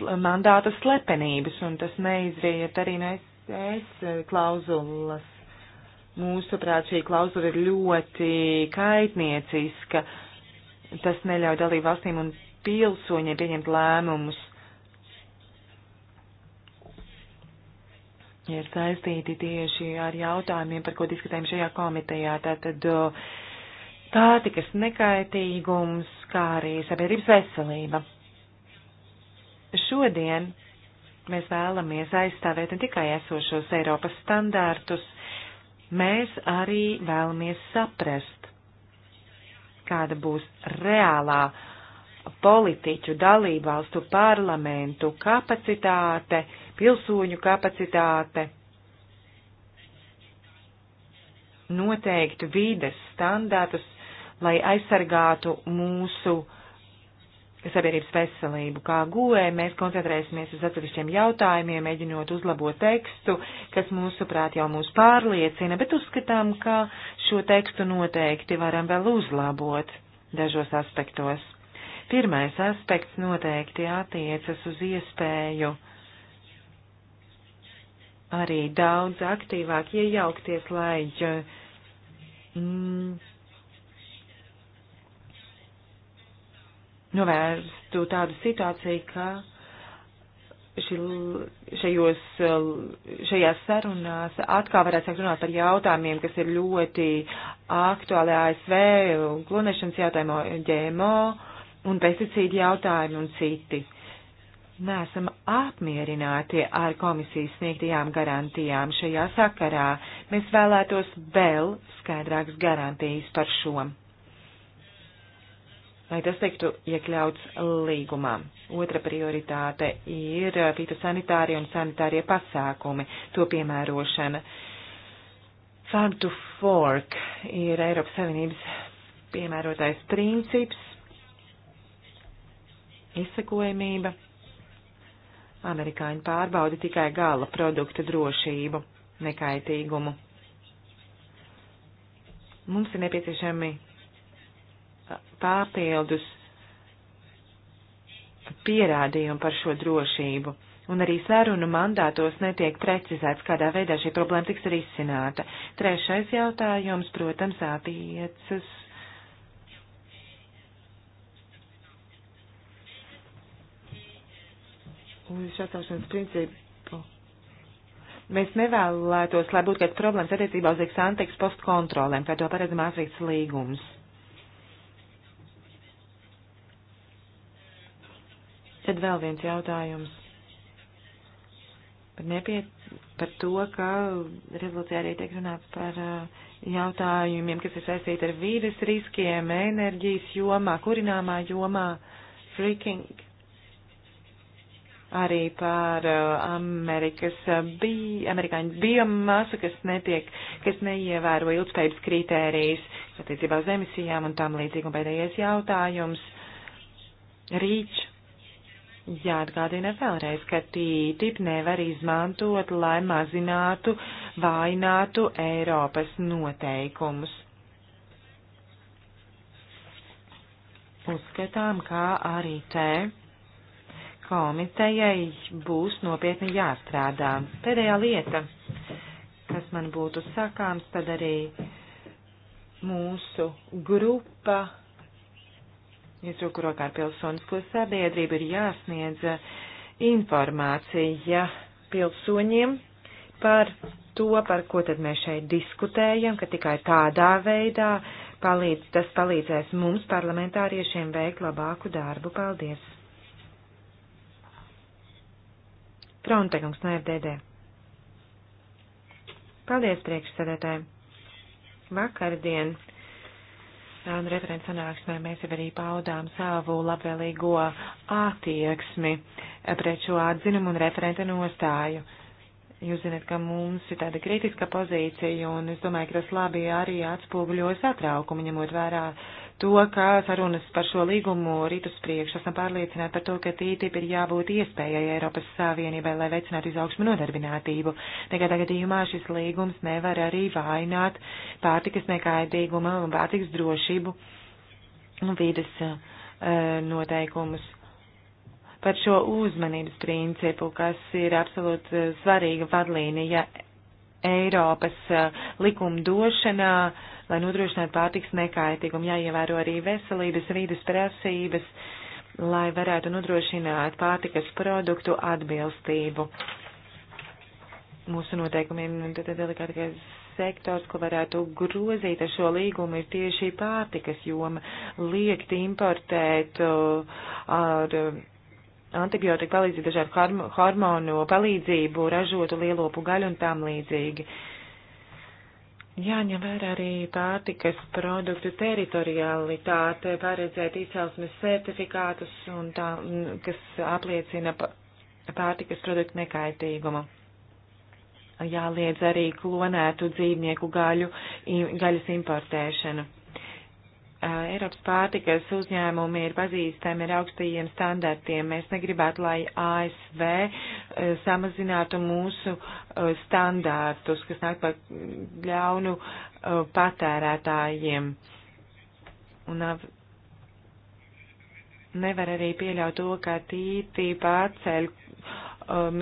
mandāta slepenības, un tas neizriet arī no es klauzulas. Mūsuprāt, šī klauzula ir ļoti kaitnieciska. Tas neļauj dalību valstīm un pilsoņiem pieņemt lēmumus. ir saistīti tieši ar jautājumiem, par ko diskutējam šajā komitejā. Tātad pārtikas nekaitīgums, kā arī sabiedrības veselība. Šodien mēs vēlamies aizstāvēt ne tikai esošos Eiropas standārtus, mēs arī vēlamies saprast, kāda būs reālā politiķu dalībvalstu parlamentu kapacitāte, pilsoņu kapacitāte noteikt vides standārtus, lai aizsargātu mūsu uh, sabiedrības veselību. Kā guvē e mēs koncentrēsimies uz atsevišķiem jautājumiem, mēģinot uzlabot tekstu, kas mūsuprāt jau mūs pārliecina, bet uzskatām, ka šo tekstu noteikti varam vēl uzlabot dažos aspektos. Pirmais aspekts noteikti attiecas uz iespēju arī daudz aktīvāk iejaukties, lai mm, novērstu tādu situāciju, ka ši, šajos, šajās sarunās atkal varētu sākt runāt par jautājumiem, kas ir ļoti aktuāli ASV, klonēšanas jautājumu, ģēmo un pesticīdu jautājumu un citi. Nesam apmierināti ar komisijas sniegtajām garantijām šajā sakarā. Mēs vēlētos vēl skaidrākas garantijas par šo lai tas tiktu iekļauts līgumā. Otra prioritāte ir fitosanitārie un sanitārie pasākumi, to piemērošana. Farm to Fork ir Eiropas Savienības piemērotais princips, izsekojamība. Amerikāņi pārbauda tikai gala produkta drošību, nekaitīgumu. Mums ir nepieciešami papildus pierādījumu par šo drošību. Un arī sarunu mandātos netiek precizēts, kādā veidā šī problēma tiks risināta. Trešais jautājums, protams, attiecas uz atsaušanas principu. Mēs nevēlētos, lai būtu kāds problēmas attiecībā uz eksantiks postkontrolēm, kā to paredz Māsrīts līgums. Tad vēl viens jautājums par, nepie, par to, ka rezolūcijā arī tiek runāts par uh, jautājumiem, kas ir saistīti ar vīdes riskiem, enerģijas jomā, kurināmā jomā, freaking, arī par uh, Amerikas uh, bi, amerikāņu biomasu, kas netiek, kas neievēro ilgspējības kritērijas attiecībā uz emisijām un tam līdzīgi. Un pēdējais jautājums. Rīč Jāatgādina vēlreiz, ka TTIP nevar izmantot, lai mazinātu, vainātu Eiropas noteikumus. Uzskatām, kā arī te komitejai būs nopietni jāstrādā. Pēdējā lieta, kas man būtu sakāms, tad arī mūsu grupa Izrūku rokā ar pilsonisko sabiedrību ir jāsniedz informācija pilsoņiem par to, par ko tad mēs šeit diskutējam, ka tikai tādā veidā palīdz, tas palīdzēs mums, parlamentāriešiem, veikt labāku darbu. Paldies! Frontegums no FDD. Paldies priekšsēdētājiem! Vakardien! un referents sanāksmē mēs jau arī paudām savu labvēlīgo attieksmi eh, pret šo atzinumu un referenta nostāju. Jūs zināt, ka mums ir tāda kritiska pozīcija, un es domāju, ka tas labi arī atspoguļo satraukumu, ņemot vērā uh, to, kā sarunas par šo līgumu rīt uz priekšu. Esam pārliecināti par to, ka TTIP ir jābūt iespējai Eiropas Savienībai, lai veicinātu izaugsmu nodarbinātību. Nekādā gadījumā šis līgums nevar arī vainot pārtikas nekaitīgumu un pārtikas drošību un vīdes uh, eh, noteikumus. Par šo uzmanības principu, kas ir absolūti eh, svarīga vadlīnija Eiropas eh, likumdošanā, lai nodrošinātu pārtiks nekaitīgumu, jāievēro arī veselības vīdes prasības, lai varētu nodrošināt pārtikas produktu atbilstību. Mūsu noteikumiem delikātais sektors, ko varētu grozīt ar šo līgumu, ir tieši pārtikas joma, liekt importēt eh, ar. Uh, antibiotika palīdzību, dažādu hormonu palīdzību, ražotu lielopu gaļu un tam līdzīgi. Jāņem vērā arī pārtikas produktu teritorialitāte, paredzēt izcelsmes certifikātus, un tā, kas apliecina pārtikas produktu nekaitīgumu. Jāliedz arī klonētu dzīvnieku gaļu, gaļas importēšanu. Eiropas pārtikas uzņēmumi ir pazīstami ar augstajiem standartiem. Mēs negribētu, lai ASV samazinātu mūsu standartus, kas nāk par ļaunu patērētājiem. Un nevar arī pieļaut to, ka tīti pārceļ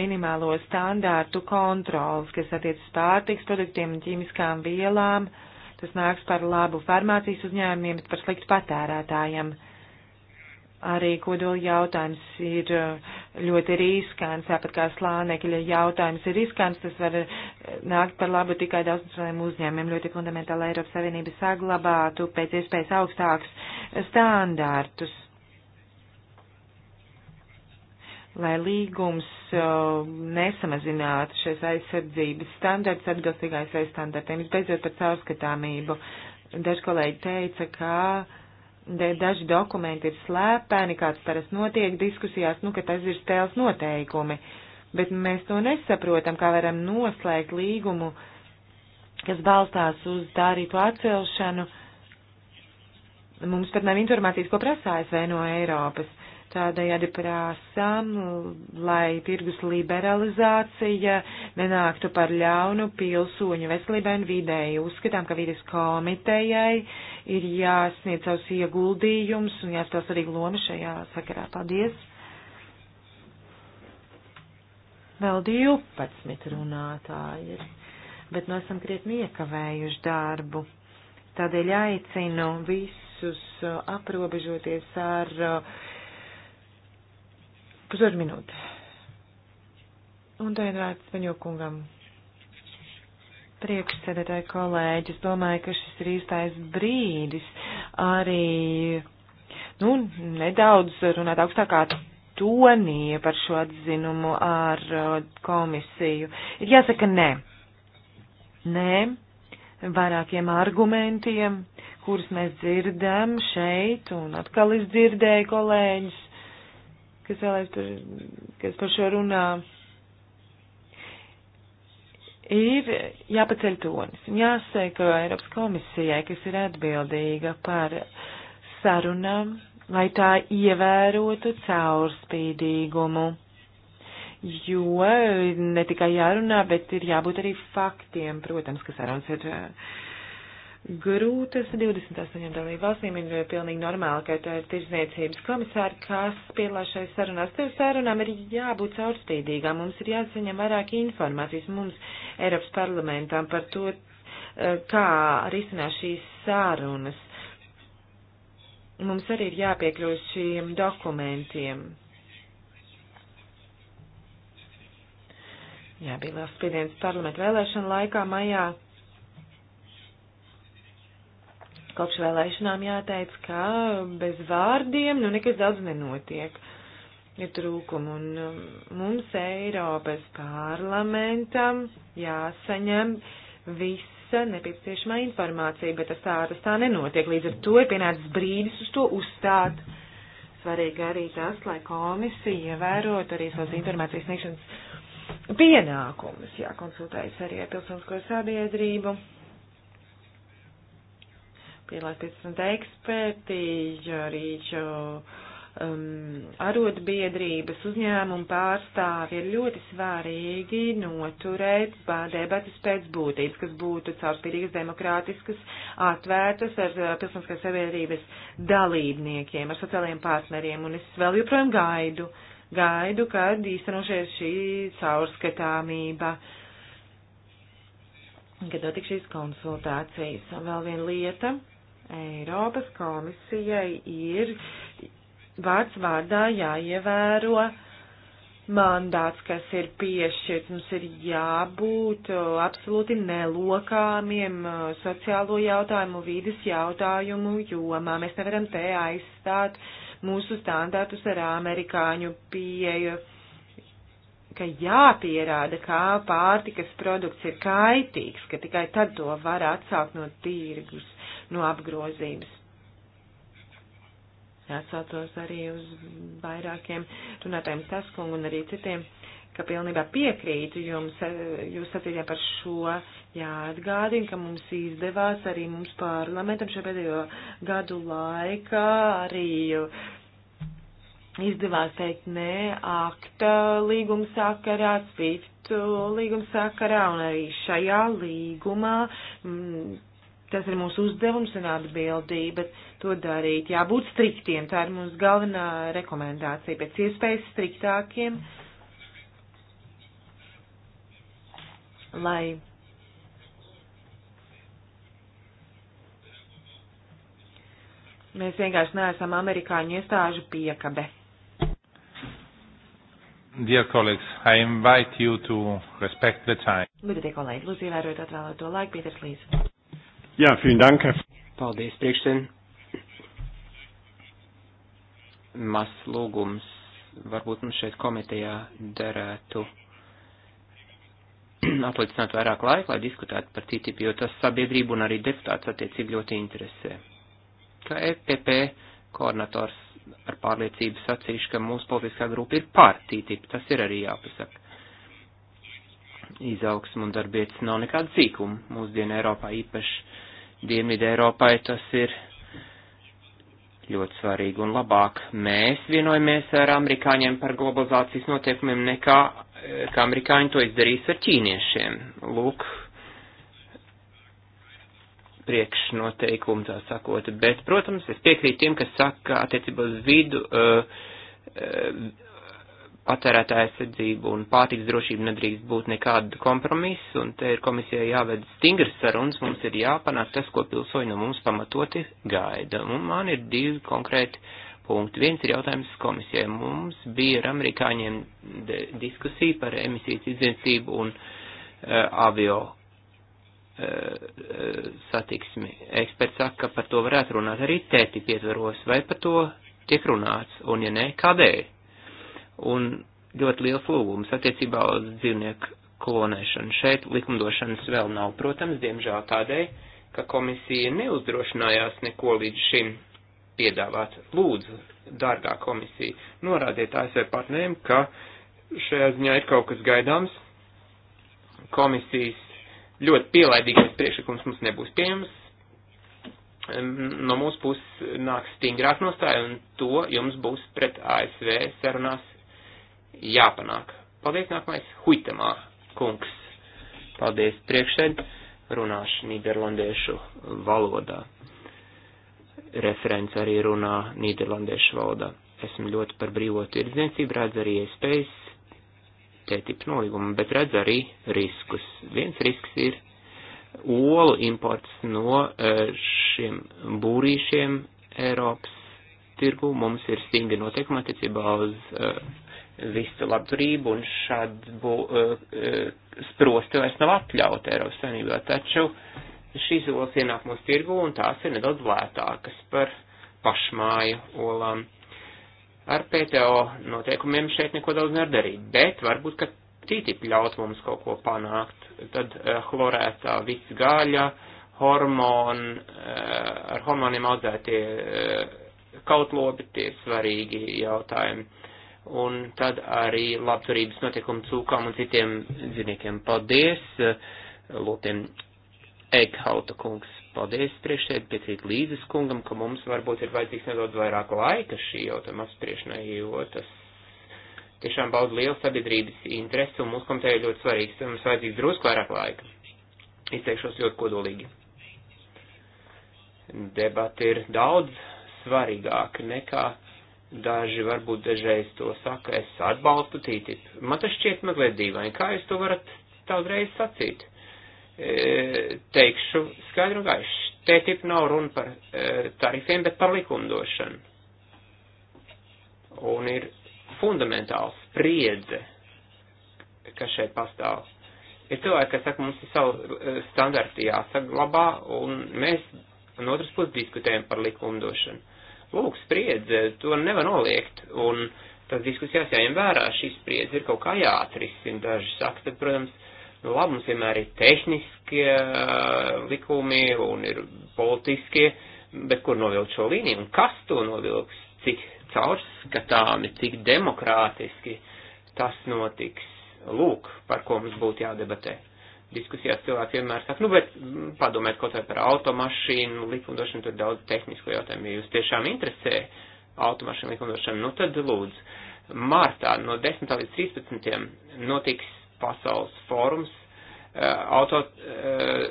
minimālo standārtu kontrols, kas attiec uz pārtiks produktiem un ķīmiskām vielām. Uh, Tas nāks par labu farmācijas uzņēmumiem, bet par sliktu patērētājiem. Arī kodoli jautājums ir uh, ļoti riskants, tāpat kā slānekļa jautājums ir riskants, tas var uh, nākt par labu tikai daudznacionālajiem uzņēmumiem. Ļoti fundamentāli Eiropas Savienība saglabātu pēc iespējas augstāks standārtus lai līgums uh, nesamazinātu šais aizsardzības standarts atbilstīgi ASV standartiem. Visbeidzot par caurskatāmību. Daži kolēģi teica, ka daži dokumenti ir slēpēni, kāds parasti notiek diskusijās, nu, ka tas ir stēls noteikumi. Bet mēs to nesaprotam, kā varam noslēgt līgumu, kas balstās uz darītu atcelšanu. Mums pat nav informācijas, ko prasā ASV no Eiropas Tādējādi prāsam, lai tirgus liberalizācija nenāktu par ļaunu pilsoņu veselībai un vidēji. Uzskatām, ka vides komitejai ir jāsniedz savus ieguldījums un jāspēl svarīga loma šajā sakarā. Paldies! Vēl 12 runātāji ir, bet mēs nu esam krietni iekavējuši darbu. Tādēļ aicinu visus aprobežoties ar uh, pusotru minūti. Un tagad vārds Veņo kungam. Priekšsēdētāji kolēģi, es domāju, ka šis ir īstais brīdis arī, nu, nedaudz runāt augstākā tonī par šo atzinumu ar uh, komisiju. Ir jāsaka nē. Nē, vairākiem argumentiem, kurus mēs dzirdam šeit un atkal izdzirdēju kolēģis kas vēlēs par, kas par šo runā, ir jāpaceļ tonis un jāsaka Eiropas komisijai, kas ir atbildīga par sarunām, lai tā ievērotu caurspīdīgumu jo ne tikai jārunā, bet ir jābūt arī faktiem, protams, ka sarunas ir grūtas 28 dalību valstīm. Ir pilnīgi normāli, ka tā ir tirzniecības komisāra, kas piedalās šai sarunās. Tev sarunām ir jābūt caurspīdīgām, mums ir jāsaņem vairāk informācijas mums Eiropas parlamentām par to, eh, kā risinās šīs sarunas. Mums arī ir jāpiekļūst šiem dokumentiem. Jā, bija liels spiediens parlamentu vēlēšanu laikā, maijā Kopš vēlēšanām jāteic, ka bez vārdiem nu nekas daudz nenotiek. Ir trūkumi un um, mums Eiropas parlamentam jāsaņem visa nepieciešamā informācija, bet tas tā, tas tā nenotiek. Līdz ar to ir pienācis brīdis uz to uzstāt. Svarīgi arī tas, lai komisija ievērotu arī savas informācijas sniegšanas pienākumus, jākonsultējas arī ar pilsonisko sabiedrību Pielāstītas eksperti, arī um, arotbiedrības uzņēmumu pārstāvi ir ļoti svarīgi noturēt debatas pēc būtības, kas būtu caurspīdīgas, demokrātiskas, atvērtas ar uh, pilsoniskās sabiedrības dalībniekiem, ar sociālajiem partneriem. Un es vēl joprojām gaidu, gaidu, kad īstenošies šī caurskatāmība kad notiks šīs konsultācijas. Un vēl viena lieta, Eiropas komisijai ir vārds vārdā jāievēro mandāts, kas ir piešķirts. Mums ir jābūt uh, absolūti nelokāmiem uh, sociālo jautājumu, vīdes jautājumu jomā. Mēs nevaram te aizstāt mūsu standārtus ar amerikāņu pieeju ka jāpierāda, kā pārtikas produkts ir kaitīgs, ka tikai tad to var atsākt no tirgus no apgrozības. Jāsaucos arī uz vairākiem runātājiem Saskungu un arī citiem, ka pilnībā piekrītu jums, eh, jūs sacījāt par šo jāatgādina, ka mums izdevās arī mums parlamentam šajā pēdējo gadu laikā arī izdevās teikt nē akta līguma sakarā, cvitu līguma sakarā un arī šajā līgumā. M, mm, Tas ir mūsu uzdevums un atbildība to darīt. Jābūt striktiem, tā ir mūsu galvenā rekomendācija, pēc iespējas striktākiem, lai mēs vienkārši neesam amerikāņu iestāžu piekabe. Dear colleagues, I invite you to respect the time. Lūdzu, tie kolēģi, lūdzu ievērojot atvēlēto laiku, Pīters Līs. Jā, vielen dank. Paldies, priekšsēdien. Mas lūgums. Varbūt mums šeit komitejā derētu atlicināt vairāk laika, lai diskutētu par TTIP, jo tas sabiedrību un arī deputāts attiecīgi ļoti interesē. Kā EPP koordinators ar pārliecību sacīšu, ka mūsu politiskā grupa ir pār TTIP, tas ir arī jāpasaka. Izaugsmu un darbietas nav nekāda zīkuma mūsdienu Eiropā īpaši Dienvidē Eiropai tas ir ļoti svarīgi un labāk. Mēs vienojamies ar amerikāņiem par globalizācijas notiekumiem nekā, eh, kā amerikāņi to izdarīs ar ķīniešiem. Lūk, priekšnoteikumi tā sakot. Bet, protams, es piekrītu tiem, kas saka, attiecībā uz vidu. Uh, uh, patērētāja aizsardzību un pārtiks drošību nedrīkst būt nekāda kompromisa, un te ir komisijai jāved stingras sarunas, mums ir jāpanāk tas, ko pilsoņi no mums pamatoti gaida. Un man ir divi konkrēti punkti. Viens ir jautājums komisijai. Mums bija ar amerikāņiem diskusija par emisijas izniecību un uh, avio uh, satiksmi. Eksperts saka, ka par to varētu runāt arī tēti pietvaros, vai par to tiek runāts, un ja nē, kādēļ? un ļoti liels lūgums attiecībā uz dzīvnieku klonēšanu. Šeit likumdošanas vēl nav, protams, diemžēl tādēļ, ka komisija neuzdrošinājās neko līdz šim piedāvāt. Lūdzu, dārgā komisija, norādiet ASV partneriem, ka šajā ziņā ir kaut kas gaidāms. Komisijas ļoti pielaidīgais priekšlikums mums nebūs pieejams. No mūsu puses nāk stingrāk nostāja, un to jums būs pret ASV sarunās jāpanāk. Paldies, nākamais, Huitemā kungs. Paldies, priekšēd, runāšu nīderlandiešu valodā. Referents arī runā nīderlandiešu valodā. Esmu ļoti par brīvo tirdzniecību, redz arī iespējas tētipu nolīgumu, bet redz arī riskus. Viens risks ir olu imports no e, šiem būrīšiem Eiropas tirgu. Mums ir stingri noteikumi attiecībā uz uh, visu labturību un šādu uh, uh, eh, sprosti vairs nav atļauta Eiropas Savienībā. Taču šīs olas ienāk mūsu tirgu un tās ir nedaudz lētākas par pašmāju olām. Ar PTO noteikumiem šeit neko daudz nevar darīt, bet varbūt, ka TTIP ļaut mums kaut ko panākt. Tad uh, chlorētā viss gaļa, hormoni, uh, eh, ar hormoniem audzētie uh, kautlopi, tie svarīgi jautājumi un tad arī labturības notiekumu cūkām un citiem dzīvniekiem. Paldies, Lūpiem Eikhauta kungs. Paldies, priekšsēd, piekrīt līdzes kungam, ka mums varbūt ir vajadzīgs nedaudz vairāk laika šī jautājuma apspriešanai, jo tas tiešām bauda lielu sabiedrības interesi un mūsu komitē ir ļoti svarīgs. Mums vajadzīgs drusku vairāk laika. Izteikšos ļoti kodolīgi. Debati ir daudz svarīgāka nekā Daži varbūt dažreiz to saka, es atbalstu tītip. Man tas šķiet mazliet dīvaini. Kā jūs to varat tā uzreiz sacīt? E, teikšu skaidru un gaišu. Tētip nav runa par e, tarifiem, bet par likumdošanu. Un ir fundamentāla spriedze, kas šeit pastāv. Ir cilvēki, kas saka, mums ir savu e, standarti jāsaglabā, un mēs no otras puses diskutējam par likumdošanu. Lūk, spriedze, eh, to nevar noliegt, un tas diskusijās jāņem vērā, šī spriedze ir kaut kā jāatrisina, daži saka, tad, protams, nu, labums vienmēr ir tehniskie eh, likumi un ir politiskie, bet kur novilkt šo līniju un kas to novilks, cik caurskatāmi, cik demokrātiski tas notiks. Lūk, par ko mums būtu jādebatē diskusijās cilvēki vienmēr saka, nu, bet mm, padomēt kaut vai par automašīnu likumdošanu, tur daudz tehnisku jautājumu. Ja jūs tiešām interesē automašīnu likumdošanu, nu tad lūdzu. Martā no 10. līdz 13. notiks pasaules fórums eh, auto, eh,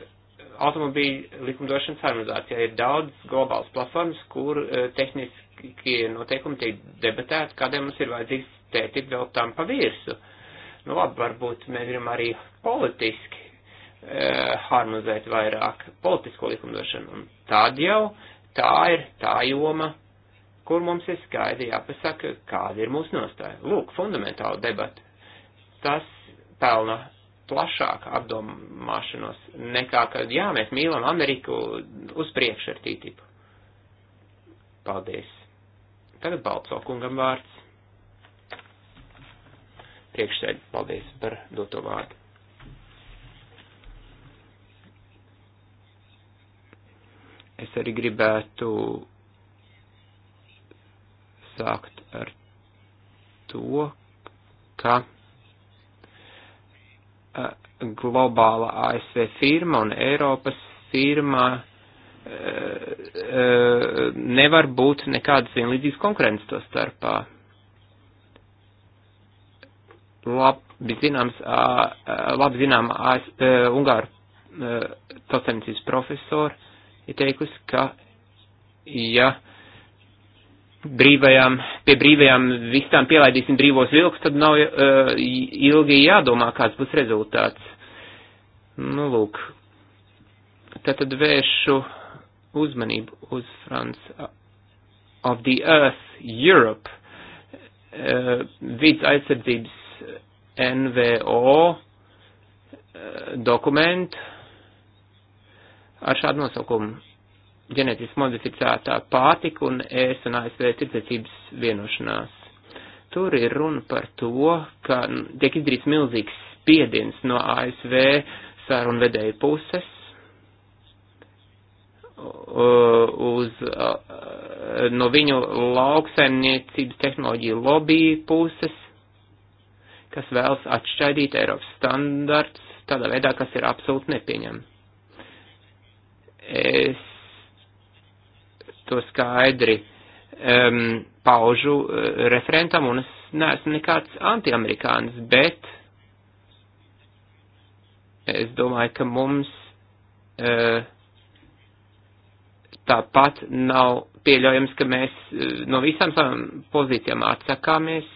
automobīļu likumdošanas harmonizācijā. Ir daudz globāls platformas, kur eh, tehniskie noteikumi tiek debatēti, kādēļ mums ir vajadzīgs tētip vēl tam pa virsu. Nu labi, varbūt mēs gribam arī politiski Eh, harmonizēt vairāk politisko likumdošanu. Un tad jau tā ir tā joma, kur mums ir skaidri jāpasaka, kāda ir mūsu nostāja. Lūk, fundamentāla debata. Tas pelna plašāku apdomāšanos nekā, ka, jā, mēs mīlam Ameriku uz priekšu ar tītību. Paldies. Tagad Balco kungam vārds. Priekšsēd, paldies par doto vārdu. Es arī gribētu sākt ar to, ka globāla ASV firma un Eiropas firma e, e, nevar būt nekādas vienlīdzīgas konkurences to starpā. Labi zināms, labi zinām ASV e, Ungāru tautsēmniecības profesori ir teikusi, ka ja brīvajām, pie brīvajām vistām pielaidīsim brīvos vilkus, tad nav uh, ilgi jādomā, kāds būs rezultāts. Nu, lūk. Tātad vēršu uzmanību uz France of the Earth Europe, uh, vidas aizsardzības NVO uh, eh, dokumentu, ar šādu nosaukumu - ģenetiski modificētā pārtika un ES un ASV tirdzniecības vienošanās. Tur ir runa par to, ka tiek izdarīts milzīgs spiediens no ASV sarunvedēju puses uz no viņu lauksaimniecības tehnoloģiju lobby puses, kas vēlas atšķaidīt Eiropas standarts tādā veidā, kas ir absolūti nepieņemams es to skaidri um, paužu uh, referentam, un es neesmu nekāds antiamerikānis, bet es domāju, ka mums uh, tāpat nav pieļaujams, ka mēs uh, no visām savām pozīcijām atsakāmies.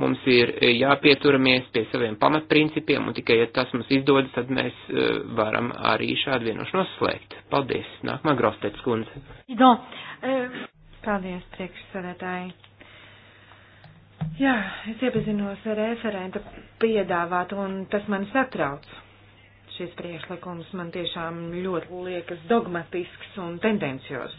Mums ir e, jāpieturamies pie saviem pamatprincipiem, un tikai, ja tas mums izdodas, tad mēs e, varam arī šādu vienošanos slēgt. Paldies. Nākamā Grostets kundze. E, paldies, priekšsēdētāji. Jā, es iepazinos ar referenta piedāvātu, un tas man satrauc. Šis priekšlikums man tiešām ļoti liekas dogmatisks un tendencios.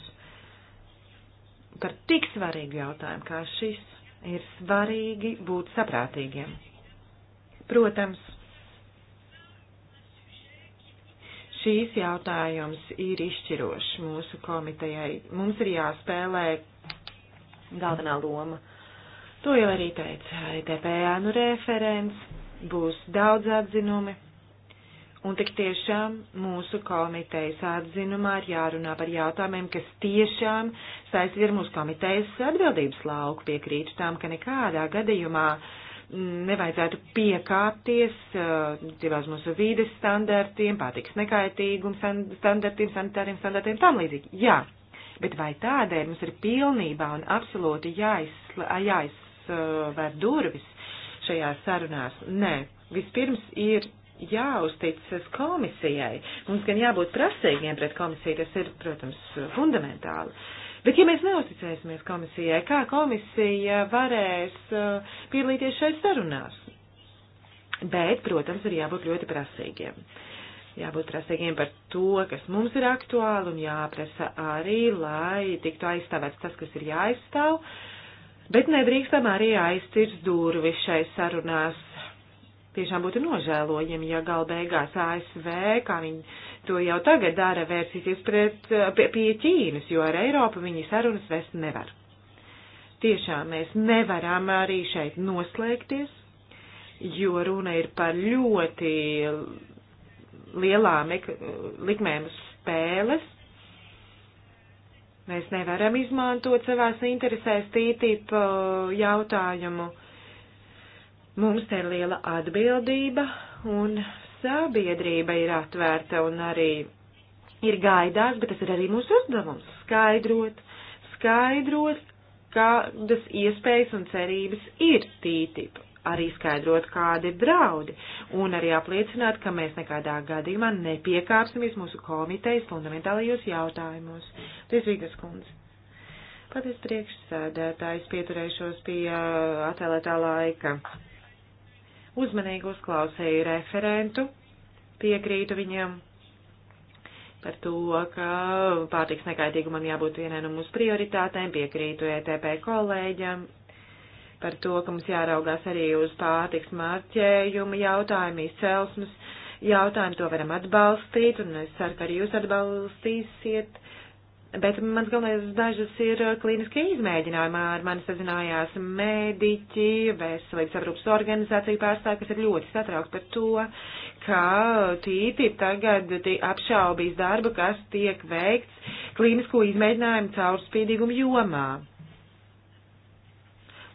Par tik svarīgu jautājumu kā šis ir svarīgi būt saprātīgiem. Protams, šīs jautājums ir izšķirošs mūsu komitejai. Mums ir jāspēlē galvenā loma. To jau arī teica ETP ēnu referents, būs daudz atzinumi. Un tik tiešām mūsu komitejas atzinumā ir jārunā par jautājumiem, kas tiešām saistīti ar mūsu komitejas atbildības lauku. Piekrītu tam, ka nekādā gadījumā mm, nevajadzētu piekāpties uh, divās mūsu vīdes standartiem, pārtiks nekaitīgums standartiem, sanitāriem standartiem, tam līdzīgi. Jā, bet vai tādēļ mums ir pilnībā un absolūti jāizsver durvis šajās sarunās? Nē, vispirms ir jāuzticas komisijai. Mums gan jābūt prasīgiem pret komisiju, tas ir, protams, fundamentāli. Bet ja mēs neuzticēsimies komisijai, kā komisija varēs uh, piedalīties šeit sarunās? Bet, protams, ir jābūt ļoti prasīgiem. Jābūt prasīgiem par to, kas mums ir aktuāli un jāprasa arī, lai tiktu aizstāvēts tas, kas ir jāaizstāv. Bet nedrīkstam arī aizcirst durvis šai sarunās Tiešām būtu nožēlojami, ja gal beigās ASV, kā viņi to jau tagad dara, vērsīsies pret, pie, pie Ķīnas, jo ar Eiropu viņi sarunas vest nevar. Tiešām mēs nevaram arī šeit noslēgties, jo runa ir par ļoti lielām likmēm spēles, Mēs nevaram izmantot savās interesēs tītību uh, jautājumu. Mums te ir liela atbildība un sabiedrība ir atvērta un arī ir gaidās, bet tas ir arī mūsu uzdevums - skaidrot, skaidrot, kādas iespējas un cerības ir tītip, arī skaidrot, kādi ir draudi, un arī apliecināt, ka mēs nekādā gadījumā nepiekāpsimies mūsu komitejas fundamentālajos jautājumos. Tiesvīgas kundze. Paties priekšsēdētājs pieturēšos pie uh, atvēlētā laika. Uzmanīgi uzklausīju referentu, piekrītu viņam par to, ka pārtiks nekaitīgumam jābūt vienai no mūsu prioritātēm, piekrītu ETP kolēģam par to, ka mums jāraugās arī uz pārtiks marķējumu jautājumu, izcelsmes jautājumu, to varam atbalstīt, un es ceru, ka arī jūs atbalstīsiet Bet mans galvenais dažas ir uh, klīniskie izmēģinājumi. Ar mani sazinājās mediķi, veselības aprūpas organizācija pārstāvji, kas ir ļoti satraukti par to, ka tīti tagad tī apšaubīs darbu, kas tiek veikts klīnisko izmēģinājumu caurspīdīgumu jomā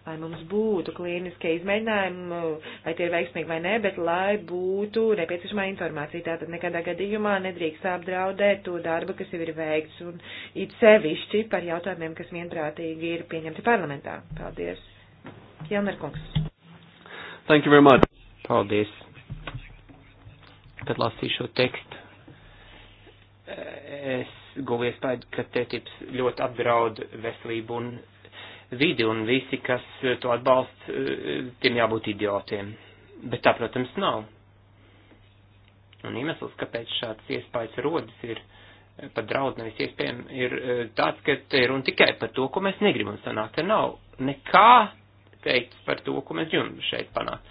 lai mums būtu klīniskie izmēģinājumi, vai tie ir veiksmīgi vai nē, bet lai būtu nepieciešamā informācija. Tātad nekādā gadījumā nedrīkst apdraudēt to darbu, kas jau ir veikts, un it sevišķi par jautājumiem, kas vienprātīgi ir pieņemti parlamentā. Paldies. Jelmerkungs. Thank you very much. Paldies. Kad lasīju šo tekstu, es guvu iespēju, ka te tips ļoti apdraud veselību un vidi un visi, kas eh, to atbalst, eh, eh, tiem jābūt idiotiem. Bet tā, protams, nav. Un iemesls, kāpēc šāds iespējas rodas, ir pat draudz nevis iespējami, ir tāds, ka te ir un tikai par to, ko mēs negribam sanākt. Te nav nekā teikts par to, ko mēs gribam šeit panākt.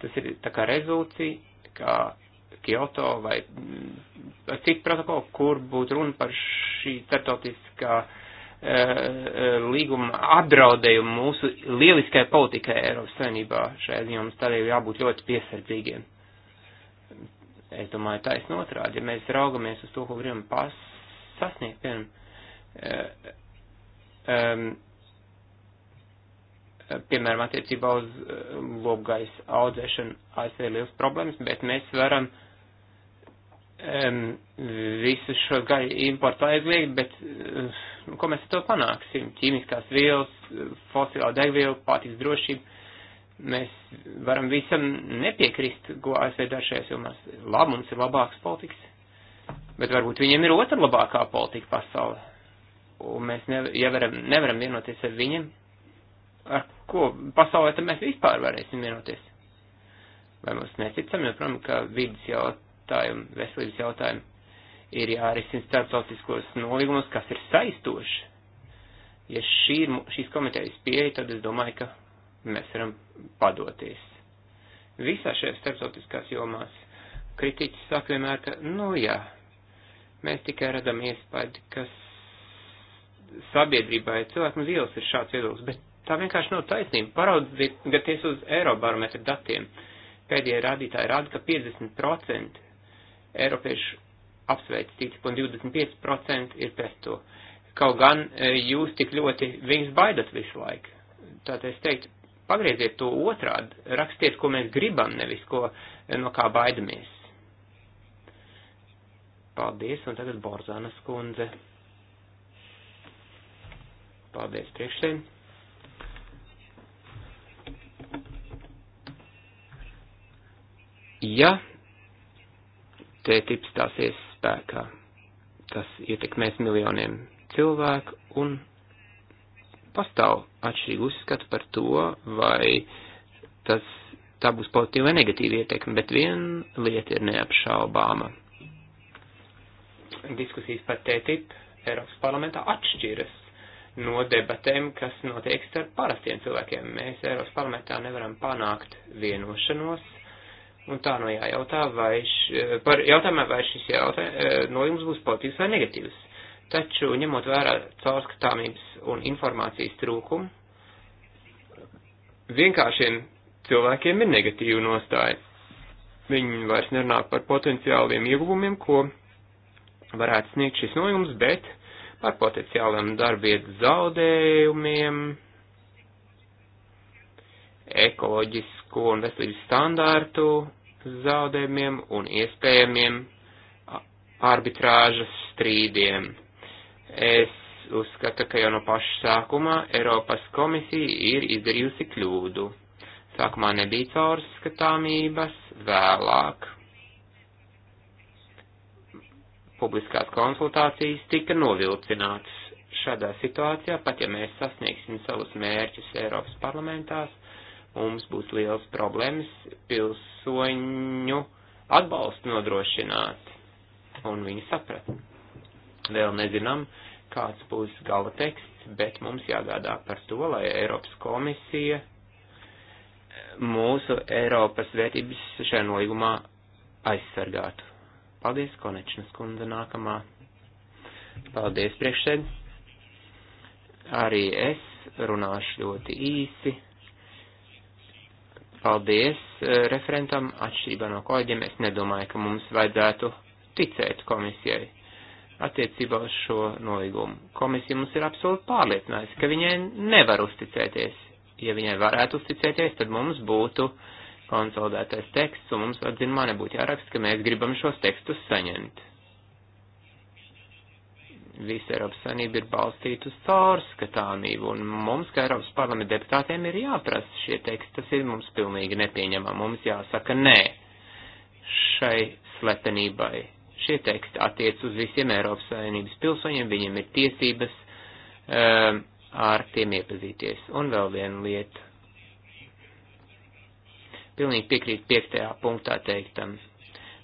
Tas ir tā kā rezolūcija, kā Kyoto vai mm, citu protokolu, kur būtu runa par šī starptautiskā uh, Eh, līguma apdraudējumu mūsu lieliskai politikai Eiropas Savienībā šajā ziņā mums tādēļ jābūt ļoti piesardzīgiem. Es domāju, taisn otrādi, ja mēs raugamies uz to, ko gribam sasniegt, piemēram, um, piemēram, attiecībā uz eh, lobgais audzēšanu ASV liels problēmas, bet mēs varam um, visus šos gaļu importu aizliegt, bet uh, ko mēs ar to panāksim? Ķīmiskās vielas, fosilā degviela, pārtiks drošība. Mēs varam visam nepiekrist, ko ASV dar šajās jomās. Labi, mums ir labāks politikas, bet varbūt viņiem ir otra labākā politika pasaulē. Un mēs nevar, ja varam, nevaram vienoties ar viņiem, ar ko pasaulē tad mēs vispār varēsim vienoties. Vai mums neticam, jo, protams, ka vidas jautājumi, veselības jautājumi ir jārisina starptautiskos nolīgumos, kas ir saistoši. Ja šī ir šīs komitejas pieeja, tad es domāju, ka mēs varam padoties. Visā šajās starptautiskās jomās kritiķis saka vienmēr, ka, nu jā, mēs tikai radam iespēju, ka sabiedrībai cilvēkam uz ielas ir šāds viedoklis, bet tā vienkārši nav taisnība. Paraudzieties uz Eirobarometra datiem. Pēdējie rādītāji rāda, ka 50% eiropiešu apsveic tikko, un 25% ir pret to. Kaut gan e, jūs tik ļoti viņus baidat visu laiku. Tātad es teiktu, pagrieziet to otrādi, rakstiet, ko mēs gribam, nevis ko, e, no kā baidamies. Paldies, un tagad Borzanas kundze. Paldies priekšsēm. Ja te tips stāsies spēkā. Tas ietekmēs miljoniem cilvēku un pastāv atšķirīgi uzskatu par to, vai tas tā būs pozitīva vai negatīva ietekme, bet viena lieta ir neapšaubāma. Diskusijas par TTIP Eiropas parlamentā atšķiras no debatēm, kas notiek starp parastiem cilvēkiem. Mēs Eiropas parlamentā nevaram panākt vienošanos Un tā nu jājautā, vai š, eh, par jautājumā, vai šis jautā, eh, nolīgums būs pozitīvs vai negatīvs. Taču, ņemot vērā caurskatāmības un informācijas trūkumu, vienkāršiem cilvēkiem ir negatīva nostāja. Viņi vairs nerunā par potenciāliem ieguvumiem, ko varētu sniegt šis nolīgums, bet par potenciāliem darbvietu zaudējumiem ekoloģisko un veselības standārtu zaudējumiem un iespējamiem arbitrāžas strīdiem. Es uzskata, ka jau no paša sākuma Eiropas komisija ir izdarījusi kļūdu. Sākumā nebija caurskatāmības, vēlāk publiskās konsultācijas tika novilcinātas. Šādā situācijā, pat ja mēs sasniegsim savus mērķus Eiropas parlamentās, mums būs liels problēmas pilsoņu atbalstu nodrošināt un viņi sapratni. Vēl nezinām, kāds būs gala teksts, bet mums jāgādā par to, lai Eiropas komisija mūsu Eiropas vērtības šajā nolīgumā aizsargātu. Paldies, Konečnas kundze nākamā. Paldies, priekšsēd. Arī es runāšu ļoti īsi. Paldies eh, referentam, atšķirībā no kolēģiem, es nedomāju, ka mums vajadzētu ticēt komisijai attiecībā uz šo nolīgumu. Komisija mums ir absolūti pārliecinājusi, ka viņai nevar uzticēties. Ja viņai varētu uzticēties, tad mums būtu konsolidētais teksts, un mums atzinumā nebūtu jāraksta, ka mēs gribam šos tekstus saņemt visa Eiropas Sanība ir balstīta uz caurskatāmību, un mums, kā Eiropas parlamenta deputātiem, ir jāprasa šie teksti, tas ir mums pilnīgi nepieņemama, mums jāsaka nē šai slepenībai. Šie teksti attiec uz visiem Eiropas Savienības pilsoņiem, viņiem ir tiesības um, ar tiem iepazīties. Un vēl viena lieta. Pilnīgi piekrīt piektajā punktā teiktam,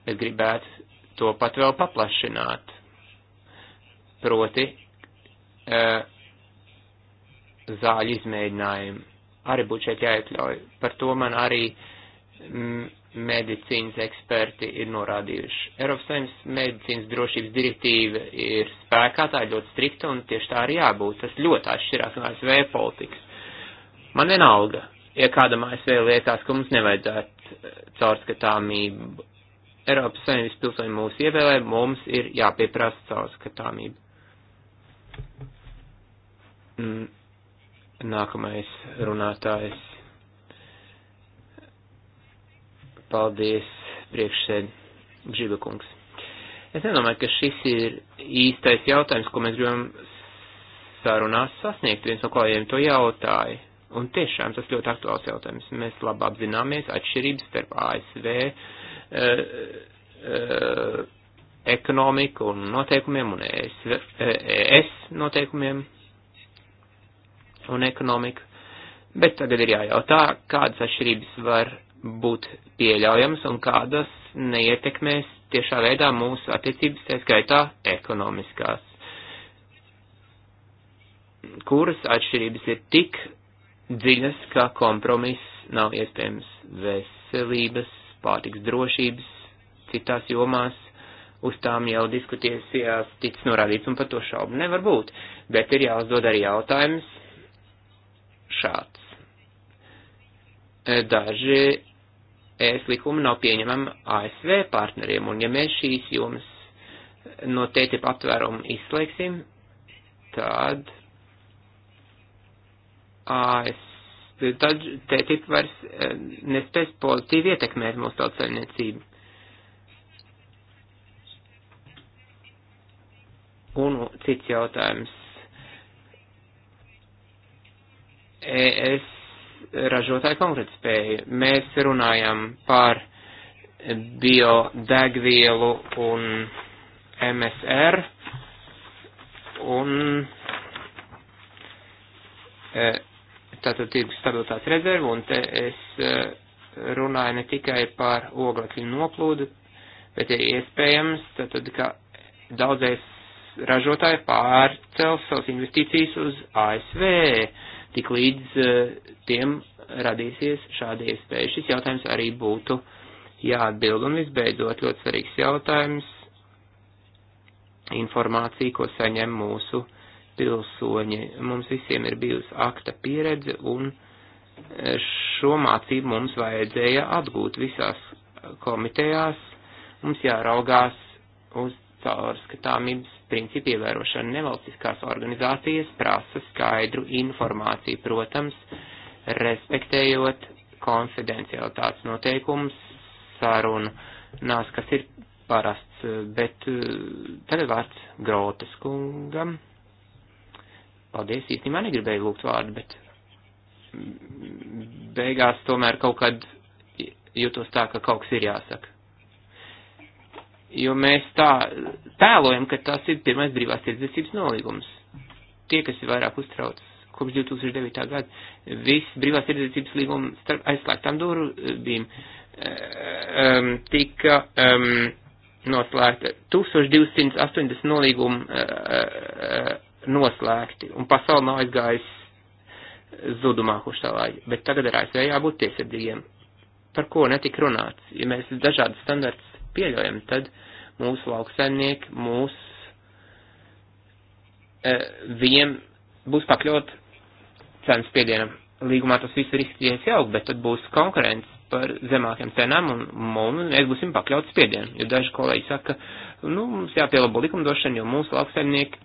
bet gribētu to pat vēl paplašināt proti e, zāļu izmēģinājumu. Arī būtu šeit jāiekļauj. Par to man arī medicīnas eksperti ir norādījuši. Eiropas Savienības medicīnas drošības direktīva ir spēkā, tā ir ļoti strikta un tieši tā arī jābūt. Tas ļoti atšķirās no ASV politikas. Man vienalga, ja kādam ASV lietās, ka mums nevajadzētu e, caurskatāmību. Eiropas Savienības pilsoņi mūs ievēlē, mums ir jāpieprasa caurskatāmību. Mm, nākamais runātājs. Paldies, priekšsēd, Žibakungs. Es nedomāju, ka šis ir īstais jautājums, ko mēs gribam sarunās sasniegt. Viens no kolēģiem to jautāja. Un tiešām tas ļoti aktuāls jautājums. Mēs labi apzināmies atšķirības starp ASV. Uh, eh, eh, ekonomiku un noteikumiem un es, e, es noteikumiem un ekonomiku. Bet tagad ir jājautā, kādas atšķirības var būt pieļaujamas un kādas neietekmēs tiešā veidā mūsu attiecības, tā skaitā ekonomiskās, kuras atšķirības ir tik dziļas, ka kompromiss nav iespējams veselības, pārtiks drošības, citās jomās, uz tām jau diskutiesijās tic norādīts, un par to šaubu nevar būt. Bet ir jāuzdod arī jautājums šāds. Daži ES likumi nav pieņemami ASV partneriem, un ja mēs šīs jomas no TTIP aptvērumu izslēgsim, tad ASV. Tad TTIP vairs eh, nespēs pozitīvi ietekmēt mūsu tautsaimniecību. Un cits jautājums. Es ražotāju konkurētspēju. Mēs runājam par biodegvielu un MSR un e, tātad tirgus stabilitātes rezervu, un te es e, runāju ne tikai par oglekļu noplūdu, bet ir iespējams, tātad, ka daudzais ražotāji pārcels savas investīcijas uz ASV, tik līdz eh, tiem radīsies šāda iespēja. Šis jautājums arī būtu jāatbild. Un visbeidzot, ļoti svarīgs jautājums - informācija, ko saņem mūsu pilsoņi. Mums visiem ir bijusi akta pieredze, un eh, šo mācību mums vajadzēja atgūt visās komitejās. Mums jāraugās uz caurskatāmības principu ievērošana nevalstiskās organizācijas prasa skaidru informāciju, protams, respektējot konfidencialitātes noteikumus, sarunu nās, kas ir parasts, bet eh, tagad vārds Grotas kungam. Paldies, īstenībā negribēju lūgt vārdu, bet beigās tomēr kaut kad jūtos tā, ka kaut kas ir jāsaka jo mēs tā tēlojam, ka tas ir pirmais brīvās tirdzniecības nolīgums. Tie, kas ir vairāk uztrauc kopš 2009. gada, viss brīvās tirdzniecības līguma starp aizslēgtām durvīm um, tika um, noslēgta 1280 nolīgumu uh, uh, noslēgti, un pasauli nav aizgājis zudumā, kurš tā laika, bet tagad ar ASV jābūt tiesvedīgiem. Par ko netika runāts, ja mēs dažādas standartas pieļaujami, tad mūsu lauksaimnieki, mūs, e, viņiem būs pakļaut cenas piedienam. Līgumā tas viss ir izskatījies jauk, bet tad būs konkurence par zemākiem cenām un mums mēs būsim pakļauts spiedienam. Jo daži kolēģi saka, nu, mums jāpielabo likumdošana, jo mūsu lauksaimnieki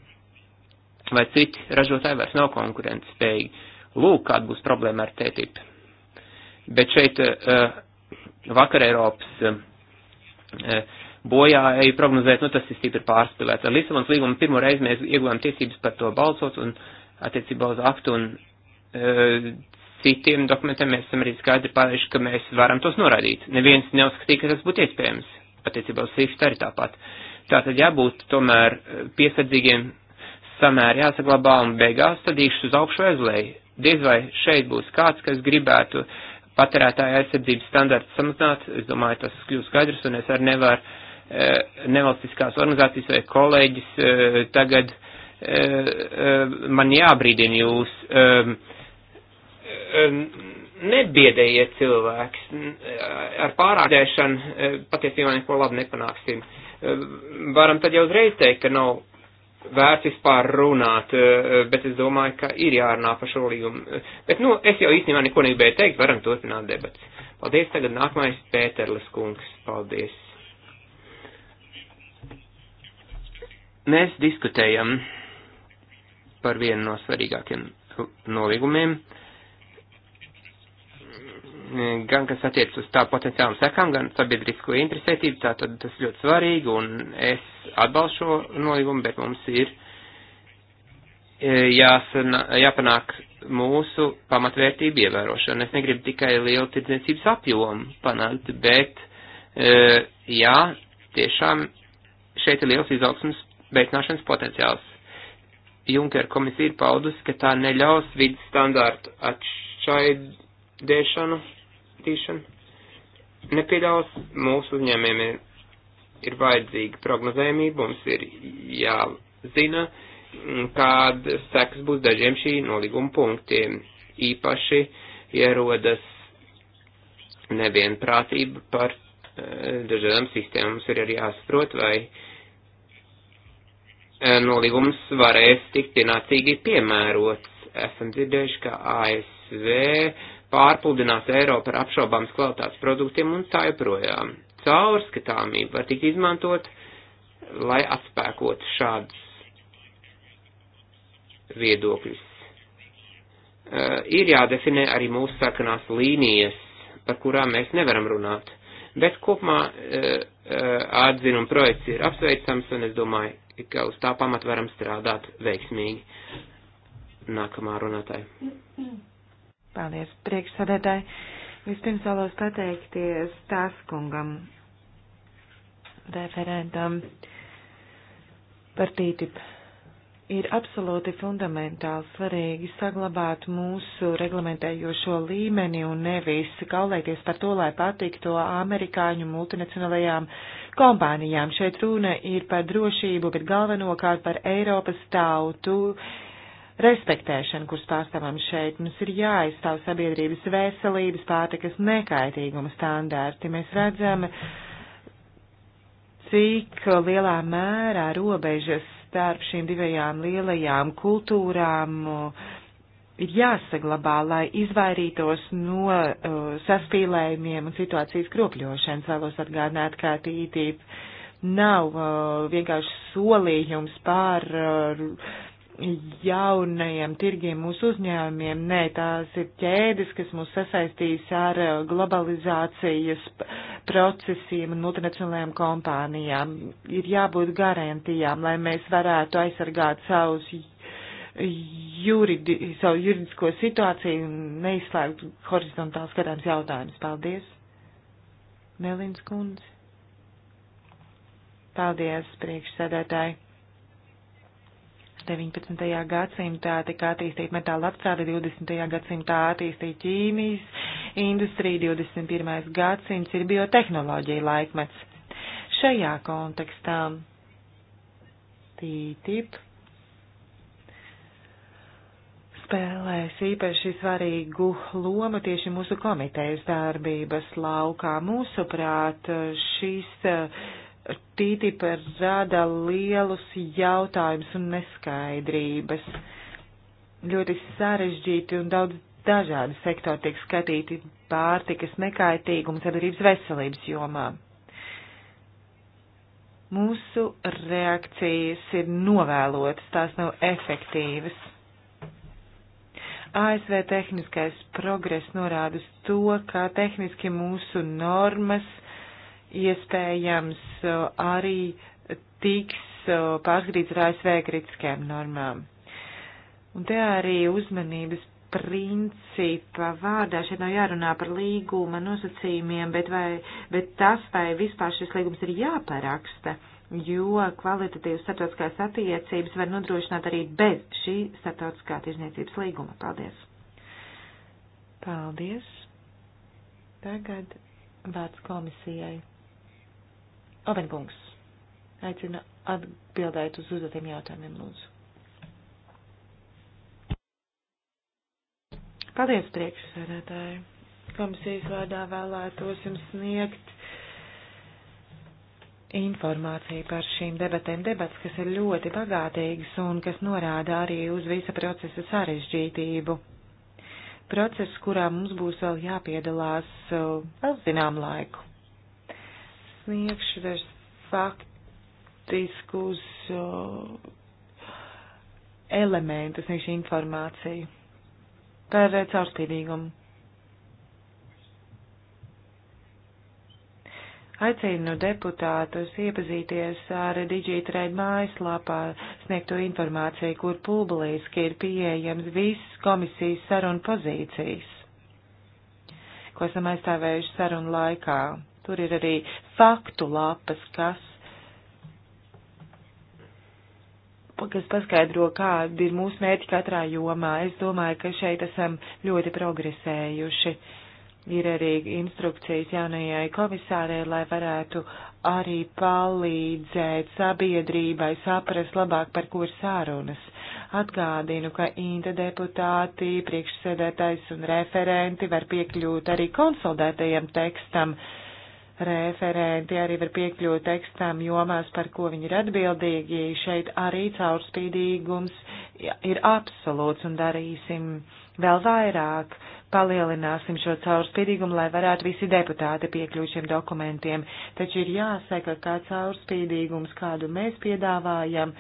vai citi ražotāji vairs nav konkurences spējīgi. Lūk, kāda būs problēma ar tētību. Bet šeit uh, vakar Eiropas uh, E, bojā eju prognozēt, nu tas ir stipri pārspīlēts. Ar Lisabonas līgumu pirmo reizi mēs ieguvām tiesības par to balsot un attiecībā uz aktu un e, citiem dokumentiem mēs esam arī skaidri pārējuši, ka mēs varam tos noraidīt. Neviens neuzskatīja, ka tas būtu iespējams. Attiecībā uz SWIFT arī tāpat. Tātad jābūt tomēr e, piesardzīgiem samēri jāsaglabā un beigās tad īkšķis uz augšu aizlēj. Diez vai šeit būs kāds, kas gribētu uh, patērētāja aizsardzības standarts samazināt. Es domāju, tas kļūst skaidrs, un es arī nevaru e, nevalstiskās organizācijas vai kolēģis e, tagad e, man jābrīdina jūs. Nebiedējiet cilvēks. Ar pārādēšanu patiesībā neko labu nepanāksim. Varam tad jau uzreiz teikt, ka nav vērts vispār runāt, eh, bet es domāju, ka ir jārunā par šo līgumu. Bet, nu, es jau īstenībā neko negribēju teikt, varam turpināt debats. Paldies, tagad nākamais Pēterlis kungs. Paldies. Mēs diskutējam par vienu no svarīgākiem nolīgumiem. Uh, gan kas attiec uz tā potenciālam sekām, gan sabiedrisko interesētību, tā tad tas ļoti svarīgi, un es atbalstu šo nolīgumu, bet mums ir e, jāsana, jāpanāk mūsu pamatvērtību ievērošana. Es negribu tikai lielu tirdzniecības apjomu panākt, bet e, jā, tiešām šeit ir liels izaugsmas veicināšanas potenciāls. Junker komisija ir paudusi, ka tā neļaus vidas standārtu atšķaidēšanu izskatīšanu nepieļaus mūsu uzņēmiem ir, ir vajadzīga prognozējumība, mums ir jāzina, kādas sekas būs dažiem šī nolīguma punktiem. Īpaši ierodas nevienprātība par eh, dažādām sistēmām. Mums ir arī jāsaprot, vai eh, nolīgums varēs tikt pienācīgi piemērots. Esam dzirdējuši, ka ASV pārpludinās Eiropu ar apšaubāmas kvalitātes produktiem un tā joprojām. Caurskatāmība var tikt izmantot, lai atspēkot šādus viedokļus. Uh, ir jādefinē arī mūsu sarkanās līnijas, par kurām mēs nevaram runāt. Bet kopumā uh, eh, uh, eh, atzinuma projekts ir apsveicams, un es domāju, ka uz tā pamat varam strādāt veiksmīgi. Nākamā runātāja. Mm -hmm. Paldies, priekšsēdētāji. Vispirms vēlos pateikties Tāskungam, referentam par TTIP. Ir absolūti fundamentāli svarīgi saglabāt mūsu reglamentējošo līmeni un nevis kaulēties par to, lai patiktu amerikāņu multinacionālajām kompānijām. Šeit runa ir par drošību, bet galvenokārt par Eiropas tautu respektēšanu, kuras pārstāvam šeit. Mums ir jāaizstāv sabiedrības veselības, pārtikas nekaitīguma standārti. Mēs redzam, cik lielā mērā robežas starp šīm divajām lielajām kultūrām uh, ir jāsaglabā, lai izvairītos no uh, saspīlējumiem un situācijas kropļošanas. Vēlos atgādināt, kā tītība nav uh, vienkārši solījums par uh, jaunajiem tirgiem mūsu uzņēmumiem. Nē, tās ir ķēdes, kas mūs sasaistīs ar uh, globalizācijas procesiem un multinacionālajām kompānijām. Ir jābūt garantijām, lai mēs varētu aizsargāt savus juridi, savu juridisko situāciju un neizslēgt horizontāli skatāms jautājumus. Paldies! Melins kundze. Paldies, priekšsēdētāji! 19. gadsimtā tika attīstīta metāla apstrāde, 20. gadsimtā attīstīja ķīmijas industrija, 21. gadsimts ir biotehnoloģija laikmets. Šajā kontekstā TTIP spēlēs īpaši svarīgu lomu tieši mūsu komitejas darbības laukā. Mūsuprāt, šis uh, TTIP rada lielus jautājumus un neskaidrības. Ļoti sarežģīti un daudz dažādi sektori tiek skatīti pārtikas nekaitīgums sabiedrības veselības jomā. Mūsu reakcijas ir novēlotas, tās nav efektīvas. ASV tehniskais progress norāda uz to, ka tehniski mūsu normas uh, iespējams eh, arī tiks eh, pārskatīts ar ASV kritiskajām normām. Un te arī uzmanības principa vārdā šeit nav jārunā par līguma nosacījumiem, bet, vai, bet tas, vai vispār šis līgums ir jāparaksta, jo kvalitatīvas starptautiskās attiecības var nodrošināt arī bez šī starptautiskā tirzniecības līguma. Paldies! Paldies! Tagad vārds komisijai. Ovenkungs, aicinu atbildēt uz uzdotiem jautājumiem, lūdzu. Paldies, priekšsēdētāji. Komisijas vārdā vēlētos jums sniegt informāciju par šīm debatēm. Debats, kas ir ļoti bagātīgs un kas norāda arī uz visa procesa sarežģītību. Process, kurā mums būs vēl jāpiedalās vēl zinām laiku sniegšu dažus faktiskus uh, elementus, nevis informāciju par caurspīdīgumu. Aicinu deputātus iepazīties ar Digitrade mājaslapā sniegto informāciju, kur publiski ir pieejams viss komisijas saruna pozīcijas, ko esam aizstāvējuši sarunu laikā. Tur ir arī faktu lapas, kas, kas paskaidro, kādi ir mūsu mērķi katrā jomā. Es domāju, ka šeit esam ļoti progresējuši. Ir arī instrukcijas jaunajai komisārē, lai varētu arī palīdzēt sabiedrībai saprast labāk, par ko ir sārunas. Atgādinu, ka Inta deputāti, priekšsēdētājs un referenti var piekļūt arī konsolidētajam tekstam. Uh, referenti arī var piekļūt tekstām jomās, par ko viņi ir atbildīgi. Šeit arī caurspīdīgums ir absolūts un darīsim vēl vairāk. Palielināsim šo caurspīdīgumu, lai varētu visi deputāti piekļūt šiem dokumentiem. Taču ir jāsaka, ka caurspīdīgums, kādu mēs piedāvājam,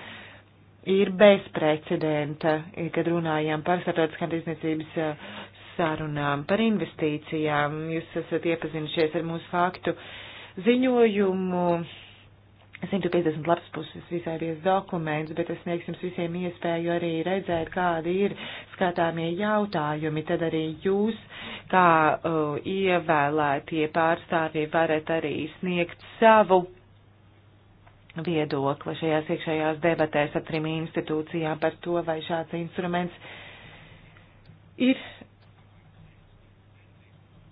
ir bezprecedenta, kad runājam par starptautiskām tiesniecības sarunām par investīcijām. Jūs esat iepazinušies ar mūsu faktu ziņojumu. 150 lapas puses visai vies dokuments, bet es sniegsim visiem iespēju arī redzēt, kādi ir skatāmie jautājumi. Tad arī jūs, kā uh, ievēlētie pārstāvji, varat arī sniegt savu viedokli šajās iekšējās debatēs ar trim institūcijām par to, vai šāds instruments ir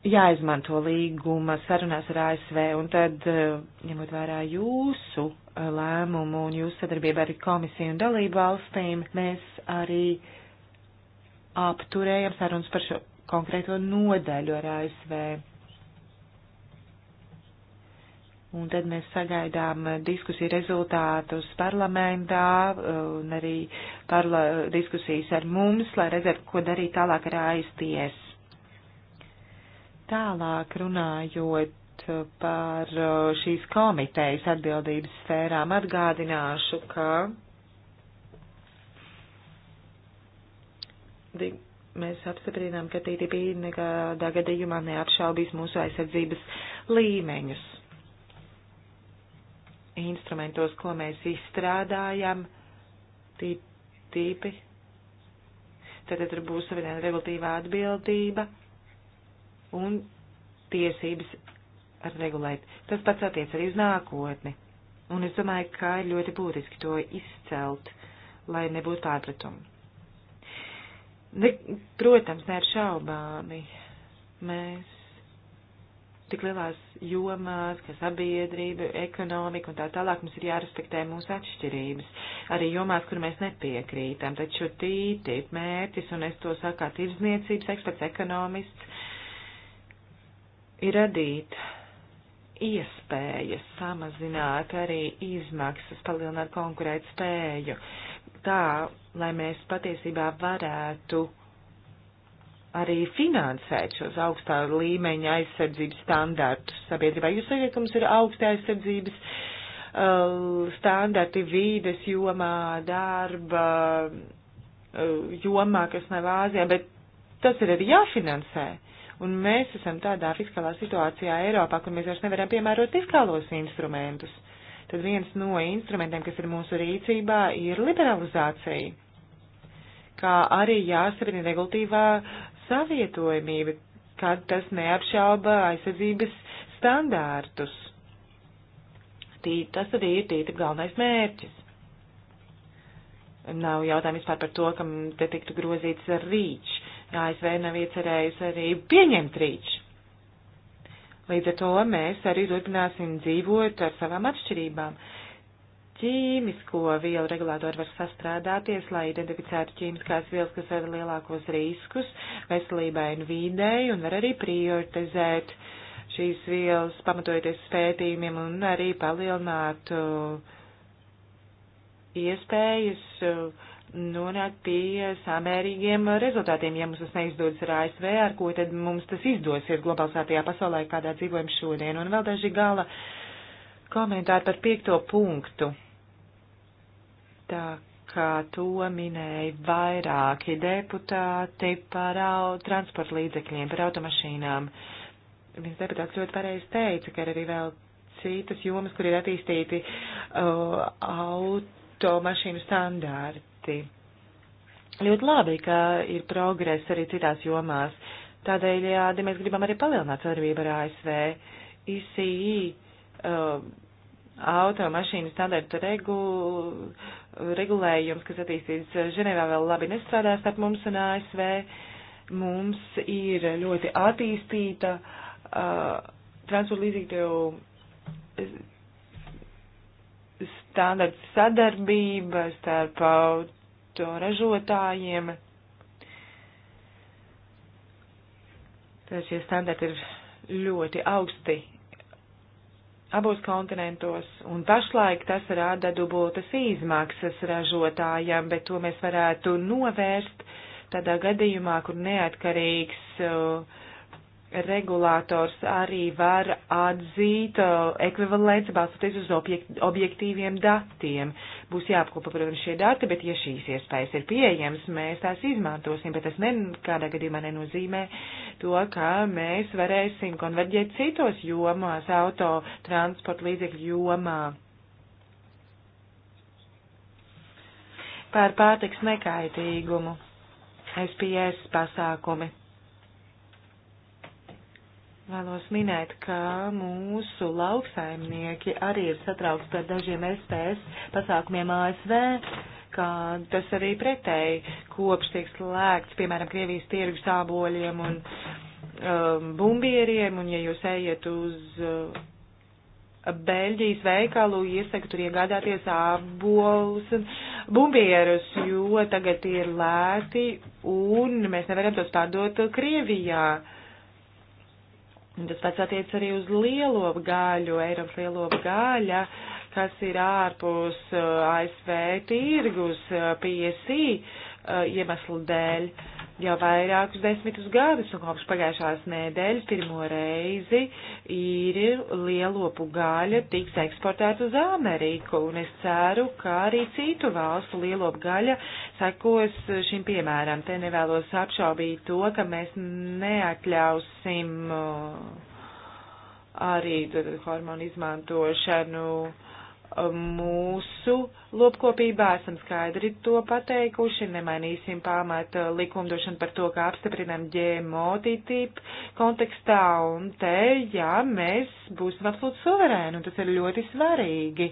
jāizmanto līguma sarunās ar ASV, un tad, eh, ņemot vērā jūsu eh, lēmumu un jūsu sadarbību ar komisiju un dalību valstīm, mēs arī apturējam sarunas par šo konkrēto nodaļu ar ASV. Un tad mēs sagaidām eh, diskusiju rezultātus parlamentā un arī parla diskusijas ar mums, lai redzētu, ko darīt tālāk ar ASTS Tālāk runājot par uh, šīs komitejas atbildības sfērām, atgādināšu, ka mēs apstiprinām, ka TTP nekādā gadījumā neapšaubīs mūsu aizsardzības līmeņus. Instrumentos, ko mēs izstrādājam, tīpi, tad tur būs savienā regulatīvā atbildība un tiesības regulēt. Tas pats attiec arī uz nākotni. Un es domāju, ka ir ļoti būtiski to izcelt, lai nebūtu pārpratumu. Ne, protams, ne ar šaubāmi. Mēs tik lielās jomās, kā sabiedrība, ekonomika un tā tālāk, mums ir jārespektē mūsu atšķirības. Arī jomās, kur mēs nepiekrītam. Taču tītīt mērķis, un es to saku kā tirdzniecības eksperts, ekonomists, ir radīt iespējas samazināt arī izmaksas, palielināt konkurēt spēju, tā, lai mēs patiesībā varētu arī finansēt šos augstā līmeņa aizsardzības standartus sabiedrībā. Jūs sakat, ka mums ir augsta aizsardzības uh, standarti vīdes jomā, darba uh, jomā, kas nav Āzijā, bet tas ir arī jāfinansē. Uh, Un mēs esam tādā fiskālā situācijā Eiropā, kur mēs vairs nevaram piemērot fiskālos instrumentus. Tad viens no instrumentiem, kas ir mūsu rīcībā, ir liberalizācija, kā arī jāsaprina regulatīvā savietojamība, kad tas neapšauba aizsardzības standārtus. Tī, tas arī ir tīta galvenais mērķis. Nav jautājums vispār par to, kam te tiktu grozīts rīčs. ASV nav iecerējusi arī pieņemt rīču. Līdz ar to mēs arī turpināsim dzīvot ar savām atšķirībām. Ķīmisko vielu regulātori var sastrādāties, lai identificētu ķīmiskās vielas, kas rada lielākos riskus veselībai un vīdei, un var arī prioritizēt šīs vielas, pamatojoties spētījumiem, un arī palielināt uh, iespējas uh, nonākt pie samērīgiem rezultātiem. Ja mums tas neizdodas ar ASV, ar ko tad mums tas izdosies globalizētajā pasaulē, kādā dzīvojam šodien. Un vēl daži gala komentāri par piekto punktu. Tā kā to minēja vairāki deputāti par transporta līdzekļiem, par automašīnām. Viens deputāts ļoti pareizi teica, ka ir arī vēl citas jomas, kur ir attīstīti uh, automašīnu standārti ļoti, ļoti labi, ka ir progress arī citās jomās. Tādējādi mēs gribam arī palielināt sadarbību ar ASV. ICI uh, um, automašīnu standartu regu, regulējums, kas attīstīts Ženevā, vēl labi nestrādā starp mums un ASV. Mums ir ļoti attīstīta uh, transporta līdzīgtev uh, standarta sadarbība starp autoražotājiem. Tad šie standarti ir ļoti augsti abos kontinentos, un pašlaik tas rada dubultas izmaksas ražotājiem, bet to mēs varētu novērst tādā gadījumā, kur neatkarīgs uh, regulators arī var atzīt uh, ekvivalents balstoties uz objektīviem datiem. Būs jāapkopa, protams, šie dati, bet ja šīs iespējas ir pieejams, mēs tās izmantosim, bet tas nekādā gadījumā nenozīmē to, ka mēs varēsim konverģēt citos jomās, auto, transporta līdzekļu jomā. Pār pārtiks nekaitīgumu. SPS pasākumi. Vēlos minēt, ka mūsu lauksaimnieki arī ir satraukti par dažiem SPS pasākumiem ASV, kā tas arī pretēji kopš tiek slēgts, piemēram, Krievijas tirgus sāboļiem un um, bumbieriem, un ja jūs ejiet uz uh, Beļģijas veikalu, iesaku tur iegādāties ābolus un bumbierus, jo tagad ir lēti un mēs nevaram tos pārdot Krievijā. Uh, Tas pats attiec arī uz lielo gaļu, Eiropas lielo gaļa, kas ir ārpus uh, ASV tirgus uh, PSI uh, iemeslu dēļ. Uh, jau vairākus desmitus gadus, un kopš pagājušās nedēļas pirmo reizi ir lielopu gaļa tiks eksportēta uz Ameriku, un es ceru, ka arī citu valstu lielopu gaļa sekos šim piemēram. Te nevēlos apšaubīt to, ka mēs neatļausim uh, arī hormonu izmantošanu mūsu lopkopībā esam skaidri to pateikuši, nemainīsim pamata eh, likumdošanu par to, kā apstiprinām GMO TTIP kontekstā, un te, jā, mēs būsim absolūti suverēni, un tas ir ļoti svarīgi.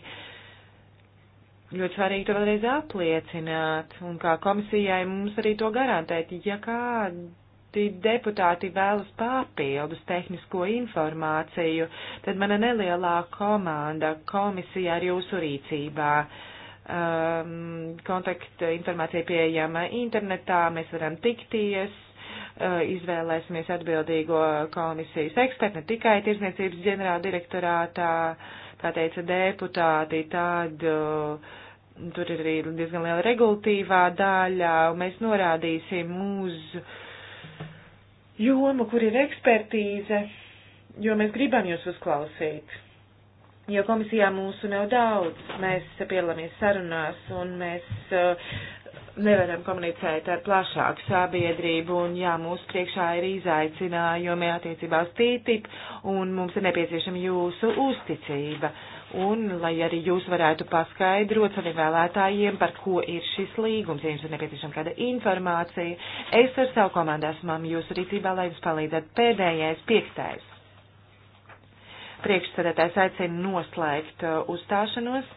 Ļoti svarīgi to vēlreiz apliecināt, un kā komisijai mums arī to garantēt, ja kāda deputāti vēlas papildus tehnisko informāciju, tad mana nelielā komanda komisija ar jūsu rīcībā. Um, kontakta informācija pieejama internetā, mēs varam tikties, uh, izvēlēsimies atbildīgo komisijas ekspertu, ne tikai tirzniecības ģenerāldirektorātā, kā teica deputāti, tad uh, tur ir arī diezgan liela regulatīvā daļa, un mēs norādīsim uz uh, jomu, kur ir ekspertīze, jo mēs gribam jūs uzklausīt. Jo komisijā mūsu nav daudz, mēs piedalāmies sarunās un mēs uh, nevaram komunicēt ar plašāku sabiedrību un jā, mūsu priekšā ir izaicinājumi attiecībā uz TTIP un mums ir nepieciešama jūsu uzticība. Uh, un lai arī jūs varētu paskaidrot saviem vēlētājiem, par ko ir šis līgums, ja jums ir nepieciešama kāda informācija. Es ar savu komandu esmu jūsu rīcībā, lai jums palīdzētu pēdējais, piektais. Priekšsēdētājs aicina noslēgt uh, uzstāšanos.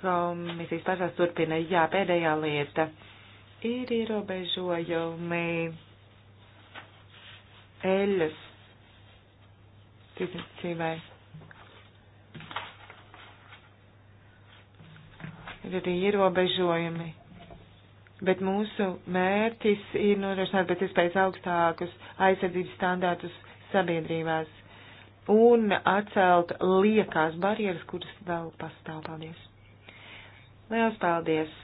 Komisijas pārstāvs turpina, jā, pēdējā lieta ir ierobežojumi eļas ticībai ir arī ierobežojumi. Bet mūsu mērķis ir nodrošināt pēc iespējas augstākus aizsardzības standārtus sabiedrībās un atcelt liekās barjeras, kuras vēl pastāv. Paldies! Liels paldies!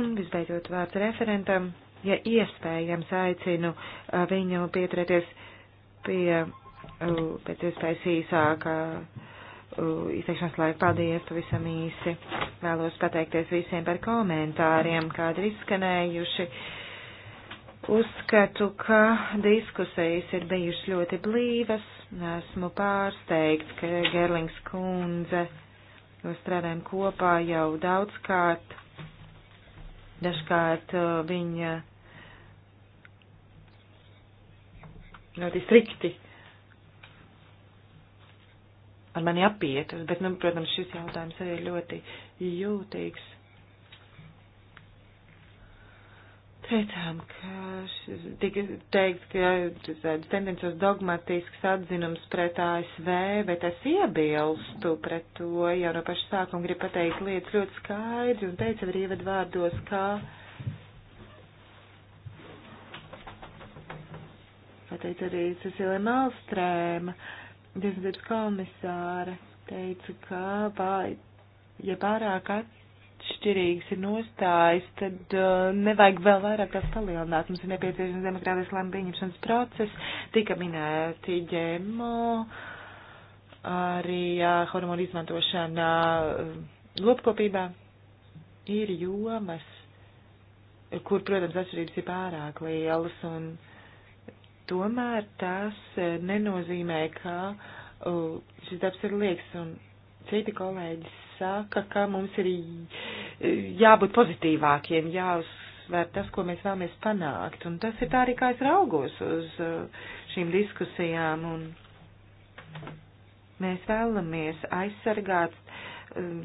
Un visbeidzot vārds referentam, ja iespējams aicinu uh, viņu pieturēties pie uh, pēc iespējas īsākā Uh, izteikšanas laiku. Paldies, pavisam īsi. Vēlos pateikties visiem par komentāriem, kādi ir izskanējuši. Uzskatu, ka diskusijas ir bijušas ļoti blīvas. Esmu pārsteigts, ka Gerlings kundze, jo strādājam kopā jau daudzkārt, dažkārt uh, viņa ļoti strikti ar mani apietas, bet, nu, protams, šis jautājums arī ir ļoti jūtīgs. Teicām, ka tika teikt, ka tādas tendences dogmatisks atzinums pret ASV, bet es iebilstu pret to, jau no paša sākuma gribu pateikt lietas ļoti skaidri un teicu arī ievadvārdos, ka. Pateic arī Cecilija Malstrēma. Uh, Tiesvedības komisāra teica, ka pār, ja pārāk atšķirīgs ir nostājis, tad uh, nevajag vēl vairāk tās palielināt. Mums ir nepieciešams demokrātijas lēma pieņemšanas process, tika minēti ģemo, arī uh, hormonu izmantošana uh, lopkopībā. Ir jomas, kur, protams, atšķirības ir pārāk lielas un. Uh, Tomēr tas eh, nenozīmē, ka uh, šis darbs ir liekas, un citi kolēģi saka, ka mums ir eh, jābūt pozitīvākiem, jāuzsver tas, ko mēs vēlamies panākt. Un tas ir tā arī, kā es raugos uz uh, šīm diskusijām, un mēs vēlamies aizsargāt. Um,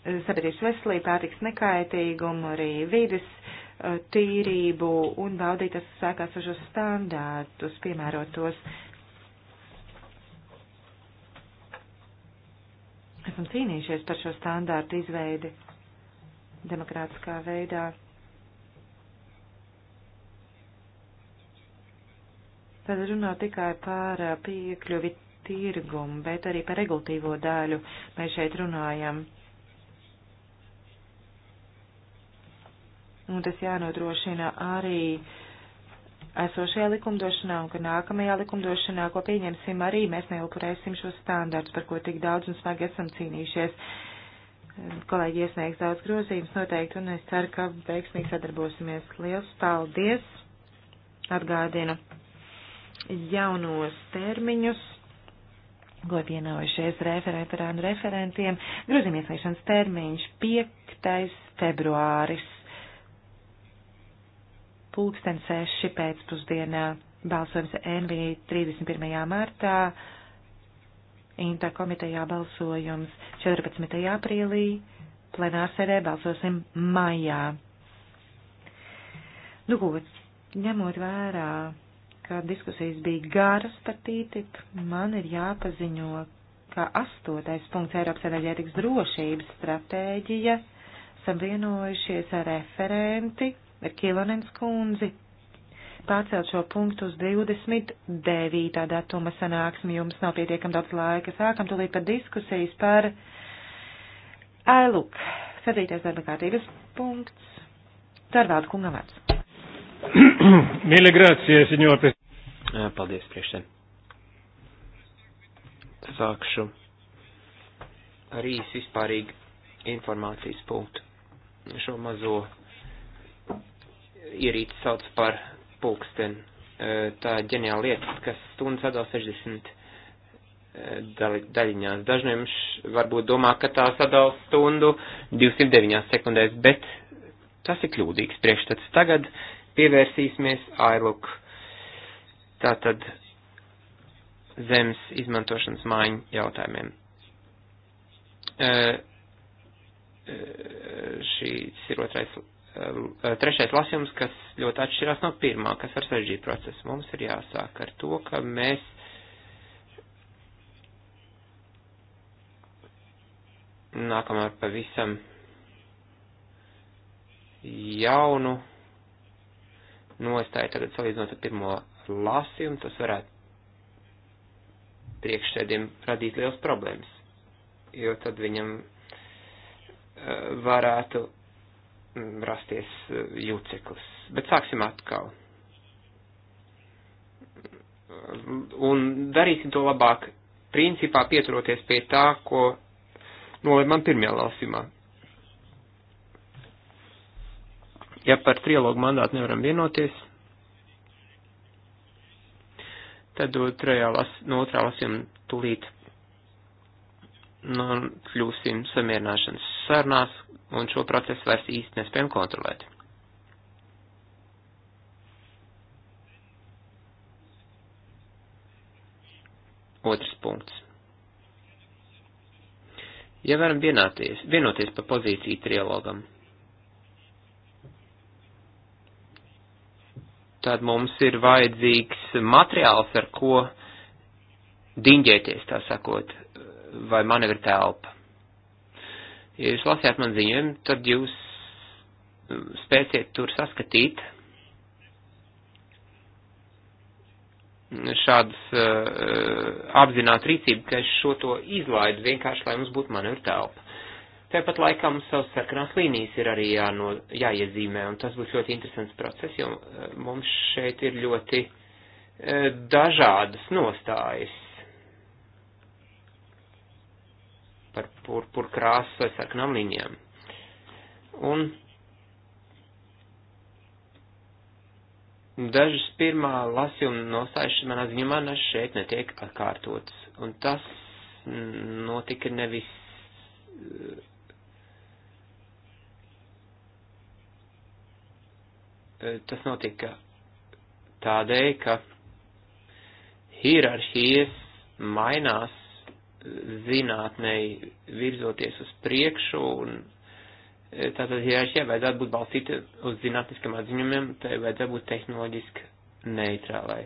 sabiedrības veselību, pārtiks nekaitīgumu, arī vides uh, Eh, tīrību un baudīt tas sākās ar šos standārtus, piemērotos. Esam cīnījušies par šo standārtu izveidi demokrātiskā veidā. Tad runā tikai par eh, piekļuvi tirgumu, bet arī par regulatīvo daļu mēs šeit runājam. un tas jānodrošina arī esošajā likumdošanā, un ka nākamajā likumdošanā, ko pieņemsim, arī mēs neupurēsim šos standārts, par ko tik daudz un smagi esam cīnījušies. Kolēģi iesniegs daudz grozījums noteikti, un es ceru, ka veiksmīgi sadarbosimies. Liels paldies! Atgādinu jaunos termiņus ko vienojušies referentu referentiem. Grozījuma ieslēgšanas termiņš 5. februāris pulksten seši pēcpusdienā. Balsojums NV 31. martā, Intā komitejā balsojums 14. aprīlī, plenārsēdē balsosim maijā. Nu, ko, ņemot vērā, ka diskusijas bija garas par tītip, man ir jāpaziņo, ka astotais punkts Eiropas enerģētikas drošības stratēģija, esam vienojušies ar referenti Kilonens kundzi pārcelt šo punktu uz 29. datuma sanāksmi. Jums nav pietiekam daudz laika. Sākam tūlīt par diskusijas par ēluk. Sadīties darba kārtības punkts. Tarvāda kungam vārds. Mīļa grācija, signor. Paldies, priekšsēm. Sākšu ar īsu vispārīgu informācijas punktu. Šo mazo ierīci sauc par pulksteni. E, tā ģeniāla lieta, kas stundas atdala 60 daļiņās. Dažiem jums varbūt domā, ka tā sadala stundu 209 sekundēs, bet tas ir kļūdīgs priekšstats. Tagad pievērsīsimies iLook. Tātad zemes izmantošanas mājiņu jautājumiem. E, e, šīs ir otrais Ehm, trešais lasījums, kas ļoti atšķirās no pirmā, kas ar sarežģītu procesu. Mums ir jāsāk ar to, ka mēs nākam ar pavisam jaunu nostāju tagad salīdzinot ar pirmo lasījumu, tas varētu priekšsēdiem radīt liels problēmas, jo tad viņam eh, varētu Mm, rasties eh, jūceklis. Bet sāksim atkal. Un darīsim to labāk, principā pieturoties pie tā, ko nolēmām pirmajā lasīmā. Ja par trilogu mandātu nevaram vienoties, tad otrajā las, no otrā lasījuma tulīt nu, kļūsim samierināšanas sarunās, un šo procesu vairs īsti nespējam kontrolēt. Otrs punkts. Ja varam vienoties, vienoties par pozīciju trialogam, tad mums ir vajadzīgs materiāls, ar ko diņģēties, tā sakot, vai manevra telpa. Ja jūs lasījāt man ziņojumu, tad jūs mm, spēsiet tur saskatīt šādas uh, eh, eh, apzināta rīcība, ka es šo to izlaidu vienkārši, lai mums būtu manevru telpa. Tāpat laikā mums savas sarkanās līnijas ir arī jāno, jāiezīmē, un tas būs ļoti interesants process, jo uh, mums šeit ir ļoti uh, dažādas nostājas par purpur krāsu vai sarkanām līnijām. Un dažas pirmā lasījuma nostājušas manā ziņumā šeit netiek atkārtotas. Un tas notika nevis. Eh, tas notika tādēļ, ka hierarhijas mainās zinātnei virzoties uz priekšu, un e, tātad hierarhijai vajadzētu būt balstīta uz zinātniskiem atziņumiem, tai vajadzētu būt tehnoloģiski neitrālai.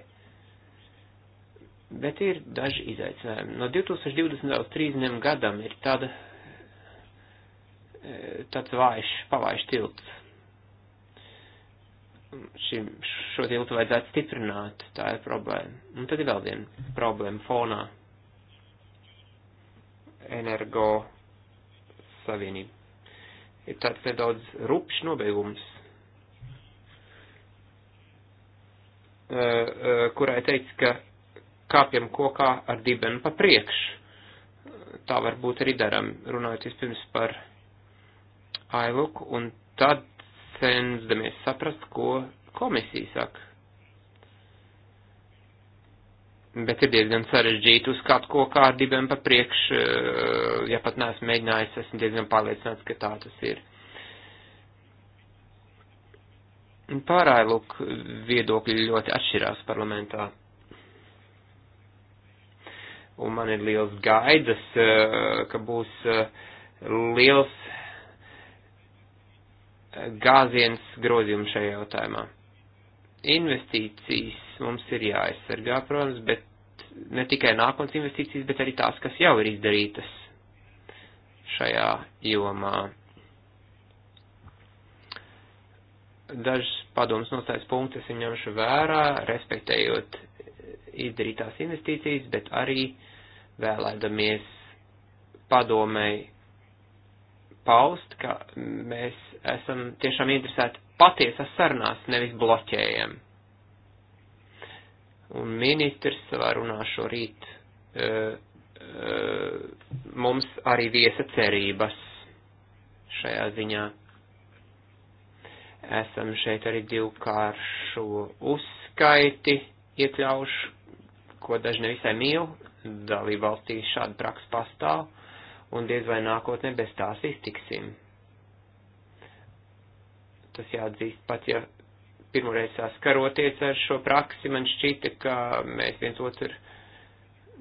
Bet ir daži izaicinājumi. No 2020. līdz 30. gadam ir tāda, e, tāds vājš, pavājš tilts. Šim, šo tiltu vajadzētu stiprināt, tā ir problēma. Un tad ir vēl viena problēma fonā energo savienību. Ir tāds nedaudz rupšs nobeigums, eh, eh, kurai teica, ka kāpjam kokā ar dibenu pa priekšu. Tā varbūt arī daram, runājot vispirms par ailuku, un tad censdamies saprast, ko komisija saka bet ir diezgan sarežģīti uz kādu koku kārdībiem pa priekš, eh, ja pat neesmu mēģinājis, esmu diezgan pārliecināts, ka tā tas ir. Pārāja lūk viedokļi ļoti atšķirās parlamentā. Un man ir liels gaidas, eh, ka būs eh, liels gāziens grozījums šajā jautājumā investīcijas mums ir jāaizsargā, protams, bet ne tikai nākotnes investīcijas, bet arī tās, kas jau ir izdarītas šajā jomā. Dažs padoms nostājas punktus es ņemšu vērā, respektējot izdarītās investīcijas, bet arī vēlēdamies padomēji paust, ka mēs esam tiešām interesēti patiesas sarunās, nevis bloķējam. Un ministrs savā runā šorīt e, e, mums arī viesa cerības šajā ziņā. Esam šeit arī divkāršu uzskaiti iekļaušu, ko daži nevisai mīl, dalībvalstīs šāda praksa pastāv, un diez vai nākotnē bez tās iztiksim tas jāatzīst pat, ja pirmoreiz saskaroties ar šo praksi, man šķita, ka mēs viens otru,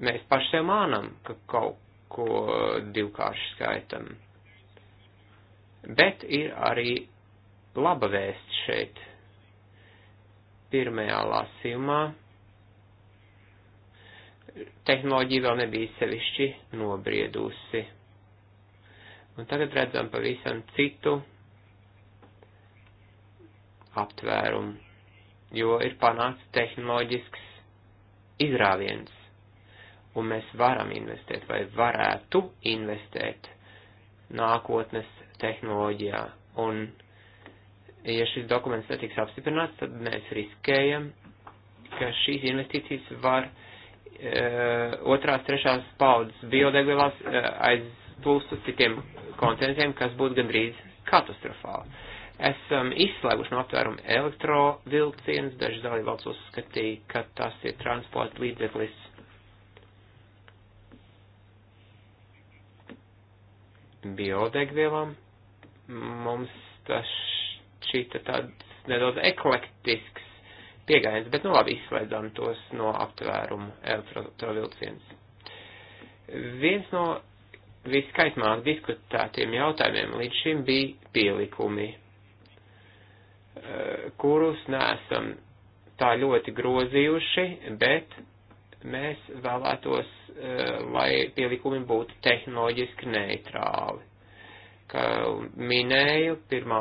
mēs paši sev mānam, ka kaut ko divkārši skaitam. Bet ir arī laba vēsts šeit. Pirmajā lasījumā tehnoloģija vēl nebija sevišķi nobriedusi. Un tagad redzam pavisam citu aptvērumu, jo ir panākts tehnoloģisks izrāviens, un mēs varam investēt vai varētu investēt nākotnes tehnoloģijā. Un, ja šis dokuments netiks apstiprināts, tad mēs riskējam, ka šīs investīcijas var e, otrās, trešās paudzes biodegvielās e, aizplūst uz citiem kontinentiem, kas būtu gandrīz katastrofāli esam izslēguši no aptvērumu elektrovilcienus, daži dalībvalsts uzskatīja, ka tas ir transporta līdzeklis. Biodegvielām mums tas šķita tāds nedaudz eklektisks pieejams, bet nu labi izslēdzam tos no aptvērumu elektrovilcienus. Viens no viskaismāk diskutētiem jautājumiem līdz šim bija pielikumi kurus neesam tā ļoti grozījuši, bet mēs vēlētos, e, lai pielikumi būtu tehnoloģiski neitrāli. Kā minēju, pirmā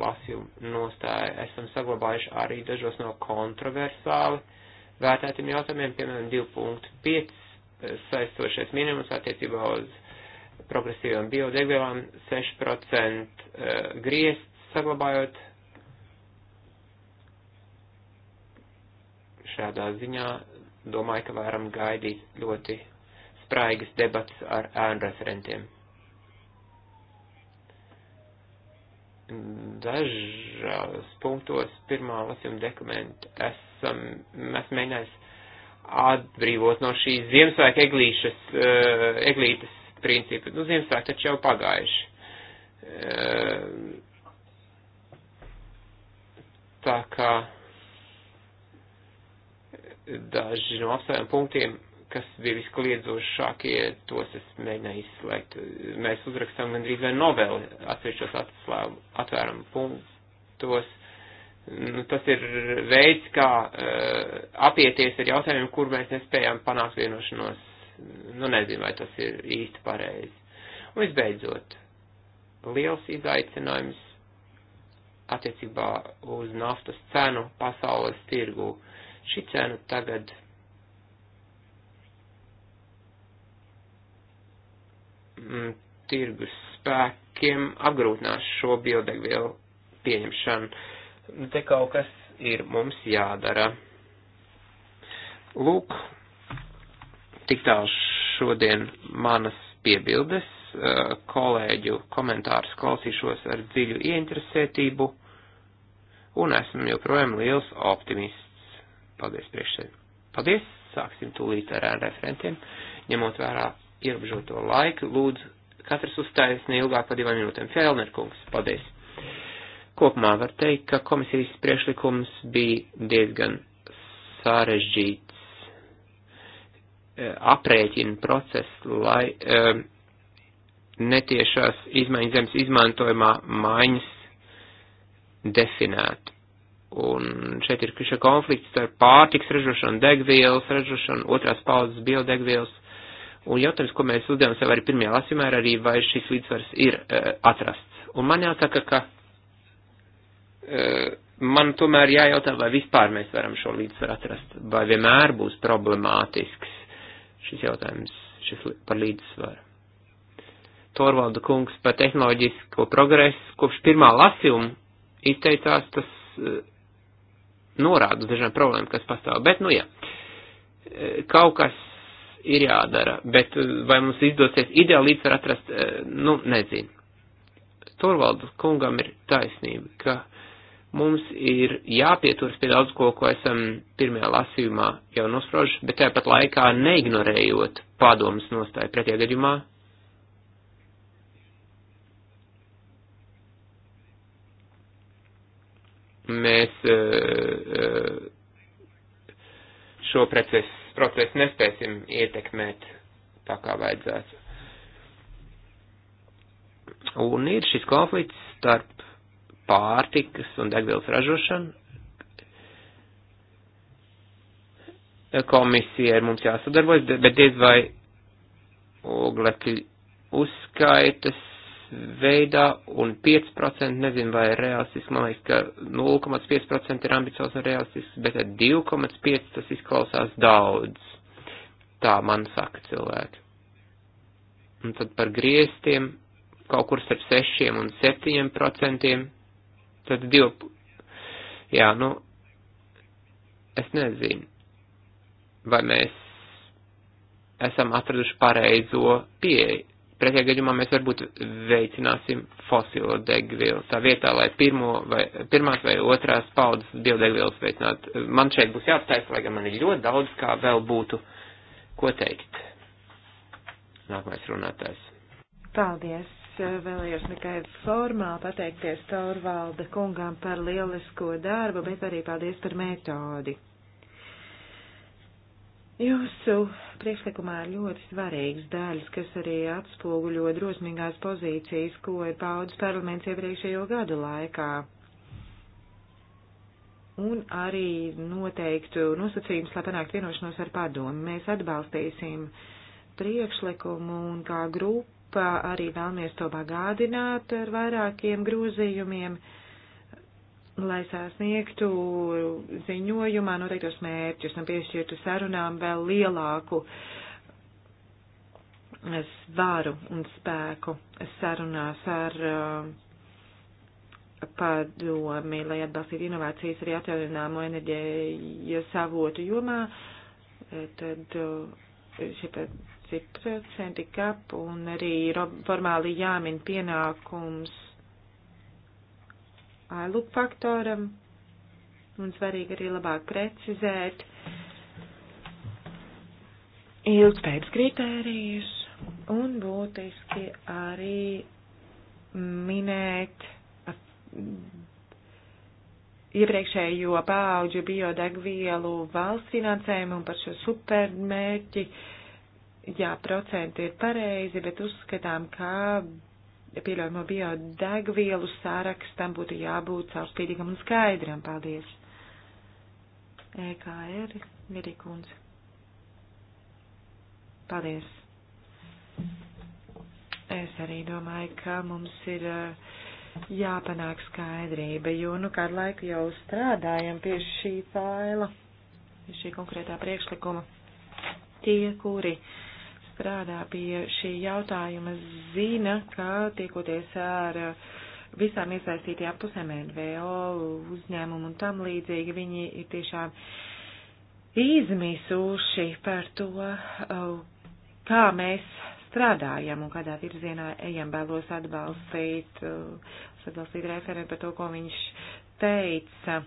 lasījuma nostāja esam saglabājuši arī dažos no kontroversāli vērtētiem jautājumiem, piemēram, 2.5 e, saistošais minimums attiecībā uz progresīvām biodegvielām, 6% e, griezt saglabājot Šādā ziņā domāju, ka varam gaidīt ļoti spraigas debats ar ēnu referentiem. Dažās punktos pirmā lasījuma dokumentu esam, mēs mēģinājām atbrīvot no šīs Ziemassvētku eglīšas, uh, eglītes principu. Nu, Ziemassvētku taču jau pagājuši. Uh, tā kā daži no apsvērumu punktiem, kas bija viskliedzošākie, tos es mēģināju izslēgt. Mēs uzrakstām gandrīz vai noveli atsevišķos atvērumu punktos. Nu, tas ir veids, kā uh, apieties ar jautājumiem, kur mēs nespējām panākt vienošanos. Nu, nezinu, vai tas ir īsti pareizi. Un visbeidzot, liels izaicinājums attiecībā uz naftas cenu pasaules tirgu. Uh, Šī cena tagad mm, tirgus spēkiem apgrūtinās šo biodegvielu pieņemšanu. Te kaut kas ir mums jādara. Lūk, tik tālu šodien manas piebildes, eh, kolēģu komentārus klausīšos ar dziļu ieinteresētību un esmu joprojām liels optimists. Paldies priekšsēd. Paldies, sāksim tūlīt ar referentiem. Ņemot vērā ierobežoto laiku, lūdzu, katrs uzstājas neilgāk par divām minūtēm. Fjellner kungs, paldies. Kopumā var teikt, ka komisijas priešlikums bija diezgan sarežģīts eh, aprēķina process, lai um, netiešās izmaiņas zemes izmantojumā maiņas definētu. Un šeit ir šie konflikts ar pārtiks ražošanu, degvielas ražošanu, otrās paudzes biodegvielas. Un jautājums, ko mēs uzdevām sev arī pirmajā lasījumā, ir arī, vai šis līdzsvars ir uh, atrasts. Un man jāsaka, ka uh, man tomēr jājautā, vai vispār mēs varam šo līdzsvaru atrast, vai vienmēr būs problemātisks šis jautājums šis par līdzsvaru. Torvalda kungs par tehnoloģisko progresu kopš pirmā lasījuma izteicās, tas uh, norāda uz dažām problēmām, kas pastāv. Bet, nu jā, e, kaut kas ir jādara, bet e, vai mums izdosies ideāli līdzsvar atrast, e, nu, nezinu. Torvaldu kungam ir taisnība, ka mums ir jāpieturas pie daudz ko, ko esam pirmajā lasījumā jau nosprožuši, bet tāpat laikā neignorējot padomas nostāju. Pretējā gadījumā mēs eh, eh, šo procesu, procesu nespēsim ietekmēt tā, kā vajadzētu. Un ir šis konflikts starp pārtikas un degvielas ražošanu. Komisija ir mums jāsadarbojas, bet diez vai oglekļu uzskaitas veidā un 5%, nezinu, vai realistiski, man liekas, ka 0,5% ir ambiciozs un realistisks, bet 2,5% tas izklausās daudz. Tā man saka cilvēki. Un tad par griestiem kaut kur starp 6 un 7%, tad 2, jā, nu, es nezinu, vai mēs esam atraduši pareizo pieeju Pretējā gadījumā mēs varbūt veicināsim fosilo degvielu. Tā vietā, lai pirmo vai, pirmās vai otrās paudzes biodegvielas veicinātu. Man šeit būs jāaptais, lai gan man ir ļoti daudz, kā vēl būtu ko teikt. Nākamais runātājs. Paldies. Vēlējos tikai formāli pateikties Taurvalda kungām par lielisko darbu, bet arī paldies par metodi. Jūsu priekšlikumā ir ļoti svarīgs daļas, kas arī atspoguļo drosmīgās pozīcijas, ko ir paudis parlaments iepriekšējo gadu laikā. Un arī noteiktu nosacījums, lai panāktu vienošanos ar padomu. Mēs atbalstīsim priekšlikumu un kā grupa arī vēlamies to bagādināt ar vairākiem grozījumiem. Uh, lai sasniegtu ziņojumā noteiktos mērķus un piešķirtu sarunām vēl lielāku svaru un spēku sarunās ar uh, padomi, lai atbalstītu inovācijas arī atjaunināmo enerģijas avotu jomā, e, tad uh, šie 5% kap un arī formāli jāmin pienākums ailup faktoram, un svarīgi arī labāk precizēt ilgspējības kritērijus, un būtiski arī minēt iepriekšējo paaudžu biodegvielu valsts finansējumu un par šo supermērķi. Jā, procenti ir pareizi, bet uzskatām, ka pieļaujamo biodegvielu sārakstam būtu jābūt caurspīdīgam un skaidram. Paldies! EKR Virikundz. Paldies! Es arī domāju, ka mums ir eh, jāpanāk skaidrība, jo nu kādu laiku jau strādājam pie šī faila, pie šī konkrētā priekšlikuma. Tie, kuri uh, strādā pie šī jautājuma, zina, ka tiekoties ar uh, visām iesaistītajām pusēm, NVO, uzņēmumu un tam līdzīgi, viņi ir tiešām izmisuši par to, uh, kā mēs strādājam un kādā virzienā ejam vēlos atbalstīt, uh, atbalstīt referentu par to, ko viņš teica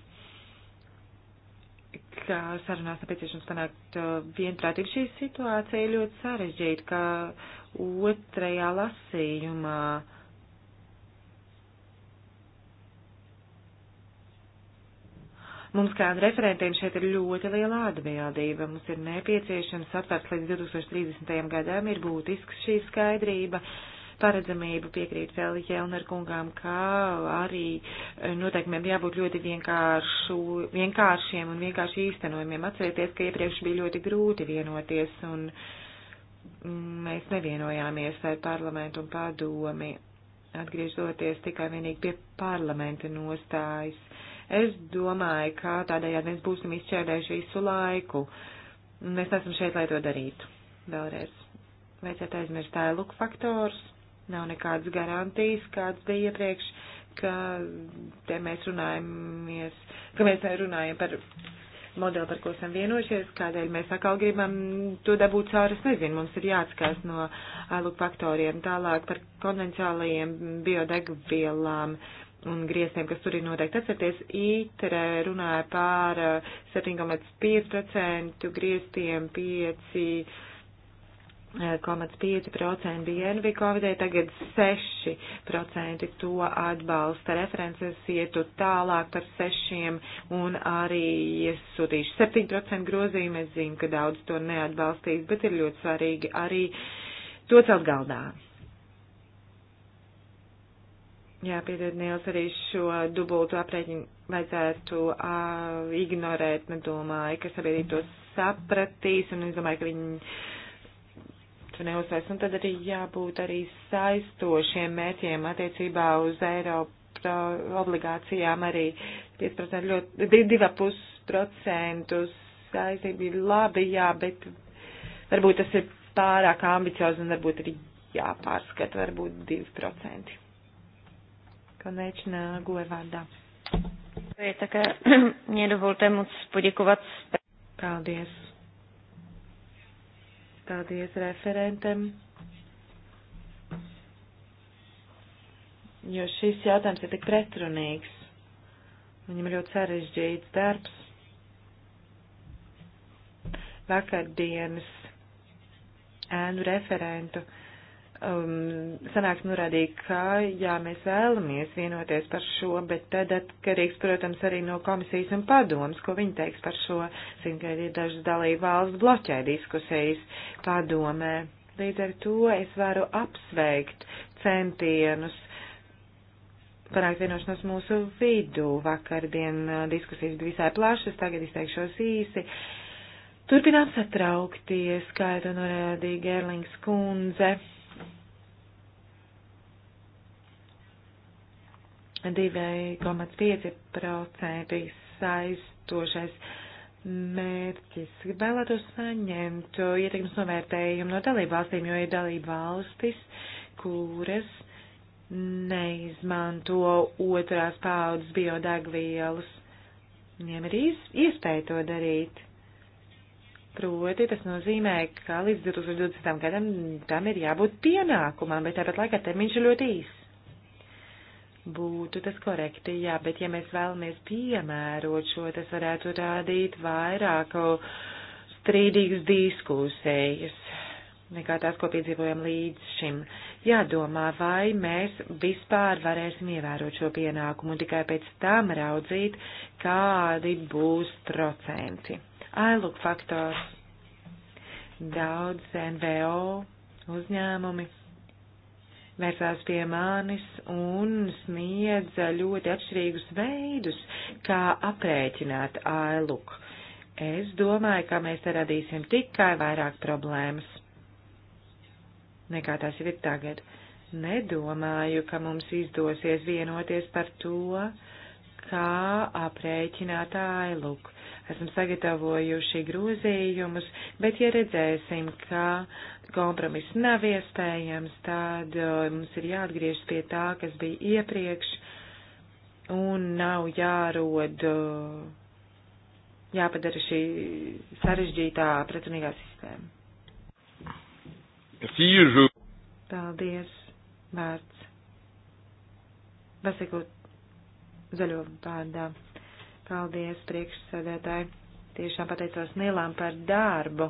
ka sarunās nepieciešams panākt uh, vienprātību. Šī situācija ļoti sarežģīta, ka otrajā lasījumā Mums kā referentiem šeit ir ļoti liela atbildība. Mums ir nepieciešams atvērts līdz 2030. gadam, ir būtisks šī skaidrība. Uh, paredzamību piekrīt vēl Jelner kungām, kā arī eh, noteikumiem jābūt ļoti vienkāršu, vienkāršiem un vienkārši īstenojumiem. Atcerieties, ka iepriekš bija ļoti grūti vienoties un mēs nevienojāmies ar parlamentu un padomi, atgriežoties tikai vienīgi pie parlamenta nostājas. Es domāju, ka tādējādi mēs būsim izšķērdējuši visu laiku. Mēs esam šeit, lai to darītu. Vēlreiz. Vajadzētu aizmirst ēluku faktors. Nav nekādas garantijas, kāds bija iepriekš, ka te mēs runājamies, ka mēs runājam par modeli, par ko esam vienojušies, kādēļ mēs atkal gribam to dabūt cauri, es nezinu, mums ir jāatskās no ēluk faktoriem tālāk par konvencionālajiem biodegvielām un griestiem, kas tur ir noteikti. Atcerieties, ITRE runāja pār 7,5% eh, griestiem, 5 1,5% bija NV komitē, tagad 6% to atbalsta. References ietu tālāk par 6 un arī iesūtīšu 7% grozījumu. Es zinu, ka daudz to neatbalstīs, bet ir ļoti svarīgi arī to celt galdā. Jā, piedod, Nils, arī šo dubultu aprēķinu vajadzētu uh, ignorēt, nedomāju, ka sabiedrība to sapratīs, un es domāju, ka viņi neuzsvers. Un tad arī jābūt arī saistošiem mērķiem attiecībā uz Eiropu obligācijām arī 5% ļoti, 2,5% saistība ir labi, jā, bet varbūt tas ir pārāk ambiciozi un varbūt arī jāpārskata, varbūt 2%. Konečná Guevada. Je také, mě dovolte moc poděkovat. Paldies. Paldies referentam. Jo šis jautājums ir tik pretrunīgs. Viņam ir ļoti sarežģīts darbs. Vakardienas ēnu referentu um, sanāksme norādīja, ka jā, mēs vēlamies vienoties par šo, bet tad atkarīgs, protams, arī no komisijas un padomas, ko viņi teiks par šo, zin, ka ir dažas dalība valsts bloķē diskusijas padomē. Līdz ar to es varu apsveikt centienus panākt vienošanos mūsu vidū. Vakardien uh, diskusijas bija visai plašas, tagad izteikšos īsi. Turpinām satraukties, kā to norādīja Gerlings kundze 2,5% saistošais mērķis. Vēlētos saņemt ietekmes novērtējumu no dalību valstīm, jo ir dalību valstis, kuras neizmanto otrās paudzes biodegvielas. Viņiem ir iespēja to darīt. Proti, tas nozīmē, ka līdz 2020. gadam tam ir jābūt pienākumam, bet tāpat laikā termiņš ir ļoti īs būtu tas korekti, jā, bet ja mēs vēlamies piemērot šo, tas varētu rādīt vairāk strīdīgas diskusijas nekā tās, ko piedzīvojam līdz šim. Jādomā, vai mēs vispār varēsim ievērot šo pienākumu un tikai pēc tam raudzīt, kādi būs procenti. Ailuk faktors. Daudz NVO uzņēmumi vērsās pie manis un sniedza ļoti atšķirīgus veidus, kā aprēķināt ailuku. Es domāju, ka mēs te radīsim tikai vairāk problēmas nekā tās jau ir tagad. Nedomāju, ka mums izdosies vienoties par to, kā aprēķināt ailuku esam sagatavojuši grozījumus, bet ja redzēsim, ka kompromiss nav iespējams, tad uh, mums ir jāatgriež pie tā, kas bija iepriekš, un nav jārod, uh, jāpadara šī sarežģītā pretrunīgā sistēma. Sīžu. Paldies, vārds. Vasekot zaļo vārdā. Paldies, priekšsēdētāji. Tiešām pateicos Nilam par darbu,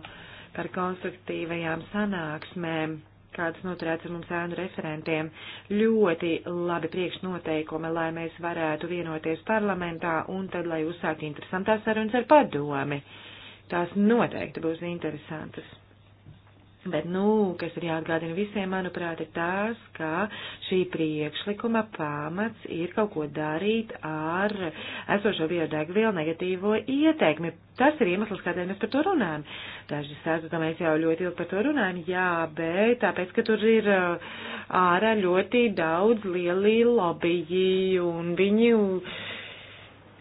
par konstruktīvajām sanāksmēm, kādas noturēts ar mums ēnu referentiem. Ļoti labi priekšnoteikumi, lai mēs varētu vienoties parlamentā un tad, lai uzsākt interesantās sarunas ar padomi. Tās noteikti būs interesantas. Bet, nu, kas ir jāatgādina visiem, manuprāt, ir tās, ka šī priekšlikuma pamats ir kaut ko darīt ar esošo biodegvielu negatīvo ieteikmi. Tas ir iemesls, kādēļ mēs par to runājam. Daži sēdz, ka mēs jau ļoti ilgi par to runājam, jā, bet tāpēc, ka tur ir uh, ārā ļoti daudz lieli lobiji un viņu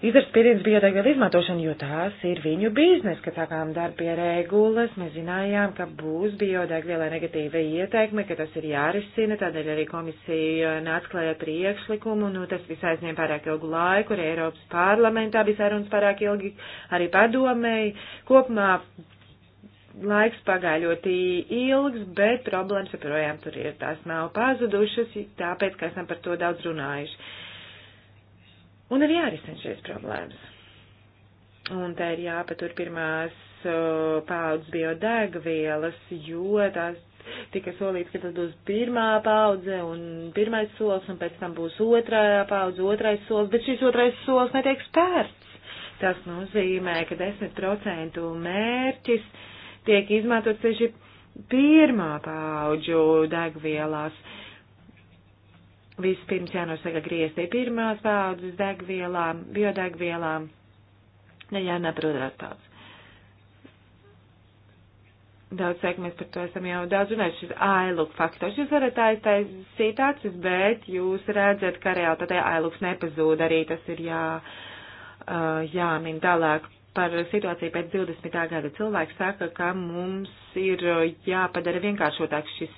Izars pieredze bija degvielu izmantošana, jo tās ir viņu biznes, kad sākām darbu pie regulas, mēs zinājām, ka būs biodegvielai negatīva ieteikme, ka tas ir jārisina, tādēļ arī komisija nāca klājā priekšlikumu, nu tas viss aizņēma pārāk ilgu laiku, arī Eiropas parlamentā bija sarunas pārāk ilgi, arī padomēji, kopumā laiks pagāja ļoti ilgs, bet problēmas joprojām tur ir, tās nav pazudušas, tāpēc, ka esam par to daudz runājuši Un ir jārisina šīs problēmas. Un tā ir jāpatur pirmās uh, paudzes biodegvielas, jo tās tika solīts, ka tas būs pirmā paudze un pirmais solis, un pēc tam būs otrā paudze, otrais solis, bet šis otrais solis netiek spērts. Tas nozīmē, ka 10% mērķis tiek izmantots tieši pirmā paudžu degvielās. Uh, Vispirms jānosaka griezti pirmās paudzes degvielām, biodegvielām, ne jānaprot rastāds. Daudz saka, mēs par to esam jau daudz runājuši, šis ailuk faktors. Jūs varat aiztaisīt acis, bet jūs redzat, ka realtātē ailuks nepazūd arī, tas ir jā, uh, jāmin tālāk par situāciju pēc 20. gada. Cilvēki saka, ka mums ir uh, jāpadara vienkāršotāks šis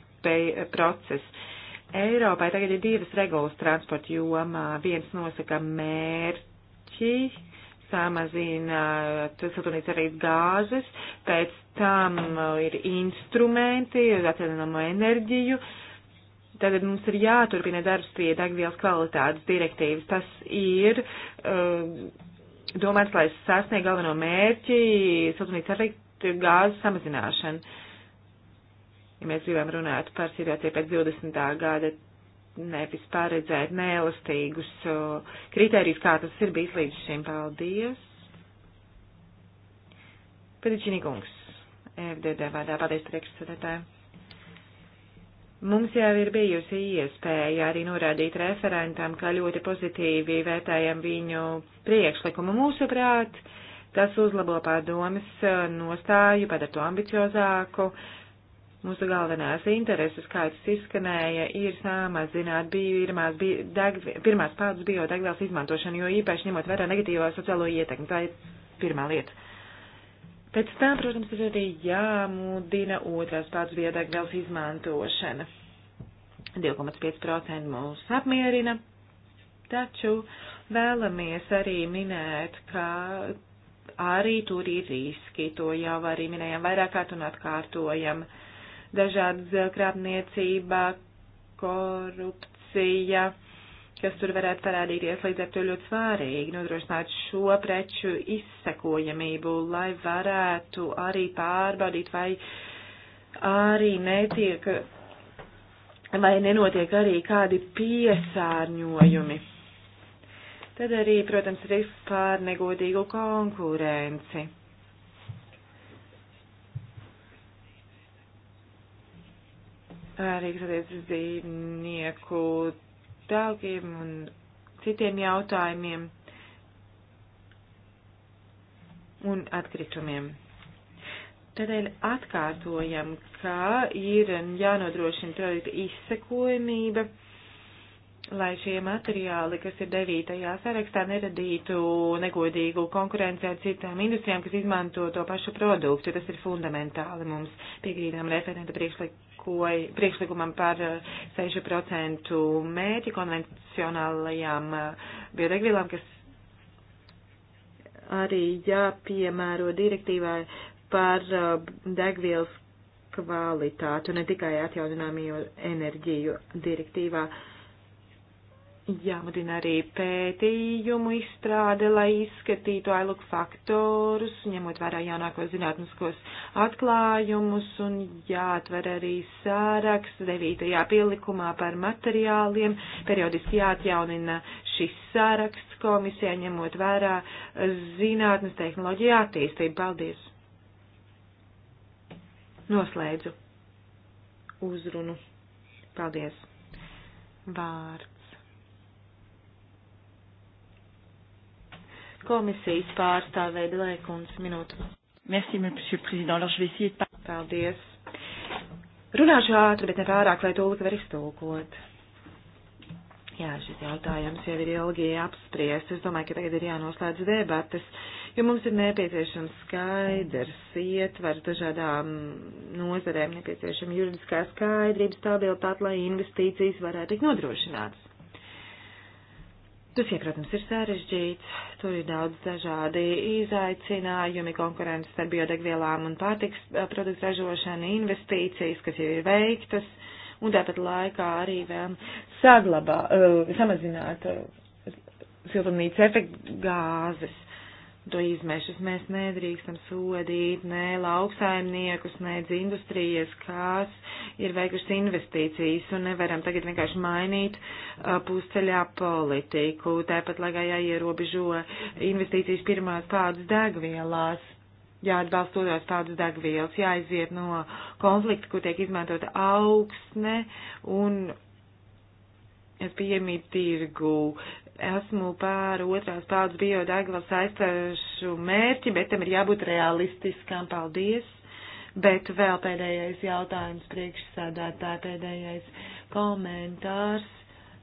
process Eiropai tagad ir divas regulas transporta jomā. Viens nosaka mērķi, samazina siltumnīca arī gāzes, pēc tam ir instrumenti, atjaunamo enerģiju. Tātad mums ir jāturpina darbs pie degvielas kvalitātes direktīvas. Tas ir uh, domāts, lai sasniegtu galveno mērķi siltumnīca arī gāzes samazināšanu ja mēs gribam runāt par situāciju pēc 20. gada, nevis paredzēt neelastīgus kritērijus, kā tas ir bijis līdz šim. Paldies! Pēdiņķinī kungs, FDD vārdā, paldies priekšsēdētājiem. Mums jau ir bijusi iespēja arī norādīt referentam, ka ļoti pozitīvi vērtējam viņu priekšlikumu mūsuprāt. Tas uzlabo pārdomas nostāju, padara to ambiciozāku. Uh, Mūsu galvenās intereses, kā tas izskanēja, ir samazināt pirmās, bi, deg, pirmās paudzes biodegvielas izmantošanu, jo īpaši ņemot vērā negatīvā sociālo ietekmi. Tā ir pirmā lieta. Pēc tam, protams, ir arī jāmudina otrās paudzes biodegvielas izmantošana. 2,5% mūs apmierina, taču vēlamies arī minēt, ka arī tur ir riski, to jau arī minējām vairāk kārt un atkārtojam. Uh, dažādas krāpniecība, korupcija, kas tur varētu parādīties. Līdz ar to ļoti svārīgi nodrošināt šo preču izsekojamību, lai varētu arī pārbaudīt, vai arī netiek, vai nenotiek arī kādi piesārņojumi. Tad arī, protams, risks pār negodīgu konkurenci. arī kas attiecas uz dzīvnieku tēlkiem un citiem jautājumiem un atkritumiem. Tādēļ atkārtojam, ka ir jānodrošina produkta izsekojamība, lai šie materiāli, kas ir devītajā sarakstā, neradītu negodīgu konkurenci ar citām industrijām, kas izmanto to pašu produktu. Tas ir fundamentāli mums piekrītām referenta priekšlik sekoja priekšlikumam par 6% eh, mērķi konvencionālajām eh, biodegvielām, kas arī jāpiemēro direktīvā par eh, degvielas kvalitātu, ne tikai atjauninājumīgo enerģiju direktīvā. Uh, Jāmudina arī pētījumu izstrāde, lai izskatītu ailuk faktorus, ņemot vērā jaunākos zinātniskos atklājumus un jāatver arī sāraksts 9. pielikumā par materiāliem. Periodiski jāatjaunina šis sāraksts komisijā, ņemot vērā zinātnes tehnoloģija attīstību. Paldies! Noslēdzu uzrunu. Paldies! Vārds komisijas pārstāvei Dilēkuns minūtu. Merci, monsieur président. Alors, je vais essayer de... Paldies. Runāšu ātri, bet ne pārāk, lai tūlīt var iztulkot. Jā, šis jautājums jau ir ilgi apspriests. Es domāju, ka tagad ir jānoslēdz debatas, jo mums ir nepieciešams skaidrs ietvars dažādām nozarēm, nepieciešama juridiskā skaidrība, stabilitāte, lai investīcijas varētu tikt nodrošinātas. Dosie, protams, ir sarežģīts, tur ir daudz dažādi izaicinājumi, konkurence starp biodegvielām un pārtiks produktu ražošana, investīcijas, kas jau ir veiktas, un tāpat laikā arī vēl saglabā, uh, samazināt uh, siltumnīca efekta gāzes to izmešas mēs nedrīkstam sodīt, ne lauksaimniekus, ne industrijas, kas ir veikušas investīcijas un nevaram tagad vienkārši mainīt uh, pusceļā politiku. Tāpat laikā jāierobežo investīcijas pirmās kādas degvielās. Jāatbalsta otrās tādas degvielas, jāiziet no konflikta, kur tiek izmantota augsne un es piemītu tirgu, esmu pār otrās paudzes biodegvielas aizstāšu mērķi, bet tam ir jābūt realistiskam. Paldies! Bet vēl pēdējais jautājums priekšsēdētāja, pēdējais komentārs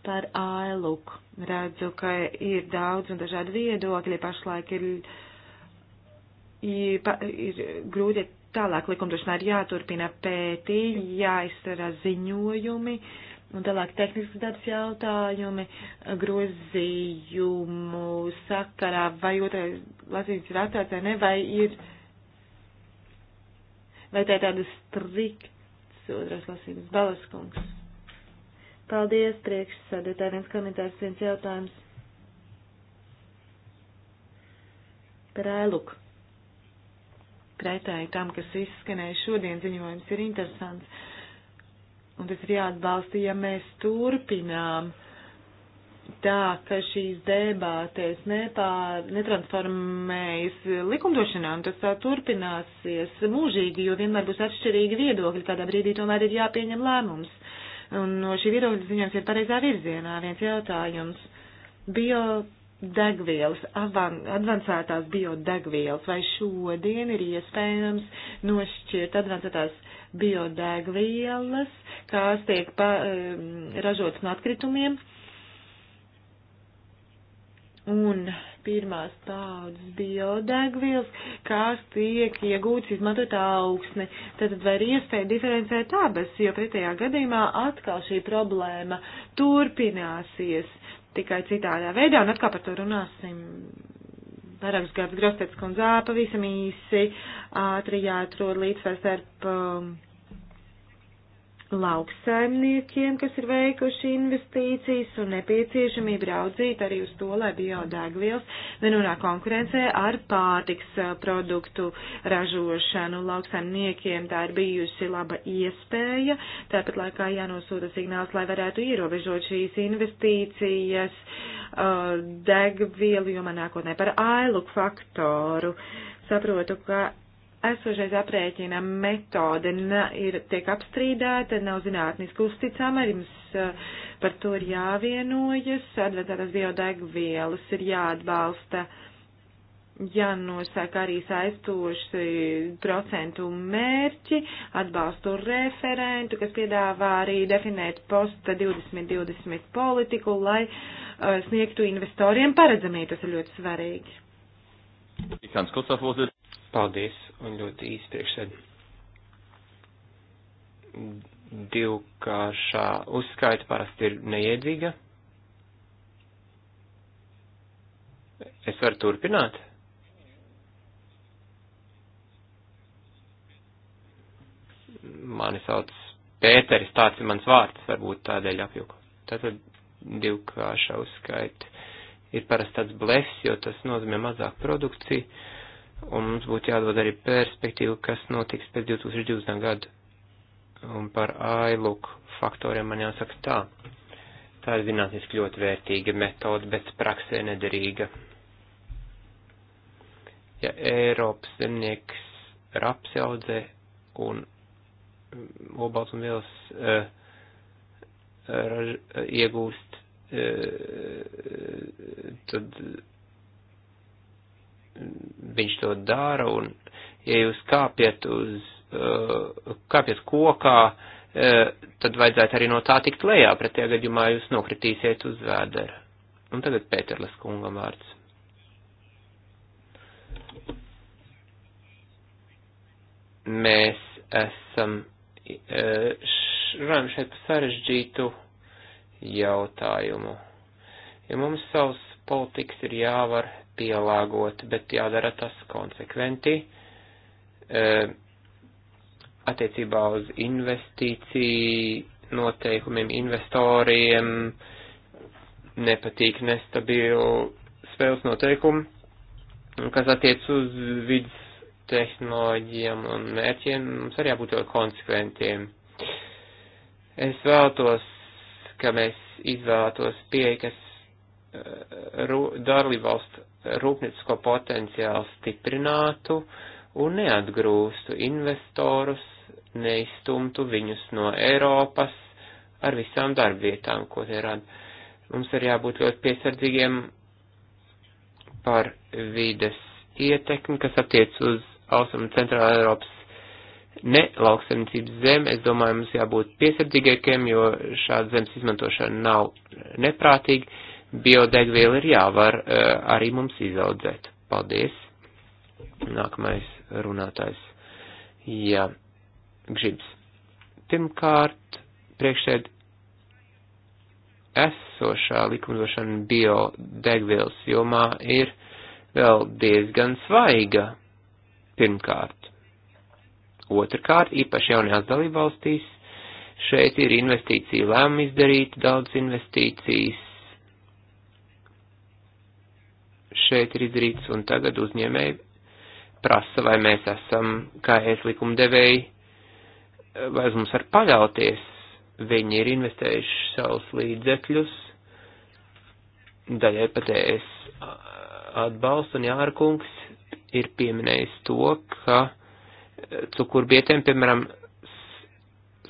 par ailuku. Redzu, ka ir daudz un dažādi viedokļi, pašlaik ir, ir, ir grūti tālāk likumdošanā ir jāturpina pētī, jāizsara ziņojumi. Uh, Un tālāk tehnisks dabas jautājumi grozījumu sakarā, vai otrais lasījums ir atvērts vai ne, vai ir, vai tā ir tāda strikts otrais lasījums, balaskungs. Paldies, priekšsēdētāji, viens komentārs, viens jautājums. Par ēluku. Pretēji tam, kas izskanēja šodien, ziņojums ir interesants Un tas ir jāatbalsta, ja mēs turpinām tā, ka šīs debātēs nepār, netransformējas likumdošanā, un tas tā turpināsies mūžīgi, jo vienmēr būs atšķirīgi viedokļi, kādā brīdī tomēr ir jāpieņem lēmums. Un no šī viedokļa ziņojums ir pareizā virzienā viens jautājums. Bio degvielas, avan, advancētās biodegvielas, vai šodien ir iespējams nošķirt advancētās biodegvielas, kas tiek pa, ražotas no atkritumiem. Un pirmās tādas biodegvielas, kas tiek iegūts izmantot augsni. Tad var iespēja diferencēt abas, jo pretējā gadījumā atkal šī problēma turpināsies tikai citādā veidā, un atkal par to runāsim vairākus gadus Grostets kundzā pavisam īsi ātri jāatrod līdzsvars starp um, lauksaimniekiem, kas ir veikuši investīcijas un nepieciešamību raudzīt arī uz to, lai biodegvielas vienurā konkurencē ar pārtiks produktu ražošanu lauksaimniekiem. Tā ir bijusi laba iespēja, tāpat laikā jānosūta signāls, lai varētu ierobežot šīs investīcijas degvielu, jo man nākotnē par ailu faktoru. Saprotu, ka esošais aprēķina metode na, ir, tiek apstrīdēta, nav zinātniski uzticama, jums uh, par to ir jāvienojas, adventētās biodegvielas ir jāatbalsta, jānosaka arī saistoši procentu mērķi, atbalstu referentu, kas piedāvā arī definēt posta 2020 politiku, lai uh, sniegtu investoriem paredzamību, tas ir ļoti svarīgi. Ich kann es kurz auf Paldies un ļoti īsti priekšsēd. Divkāršā uzskaita parasti ir neiedzīga. Es varu turpināt? Mani sauc Pēteris, tāds ir mans vārds, varbūt tādēļ apjuku. Tātad divkāršā uzskaita ir parasti tāds blefs, jo tas nozīmē mazāk produkciju un mums būtu jādod arī perspektīva, kas notiks pēc 2020. gada. Un par ailuk faktoriem man jāsaka tā. Tā ir zinātniski ļoti vērtīga metode, bet praksē nederīga. Ja Eiropas zemnieks rapsi audzē un obaltumvielas uh, eh, uh, eh, eh, iegūst, uh, tad viņš to dara, un ja jūs kāpjat uz, uh, kāpjat kokā, uh, tad vajadzētu arī no tā tikt lejā, pretējā gadījumā jūs nokritīsiet uz vēdera. Un tagad Pēterles kungam vārds. Mēs esam uh, runājam šeit par sarežģītu jautājumu. Ja mums savs politikas ir jāvar pielāgot, bet jādara tas konsekventi. E, attiecībā uz investīciju noteikumiem investoriem nepatīk nestabilu spēles noteikumu, kas attiec uz vidas tehnoloģijām un mērķiem, mums arī jābūt ļoti konsekventiem. Es vēlētos, ka mēs izvēlētos pieeja, kas dalībvalstu rūpniecisko potenciālu stiprinātu un neatgrūstu investorus, neizstumtu viņus no Eiropas ar visām darbvietām, ko tie rada. Mums ir jābūt ļoti piesardzīgiem par vides ietekmi, kas attiec uz Austrum Centrāla Eiropas ne lauksaimniecības zem. Es domāju, mums jābūt piesardzīgākiem, jo šāda zemes izmantošana nav neprātīga biodegvielu ir jāvar eh, arī mums izaudzēt. Paldies! Nākamais runātājs. Jā, gribas. Pirmkārt, priekšsēd esošā likumdošana biodegvielas jomā ir vēl diezgan svaiga. Pirmkārt. Otrakārt, īpaši jaunajās dalībvalstīs, šeit ir investīcija lēmumi izdarīti, daudz investīcijas šeit ir izdarīts, un tagad uzņēmēji prasa, vai mēs esam, kā es likumdevēji, vai uz mums var paļauties. Viņi ir investējuši savus līdzekļus, daļai pat es atbalstu, un Jārkungs ir pieminējis to, ka cukurbietēm, piemēram,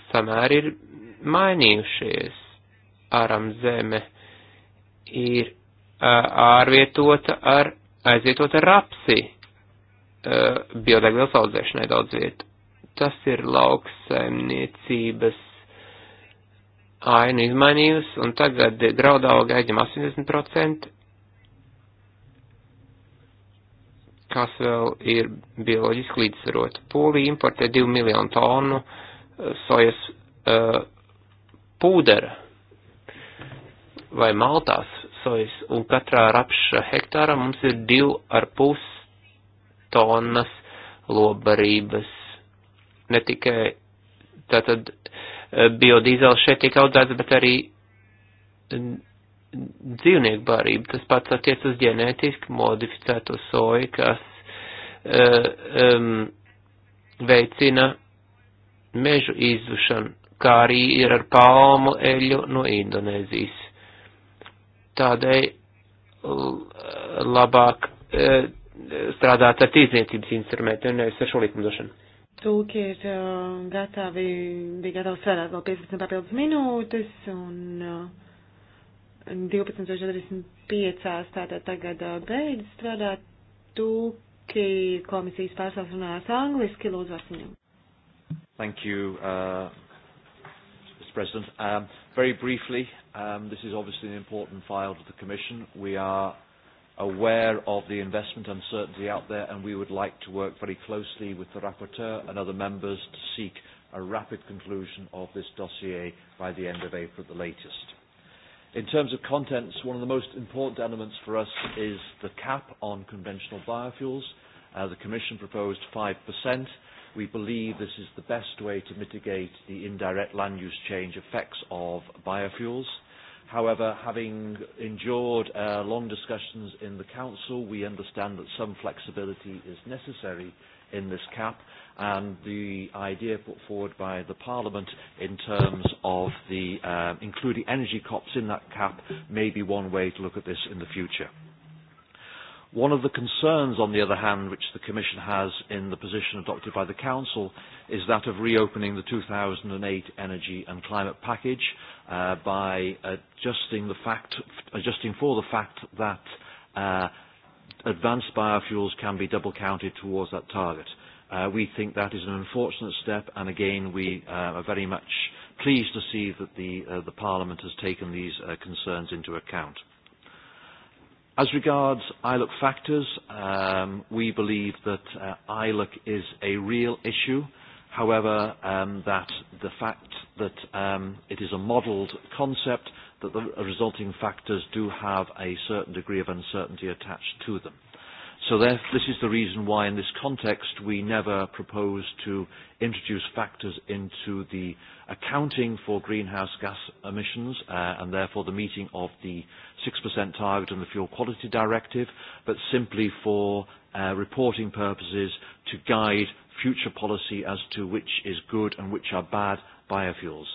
samēri ir mainījušies, āram zeme ir ārvietota ar, aizvietota ar rapsi biodegvielas audzēšanai daudz vietu. Tas ir lauksaimniecības ainu izmainījusi, un tagad graudauga aizņem 80%, kas vēl ir bioloģiski līdzsvarot. Polija importē 2 miljonu tonu sojas uh, pūdera vai maltās sojas, un katrā rapša hektārā mums ir 2,5 tonnas lobarības. Ne tikai tātad e, biodīzels šeit tiek audzēts, bet arī e, dzīvnieku barība. Tas pats attiec uz ģenētiski modificēto soju, kas uh, um, veicina mežu izzušanu, kā arī ir ar palmu eļu no Indonēzijas tādēļ uh, labāk uh, strādāt ar tīzniecības instrumentiem, nevis ar šo likumdošanu. Tūki ir uh, gatavi, bija gatavs strādāt vēl 15 papildus minūtes un uh, 12.45. tātad tagad uh, beidz strādāt. Tūki komisijas pārstāvs runās angliski, lūdzu asiņam. Thank you, uh, Mr. President. Um, very briefly, Um, this is obviously an important file to the Commission. We are aware of the investment uncertainty out there, and we would like to work very closely with the rapporteur and other members to seek a rapid conclusion of this dossier by the end of April at the latest. In terms of contents, one of the most important elements for us is the cap on conventional biofuels. Uh, the Commission proposed 5%. We believe this is the best way to mitigate the indirect land use change effects of biofuels. However, having endured uh, long discussions in the Council, we understand that some flexibility is necessary in this cap and the idea put forward by the Parliament in terms of the, uh, including energy COPs in that cap may be one way to look at this in the future. One of the concerns, on the other hand, which the Commission has in the position adopted by the Council is that of reopening the 2008 Energy and Climate Package uh, by adjusting, the fact, adjusting for the fact that uh, advanced biofuels can be double counted towards that target. Uh, we think that is an unfortunate step, and again, we uh, are very much pleased to see that the, uh, the Parliament has taken these uh, concerns into account. Uh, As regards ILUC factors, um, we believe that uh, ILUC is a real issue. However, um, that the fact that um, it is a modelled concept, that the resulting factors do have a certain degree of uncertainty attached to them. So there, this is the reason why in this context we never propose to introduce factors into the accounting for greenhouse gas emissions uh, and therefore the meeting of the 6% target on the Fuel Quality Directive, but simply for uh, reporting purposes to guide future policy as to which is good and which are bad biofuels.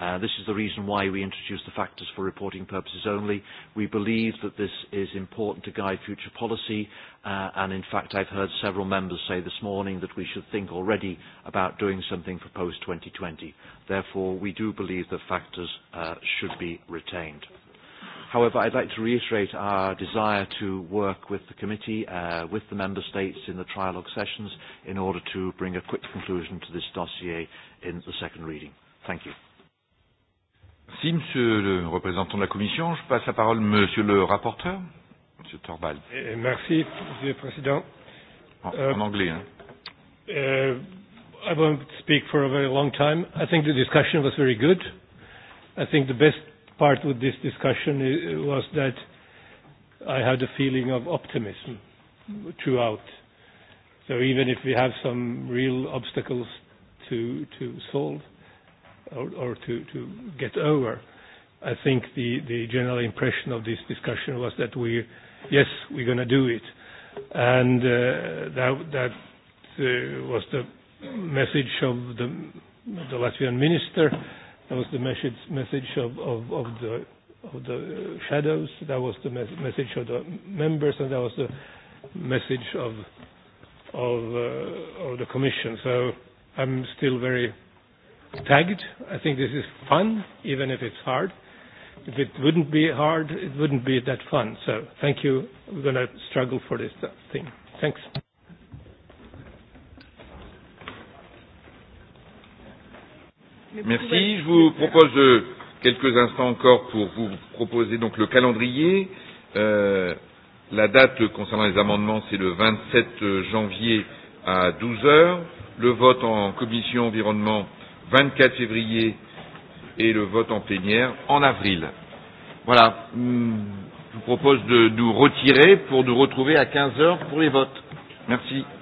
Uh, this is the reason why we introduced the factors for reporting purposes only. We believe that this is important to guide future policy, uh, and in fact I've heard several members say this morning that we should think already about doing something for post-2020. Therefore, we do believe that factors uh, should be retained. However, I'd like to reiterate our desire to work with the committee, uh, with the member states in the trialogue sessions in order to bring a quick conclusion to this dossier in the second reading. Thank you. Merci, Monsieur le représentant de la Commission. Je passe la parole à Monsieur le rapporteur, Monsieur Torbal. Eh, eh, merci, Monsieur le Président. En, euh, en anglais, hein. Euh, I won't speak for a very long time. I think the discussion was very good. I think the best part with this discussion was that I had a feeling of optimism throughout. So even if we have some real obstacles to to solve or, or to to get over, I think the the general impression of this discussion was that we, yes, we're going to do it, and uh, that that uh, was the message of the the Latvian minister That was the message, message of, of, of the of the uh, shadows. That was the mes- message of the members, and that was the message of of, uh, of the commission. So I'm still very tagged. I think this is fun, even if it's hard. If it wouldn't be hard, it wouldn't be that fun. So thank you. We're going to struggle for this thing. Thanks. Merci. Je vous propose euh, quelques instants encore pour vous proposer donc le calendrier. Euh, la date concernant les amendements, c'est le 27 euh, janvier à 12 heures. Le vote en commission environnement 24 février et le vote en plénière en avril. Voilà. Hmm, je vous propose de nous retirer pour nous retrouver à 15 heures pour les votes. Merci.